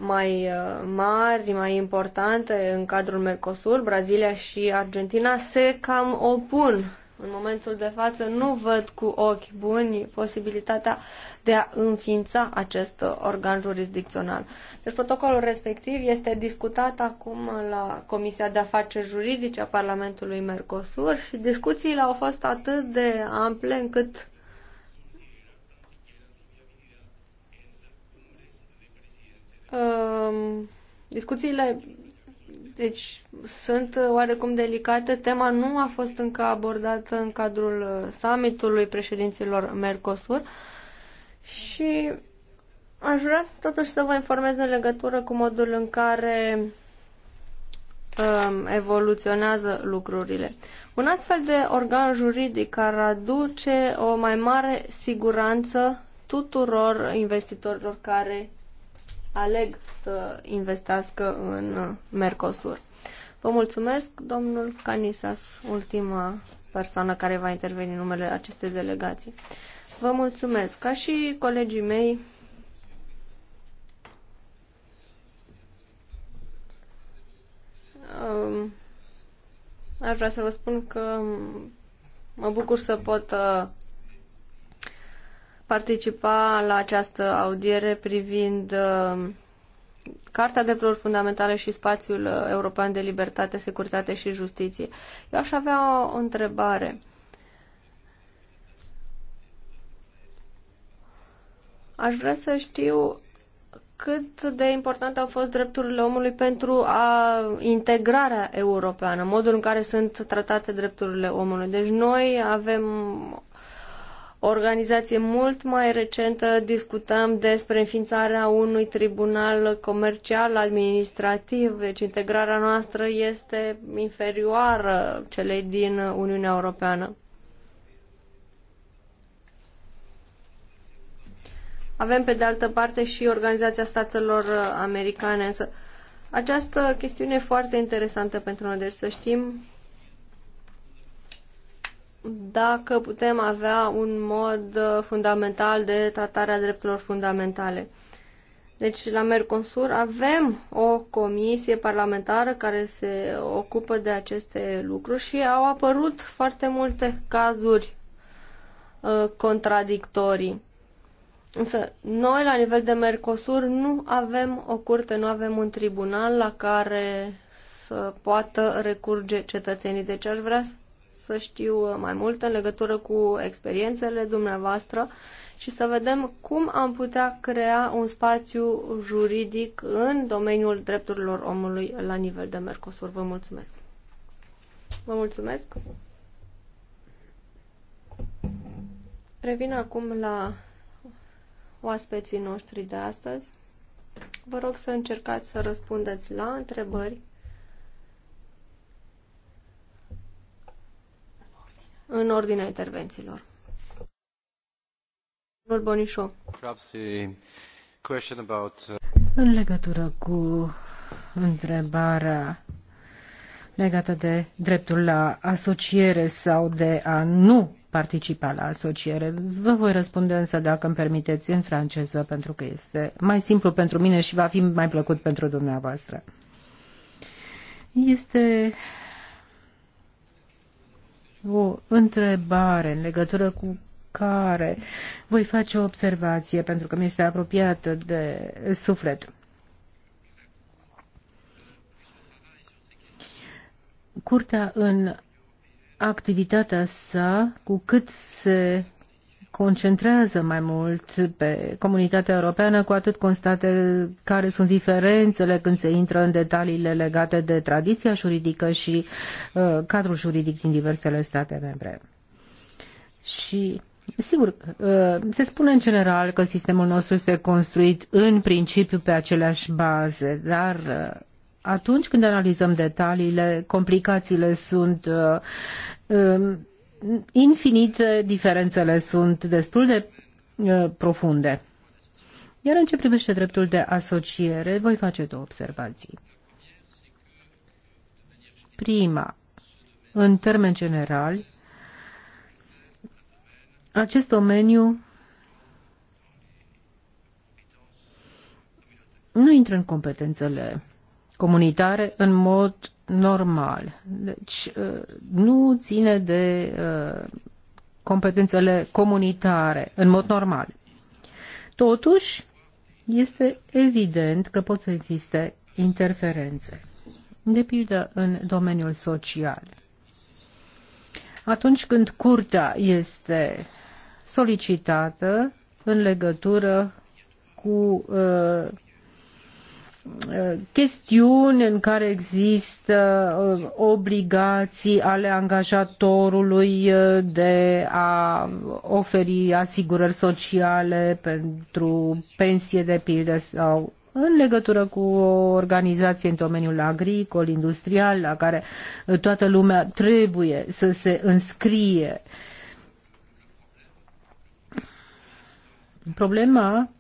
mai uh, mari, mai importante în cadrul Mercosur, Brazilia și Argentina, se cam opun în momentul de față nu văd cu ochi buni posibilitatea de a înființa acest organ jurisdicțional. Deci protocolul respectiv este discutat acum la Comisia de Afaceri Juridice a Parlamentului Mercosur și discuțiile au fost atât de ample încât um, discuțiile deci sunt uh, oarecum delicate. Tema nu a fost încă abordată în cadrul uh, summitului președinților Mercosur și aș vrea totuși să vă informez în legătură cu modul în care um, evoluționează lucrurile. Un astfel de organ juridic care aduce o mai mare siguranță tuturor investitorilor care aleg să investească în uh, Mercosur. Vă mulțumesc, domnul Canisas, ultima persoană care va interveni în numele acestei delegații. Vă mulțumesc. Ca și colegii mei, um, aș vrea să vă spun că mă bucur să pot uh, participa la această audiere privind uh, Carta de Drepturilor Fundamentale și Spațiul uh, European de Libertate, Securitate și Justiție. Eu aș avea o întrebare. Aș vrea să știu cât de importante au fost drepturile omului pentru a integrarea europeană, modul în care sunt tratate drepturile omului. Deci noi avem o organizație mult mai recentă discutăm despre înființarea unui tribunal comercial administrativ, deci integrarea noastră este inferioară celei din Uniunea Europeană. Avem pe de altă parte și Organizația Statelor Americane, însă această chestiune e foarte interesantă pentru noi, deci să știm dacă putem avea un mod uh, fundamental de tratare a drepturilor fundamentale. Deci la Mercosur avem o comisie parlamentară care se ocupă de aceste lucruri și au apărut foarte multe cazuri uh, contradictorii. Însă noi la nivel de Mercosur nu avem o curte, nu avem un tribunal la care să poată recurge cetățenii. Deci aș vrea să știu mai multe în legătură cu experiențele dumneavoastră și să vedem cum am putea crea un spațiu juridic în domeniul drepturilor omului la nivel de Mercosur. Vă mulțumesc! Vă mulțumesc! Revin acum la oaspeții noștri de astăzi. Vă rog să încercați să răspundeți la întrebări în ordinea intervențiilor. Domnul Bonișo. Uh, în legătură cu întrebarea legată de dreptul la asociere sau de a nu participa la asociere. Vă voi răspunde însă, dacă îmi permiteți, în franceză, pentru că este mai simplu pentru mine și va fi mai plăcut pentru dumneavoastră. Este o întrebare în legătură cu care voi face o observație pentru că mi este apropiată de suflet. Curtea în activitatea sa, cu cât se concentrează mai mult pe comunitatea europeană, cu atât constate care sunt diferențele când se intră în detaliile legate de tradiția juridică și uh, cadrul juridic din diversele state membre. Și Sigur, uh, se spune în general că sistemul nostru este construit în principiu pe aceleași baze, dar uh, atunci când analizăm detaliile, complicațiile sunt uh, um, infinite, eh, diferențele sunt destul de eh, profunde. Iar în ce privește dreptul de asociere, voi face două observații. Prima, în termen general, acest domeniu nu intră în competențele comunitare în mod normal. Deci uh, nu ține de uh, competențele comunitare în mod normal. Totuși, este evident că pot să existe interferențe, de pildă în domeniul social. Atunci când curtea este solicitată în legătură cu uh, chestiuni în care există uh, obligații ale angajatorului uh, de a oferi asigurări sociale pentru pensie de pildă sau în legătură cu o organizație în domeniul agricol, industrial, la care toată lumea trebuie să se înscrie. Problema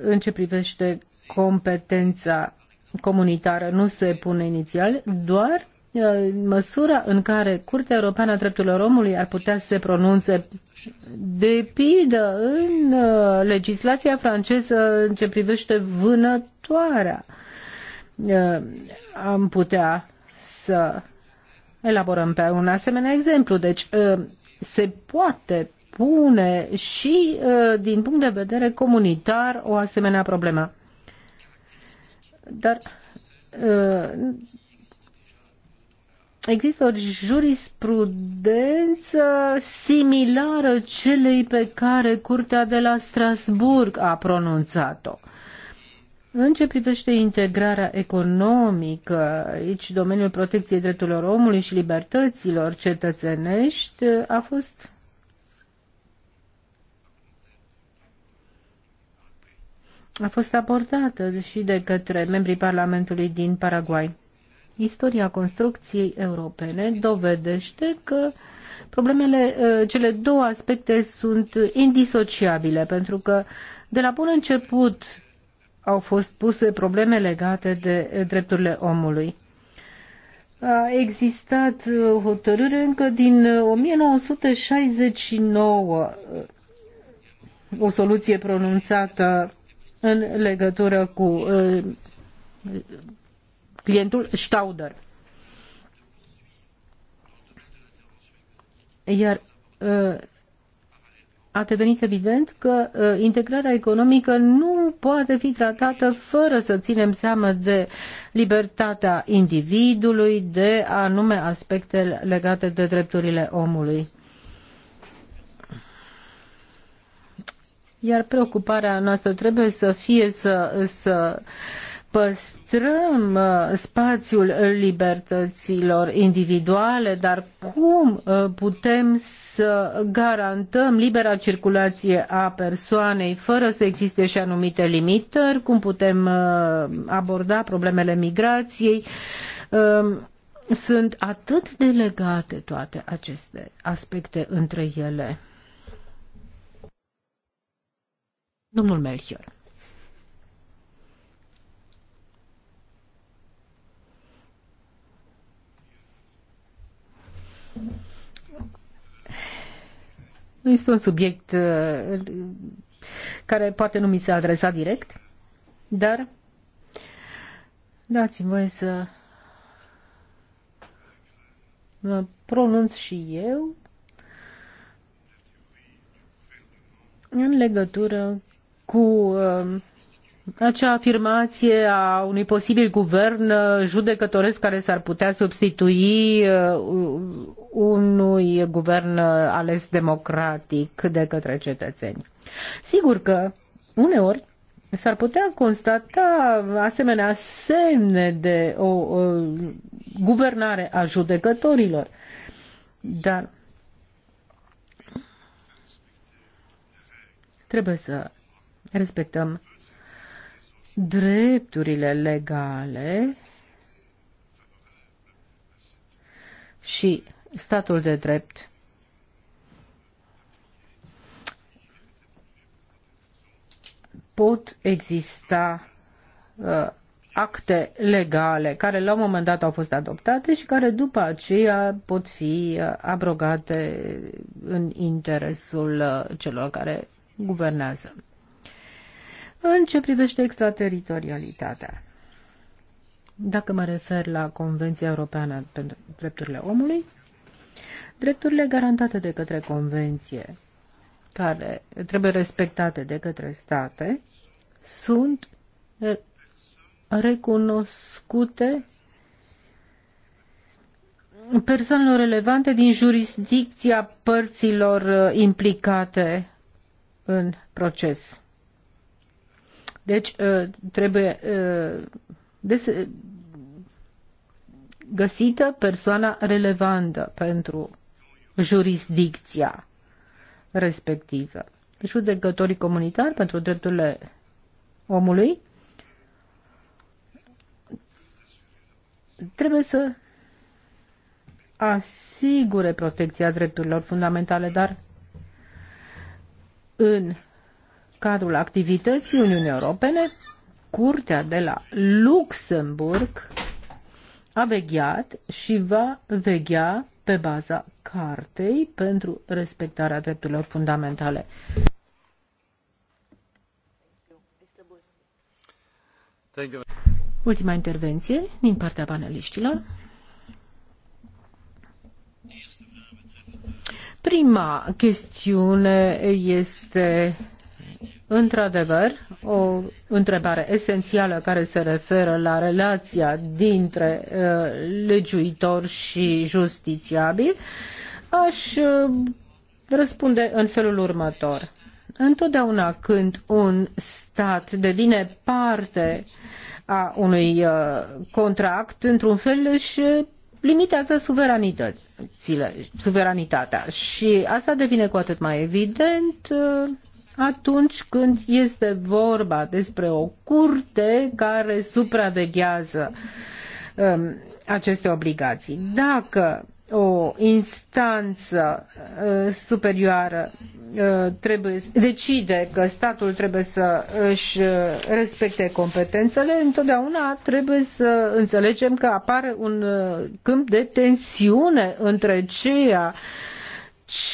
în ce privește competența comunitară nu se pune inițial, doar uh, măsura în care Curtea Europeană a Drepturilor Omului ar putea să se pronunțe de pildă în uh, legislația franceză în ce privește vânătoarea. Uh, am putea să elaborăm pe un asemenea exemplu. Deci se poate pune și uh, din punct de vedere comunitar o asemenea problemă. Dar uh, există o jurisprudență similară celei pe care Curtea de la Strasburg a pronunțat-o. În ce privește integrarea economică, aici domeniul protecției drepturilor omului și libertăților cetățenești uh, a fost a fost abordată și de către membrii Parlamentului din Paraguay. Istoria construcției europene dovedește că problemele, ă, cele două aspecte sunt indisociabile, pentru că de la bun început au fost puse probleme legate de ă, drepturile omului. A existat ă, hotărâre încă din 1969, o soluție pronunțată în legătură cu uh, clientul Stauder. Iar uh, a devenit evident că uh, integrarea economică nu poate fi tratată fără să ținem seama de libertatea individului, de anume aspecte legate de drepturile omului. Iar preocuparea noastră trebuie să fie să, să păstrăm uh, spațiul libertăților individuale, dar cum uh, putem să garantăm libera circulație a persoanei fără să existe și anumite limitări, cum putem uh, aborda problemele migrației. Um, sunt atât de legate toate aceste aspecte între ele. Domnul Melchior. Nu este un subiect uh, care poate nu mi se adresa direct, dar dați-mi voie să mă pronunț și eu în legătură cu um, acea afirmație a unui posibil guvern uh, judecătoresc care s-ar putea substitui uh, unui guvern uh, ales democratic de către cetățeni. Sigur că uneori s-ar putea constata asemenea semne de o, o guvernare a judecătorilor, dar trebuie să respectăm drepturile legale și statul de drept. Pot exista uh, acte legale care la un moment dat au fost adoptate și care după aceea pot fi uh, abrogate în interesul uh, celor care guvernează. În ce privește extrateritorialitatea, dacă mă refer la Convenția Europeană pentru Drepturile Omului, drepturile garantate de către Convenție, care trebuie respectate de către state, sunt recunoscute persoanelor relevante din jurisdicția părților implicate în proces. Deci ă, trebuie ă, găsită persoana relevantă pentru jurisdicția respectivă. Judecătorii comunitari pentru drepturile omului trebuie să asigure protecția drepturilor fundamentale, dar în cadrul activității Uniunii Europene, Curtea de la Luxemburg a vegheat și va veghea pe baza cartei pentru respectarea drepturilor fundamentale. Ultima intervenție din partea paneliștilor. Prima chestiune este într-adevăr, o întrebare esențială care se referă la relația dintre uh, legiuitor și justițiabil, aș uh, răspunde în felul următor. Întotdeauna când un stat devine parte a unui uh, contract, într-un fel își limitează suveranitățile, suveranitatea. Și asta devine cu atât mai evident uh, atunci când este vorba despre o curte care supraveghează um, aceste obligații. Dacă o instanță uh, superioară uh, trebuie decide că statul trebuie să își uh, respecte competențele, întotdeauna trebuie să înțelegem că apare un uh, câmp de tensiune între ceea uh,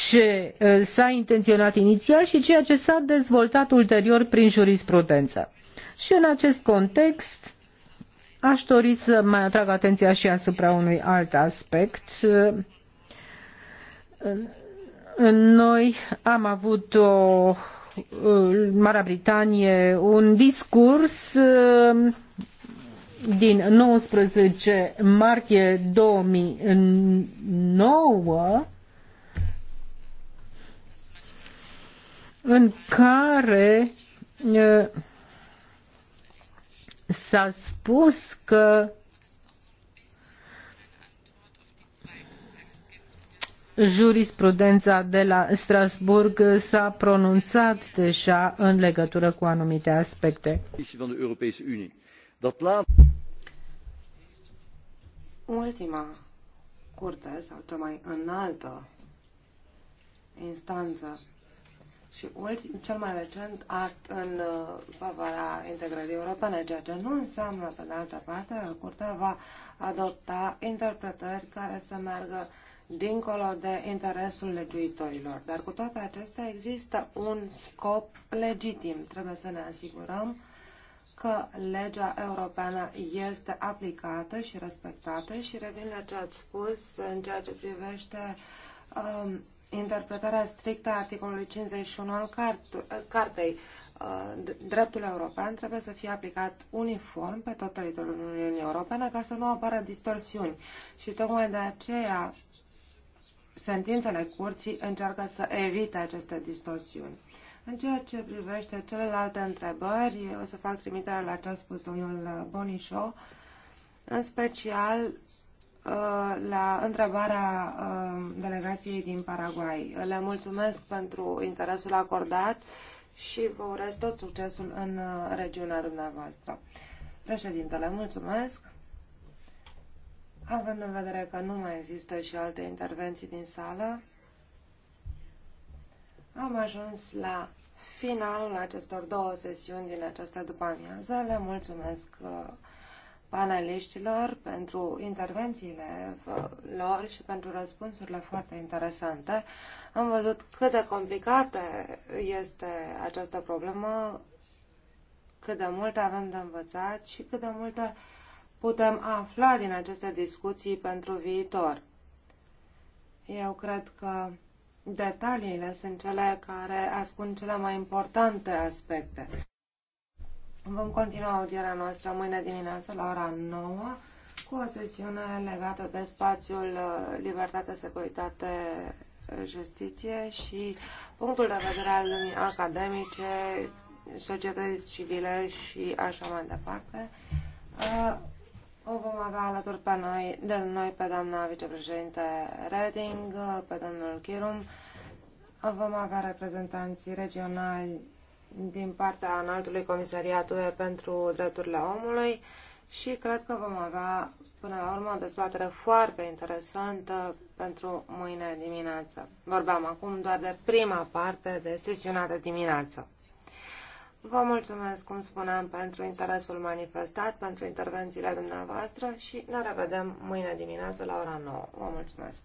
ce uh, s-a intenționat inițial și ceea ce s-a dezvoltat ulterior prin jurisprudență. Și în acest context, aș dori să mai atrag atenția și asupra unui alt aspect. Uh, noi am avut o, uh, în Marea Britanie un discurs din 19 martie 2009 în care s-a spus că jurisprudența de la Strasburg s-a pronunțat deja în legătură cu anumite aspecte. Ultima curte sau cea mai înaltă instanță și ultim, cel mai recent act în uh, favoarea integrării europene, ceea ce nu înseamnă, pe de altă parte, că Curtea va adopta interpretări care să meargă dincolo de interesul legiuitorilor. Dar cu toate acestea există un scop legitim. Trebuie să ne asigurăm că legea europeană este aplicată și respectată și revin la ce ați spus în ceea ce privește um, interpretarea strictă a articolului 51 al cart cartei. Uh, dreptul european trebuie să fie aplicat uniform pe tot teritoriul Uniunii Europene ca să nu apară distorsiuni. Și tocmai de aceea sentințele curții încearcă să evite aceste distorsiuni. În ceea ce privește celelalte întrebări, o să fac trimitere la ce a spus domnul Bonișo, în special Uh, la întrebarea uh, delegației din Paraguay. Le mulțumesc pentru interesul acordat și vă urez tot succesul în uh, regiunea dumneavoastră. Președintele, mulțumesc. Având în vedere că nu mai există și alte intervenții din sală, am ajuns la finalul acestor două sesiuni din această după amiază. Le mulțumesc paneliștilor pentru intervențiile lor și pentru răspunsurile foarte interesante. Am văzut cât de complicată este această problemă, cât de multe avem de învățat și cât de multe putem afla din aceste discuții pentru viitor. Eu cred că detaliile sunt cele care ascund cele mai importante aspecte. Vom continua audierea noastră mâine dimineață la ora 9 cu o sesiune legată de spațiul uh, libertate, securitate, justiție și punctul de vedere al lumii academice, societăți civile și așa mai departe. Uh, o vom avea alături pe noi, de noi pe doamna vicepreședinte Reding, uh, pe domnul Chirum. Vom avea reprezentanții regionali din partea înaltului comisariat UE pentru drepturile omului și cred că vom avea până la urmă o dezbatere foarte interesantă pentru mâine dimineață. Vorbeam acum doar de prima parte de sesiunea de dimineață. Vă mulțumesc, cum spuneam, pentru interesul manifestat, pentru intervențiile dumneavoastră și ne revedem mâine dimineață la ora 9. Vă mulțumesc!